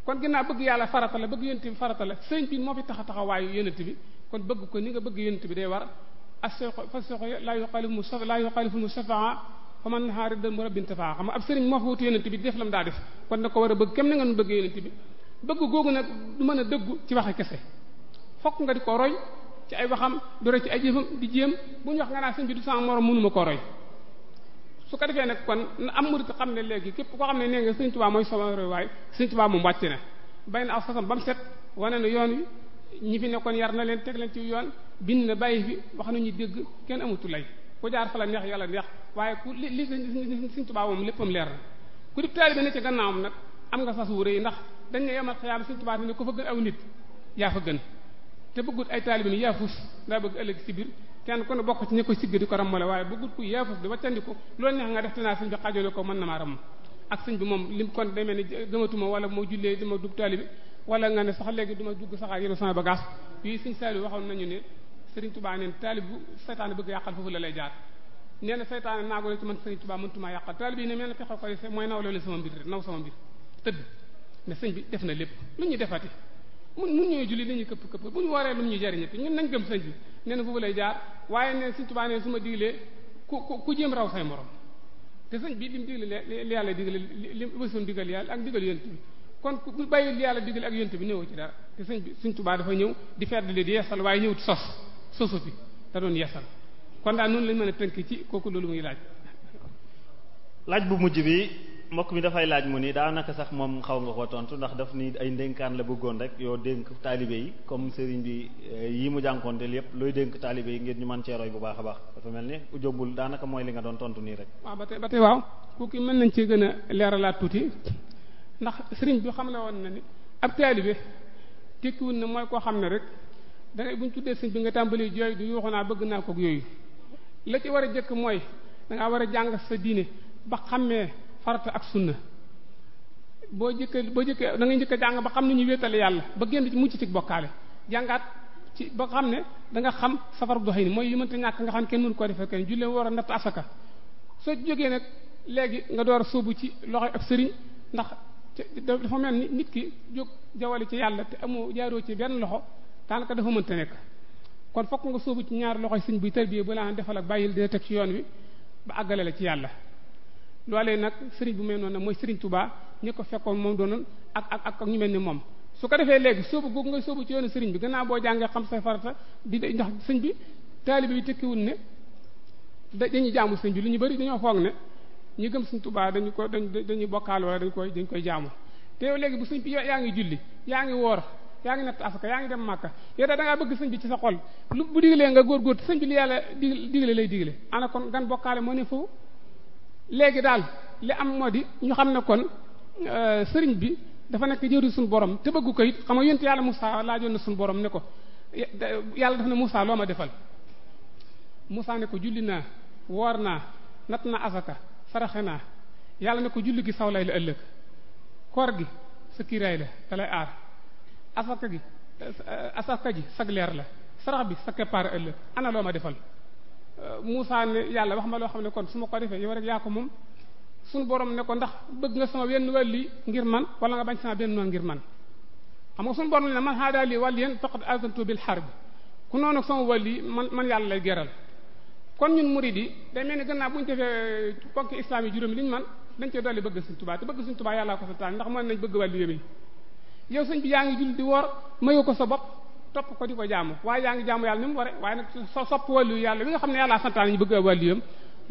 kon ginnaaw bëgg yàlla farata la bëgg yonent bi la sëriñ moo fi tax taxawaayu yonent bi kon bëgg ko ni nga bëgg yonent bi day war assoq fa soq laa yuqaalifu mu sa laa yuqaalifu mu safaa fa man naxaa riddan mu rabbin tafaa xam ab sëriñ moo fa wutu yonent bi def lam daa na nga mën a dëggu ci waxe kese fokk nga di ko roy ci ay waxam du roy ci ay jëfam di jéem bu ñu wax nga naa bi du sama morom mënuma ko roy su ko defee nag kon na am murid xam ne léegi képp koo xam ne nee nga sëñ Tuubaa mooy sama roy waaye sëñ Tuubaa moom wàcc na bay na aw sasam ba mu set wane na yoon wi ñi fi nekkoon yar na leen teg leen ci yoon bind na bàyyi fi wax nañu dégg kenn amatu lay ku jaar fa la neex yàlla neex waaye ku li li Sëriñ Tuubaa moom léppam leer na ku di taalibe ne ci gannaawam nag am nga sas wu rëy ndax dañ ne yemal xiyaam Sëriñ Tuubaa na ko fa gën aw nit yaa fa gën te bëggut ay taalibe ni yaafus daa bëgg ëllëg si biir kenn ku bokk ci ñi ko sigg di ko rammale waaye bëggut ku yaafus di waccandiko loolu neex nga def tenaa sëñ bi ko mën na maa ak sëñ bi moom lim kon demee ni gëmatuma wala moo jullee dama dugg taalibi wala nga ne sax léegi duma dugg sax ak yenn sama bagage yii sëñ Saliou waxoon nañu ne Sëriñ Tuubaa neen taalib bu seytaane bëgg yàqal foofu la lay jaar nee seytaane naago la ci man Sëriñ Tuubaa mëntumaa ne na pexe koy mooy naw loolu sama mbir naw sama mbir tëdd ne sëñ bi def na lépp lu ñu defati mun mun ñooy julli li ñu këpp këpp bu ñu waree lu ñu jariñati ñun nañ gëm sëñ bi nee na foofu lay jaar waaye neen Sëriñ Tuubaa neen su ku ku jéem raw te sëñ bi lim digle li yàlla digle li wësoon digal yàlla ak digal yonent bi kon ku bàyyi li yàlla ak yonent bi ñëwoo ci dara te sëñ bi sëñ Tuubaa dafa ñëw di feddali di yeesal waaye ñëwut sos sosu fi te doon yeesal kon daal noonu lañ mën a tënk ci kooku loolu muy laaj laaj bu mujj bi mbokk mi dafay laaj mu ni daanaka sax moom xaw nga ko tontu ndax daf ni ay ndénkaan la bëggoon rek yoo dénk taalibe yi comme sëriñ bi eh, yi mu jànkoon del yépp looy dénk taalibe yi ngeen ñu man cee roy bu baax a baax dafa mel ne u jógul daanaka mooy li nga doon tontu nii rek. waaw ba tey ba tey waaw kooku mën nañ cee gën a leeralaat tuuti ndax sëriñ bi xam ne woon na ni ab taalibe tekkiwul na mooy koo xam ne rek dangay buñ tuddee sëriñ bi nga tàmbali jooy du yuuxu naa bëgg naa ko yooyu la ci war a jëkk mooy da war a jàng sa diine ba xamee farata ak sunna boo jëkkee boo jëkkee da ngay njëkk jàng ba xam ne ñu wéetale yàlla ba génn ci mucc ci bokkaale jàngaat ci ba xam ne da nga xam safar doxin mooy yu mënta ñàkk nga xam ne kenn mënu ko defee kenn jullee war a natt asaka soo jógee nag léegi nga door a sóobu ci loxo ak sëriñ ndax dafa mel ni nit ki jóg jawali ci yàlla te amoo jaaroo ci benn loxo daanaka dafa mënta nekk kon fokk nga sóobu ci ñaar loxoy sëñ buy tarbiyee bu laa defal ak bàyyil dina teg ci yoon wi ba àggale la ci yàlla loolee nag sëriñ bu mel noonu mooy sëriñ Touba ñi ko fekkoon moom doonoon ak ak ak ñu mel ni moom su ko defee léegi sóobu googu nga sóobu ci yoonu sëriñ bi gannaa boo jàngee xam sa farata di ndax sëñ bi taalibe bi tekkiwul ne dañuy jaamu sëñ bi lu ñu bari dañoo foog ne ñi gëm sëñ Touba dañu ko dañu dañuy bokkaal wala dañu koy dañu koy jaamu te yow léegi bu sëñ bi yaa ngi julli yaa ngi woor yaa ngi natt asaka yaa ngi dem màkka yow da ngaa bëgg sëñ bi ci sa xol lu bu diglee nga góorgóor sëñ bi li yàlla digle lay digle ana kon gan bokkaale moo ne foofu léegi daal li am moo di ñu xam ne kon euh, sëriñ bi dafa nekk jëwri suñu borom te bëgg ko it xam nga yént yàlla Musaa laajoon na suñu borom ne ko yàlla dafa ne Musaa loo ma defal Musaa ne ko julli naa woor naa nat na asaka saraxe naa yàlla ne ko julli gi saw la ëllëg koor gi sa kiiraay la dalay aar asaka gi euh, asaka ji sag leer la sarax bi sa keppaar ëllëg ana loo ma defal Moussa ne yàlla wax ma loo xam ne kon su ma ko defee yow rek yaa ko moom suñu borom ne ko ndax bëgg nga sama wenn wàlli ngir man wala nga bañ sama benn ngir man xam nga suñu borom ne man xaadaa lii wàll yéen faqad azantu bil harb ku noonu sama man man yàlla lay geral kon ñun mu murid di day mel ni naa bu ñu defee ponk islam yi juróomi li ñu man dañ cee dolli bëgg Sëriñ Tuubaa te bëgg si Tuubaa yàllaa ko santaan ndax mën nañ bëgg wàlli yow yow sëñ bi yaa ngi julli di woor mayoo ko sa bopp topp ko di ko jaamu waaye yaa ngi jaamu yàlla ni mu ware waaye nag so sopp wàllu yàlla bi nga xam ne yàlla santaan ñu bëgg a wàlliyam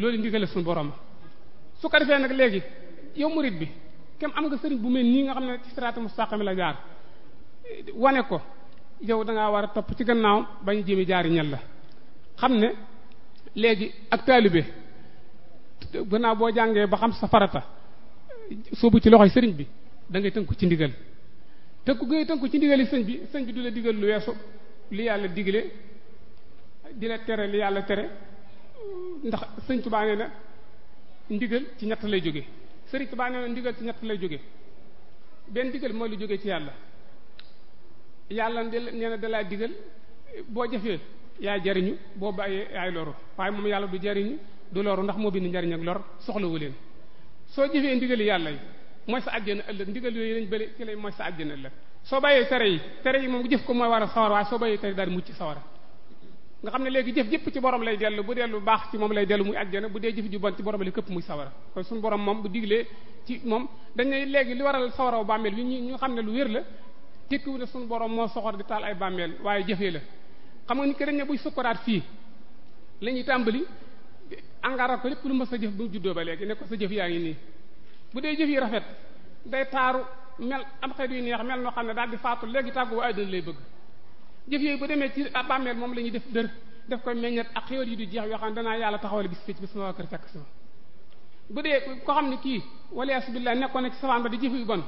loolu ndigal suñu borom su ko defee nag léegi yow murit bi kem am nga sëriñ bu mel nii nga xam ne ci siraatu mustaqim la jaar wane ko yow da war a topp ci gannaaw bañ jéemi jaari ñel la xam ne léegi ak taalibe gannaaw boo jàngee ba xam safarata farata soobu ci loxoy sëriñ bi dangay ngay tënku ci ndigal tënku ngay tënku ci ndigali sëñ bi sëñ bi du la digal lu weesu li yàlla digle di la tere li yàlla tere ndax sëñ Tuubaa nee na ndigal ci ñett lay jóge sëriñ Tuubaa nee na ndigal ci ñett lay jóge benn digal mooy lu jóge ci yàlla yàlla nee na dalaa digal boo jëfee yaay jariñu boo bàyyee yaay loru waaye moom yàlla du jariñu du loru ndax moo bind njariñak ak lor soxlawu leen soo jëfee ndigali yàlla yi mooy sa àjjana ëllëg ndigal yooyu lañ bële ci lay mooy sa àjjana ëllëg soo bàyyee tere yi tere yi moom jëf ko mooy war a sawar waaye soo bàyyee tere daal ci sawara nga xam ne léegi jëf jëpp ci borom lay dellu bu dellu baax ci moom lay dellu muy àjjana bu dee jëf ju bon ci borom lay këpp muy sawara kon suñu borom moom bu diglee ci moom dañ ne léegi li waral sawara wu bàmmeel yi ñu xam ne lu wér la tekkiwu ne suñu borom moo soxor di taal ay bàmmeel waaye jëfee la xam nga ni ko dañ ne buy fii la ñuy tàmbali engara ko lépp lu a jëf bu mu ba léegi ne ko sa jëf yaa ngi nii bu dee jëf yi rafet day taaru mel am xet yu neex mel noo xam ne daal di faatu léegi tàggu wa àddina lay bëgg jëf yooyu bu demee ci bàmmeel moom la ñuy def dër def koy meññet ak xéwal yi di jeex yoo xam ne danaa yàlla taxawale bis fii ci sama waa kër fekk si ma bu dee ko xam ne kii wala billah nekkoon na ci safaan ba di jëf yu bon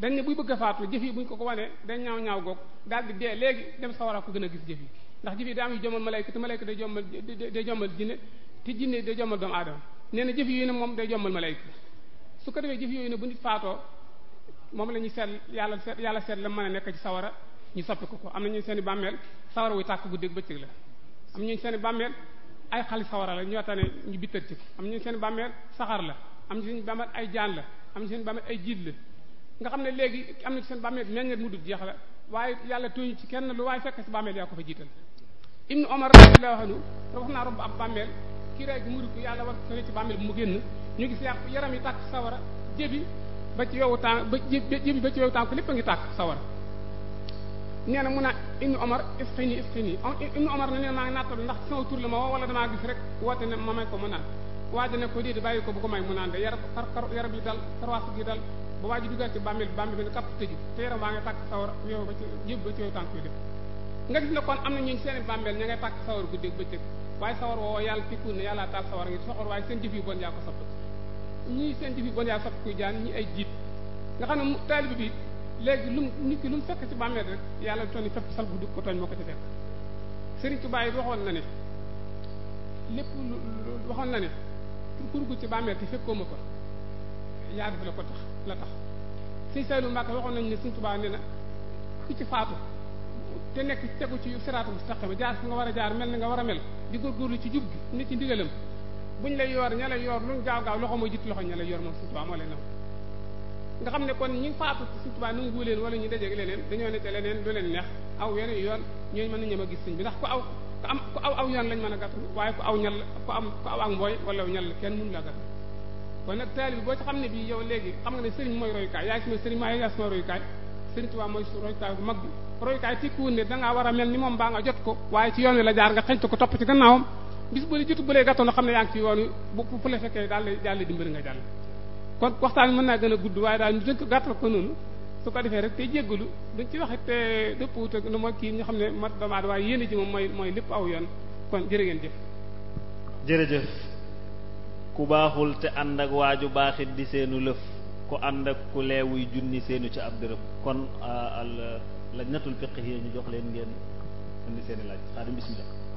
dañ ne buy bëgg a faatu jëf yi buñ ko ko wanee dañ ñaaw ñaaw goog daal di dee léegi dem sa war a ko gën a gis jëf yi ndax jëf yi daa am yu jomal malayka te malayka day jomal day jomal jinne te jinne day jomal doomu aadama nee na jëf yi ne moom day jomal malayka su ko defee jëf yooyu ne bu nit faatoo moom la ñuy seet yàlla seet yàlla seet la mën a nekk ci sawara ñu soppi ko ko am na ñu seen i bàmmeel sawara wuy tàkk guddeeg bëccëg la am ñu seen bàmmeel ay xali sawara la ñu waxtaane ñu bittal ci am ñu seen i bàmmeel saxaar la am ñu seen bàmmeel ay jaan la am ñu seen bàmmeel ay jiit la nga xam ne léegi am na ci seen bàmmeel meññet mu dul jeex la waaye yàlla tooñu ci kenn lu waaye fekk si bàmmeel yaa ko fa jiital ibnu omar radiyallahu anhu wax naa robb ab bàmmeel ki rey gi mu rugg yàlla war ko ne ci bàmmeel mu génn ñu gis yàq yaram yi tàkk sawara jébi ba ci yow temps ba jébi ba ci yowu temps ko lépp a ngi tàkk sawara nee na mun a ibnu omar isqini isqini ibnu omar na nee ndax sama tur la ma woo wala damaa gis rek woote ne ma may ko mu naan waaja ne ko déedéet ko bu mu naan de yaram kar yaram yi dal ba bi ne kapp tëju te yaram waa ngay tàkk sawara nga gis ne kon am na ñuñ seen bàmmeel ña ngay tàkk sawara guddeeg bëccëg waaye sawar woo yàlla tikkul ne yàllaa taal sawar ngi soxor waaye seen jëf yu bon yaa ko sopp ñii seen jëf yu bon yaa sopp kuy jaan ñi ay jiit nga xam ne mu taalibe bi léegi lu mu nit ki lu mu fekk ci bàmmeel rek yàlla toll ni fepp bu dugg ko tooñ moo ko ci fekk waxoon na ne lépp waxoon na ne pour pour ci bàmmeel te fekkoo ko yaa def la ko tax la tax Serigne Saliou Mbacké waxoon nañu ne Serigne Touba nee na ku ci faatu te nekk tegu ci siraatul mustaqima jaar fu nga war a jaar mel ni nga war a mel di góorgóorlu ci jub gi nit ci ndigalam buñ la yoor ña lay yoor luñ gaaw gaaw loxo mooy jiitu loxo ña lay yoor moom Sëriñ Tuubaa nga xam ne kon ñi faatu Sëriñ Tuubaa nangu leen wala ñu dajeeg leneen dañoo ne ca leneen lu leen neex aw yoon ñooñu mën na ñëm a gis sëñ bi ndax ku aw ku lañ mën a gàttu waaye ku aw ñal ku am ku aw ak mbooy wala ñal kenn mënu la gàttu kon nag taalibe boo ci xam ne bii yow léegi xam nga ne sëriñ mooy royukaay yaay suma sëriñ maa yaay suma royukaay Sëriñ Tuubaa mooy royukaay bu mag bi royukaay tekkiwul ne dangaa war a mel ni moom baa nga jot ko waaye ci yoon wi la jaar nga xeñtu ko topp ci gannaawam bis bu la jotu bu lay gàttoon xam ne yaa ngi ci yoon wi bu fu la fekkee daal daal dimbali nga jàll kon waxtaan mën naa gën a gudd waaye daal ñu dënk gàttal ko noonu su ko defee rek te jéggalu dañ ci waxe te dëpp wut ak ma kii ñu xam ne mat damaat waaye yéene ji moom mooy mooy lépp aw yoon kon jërë ngeen jëf ku baaxul te ànd ak waaju baaxit di seenu lëf ku ànd ak ku leewuy junni seenu ci ab dërëm kon euh, lajnatul fiqhiyya ñu jox leen ngeen indi seen i laaj xaadim bismillah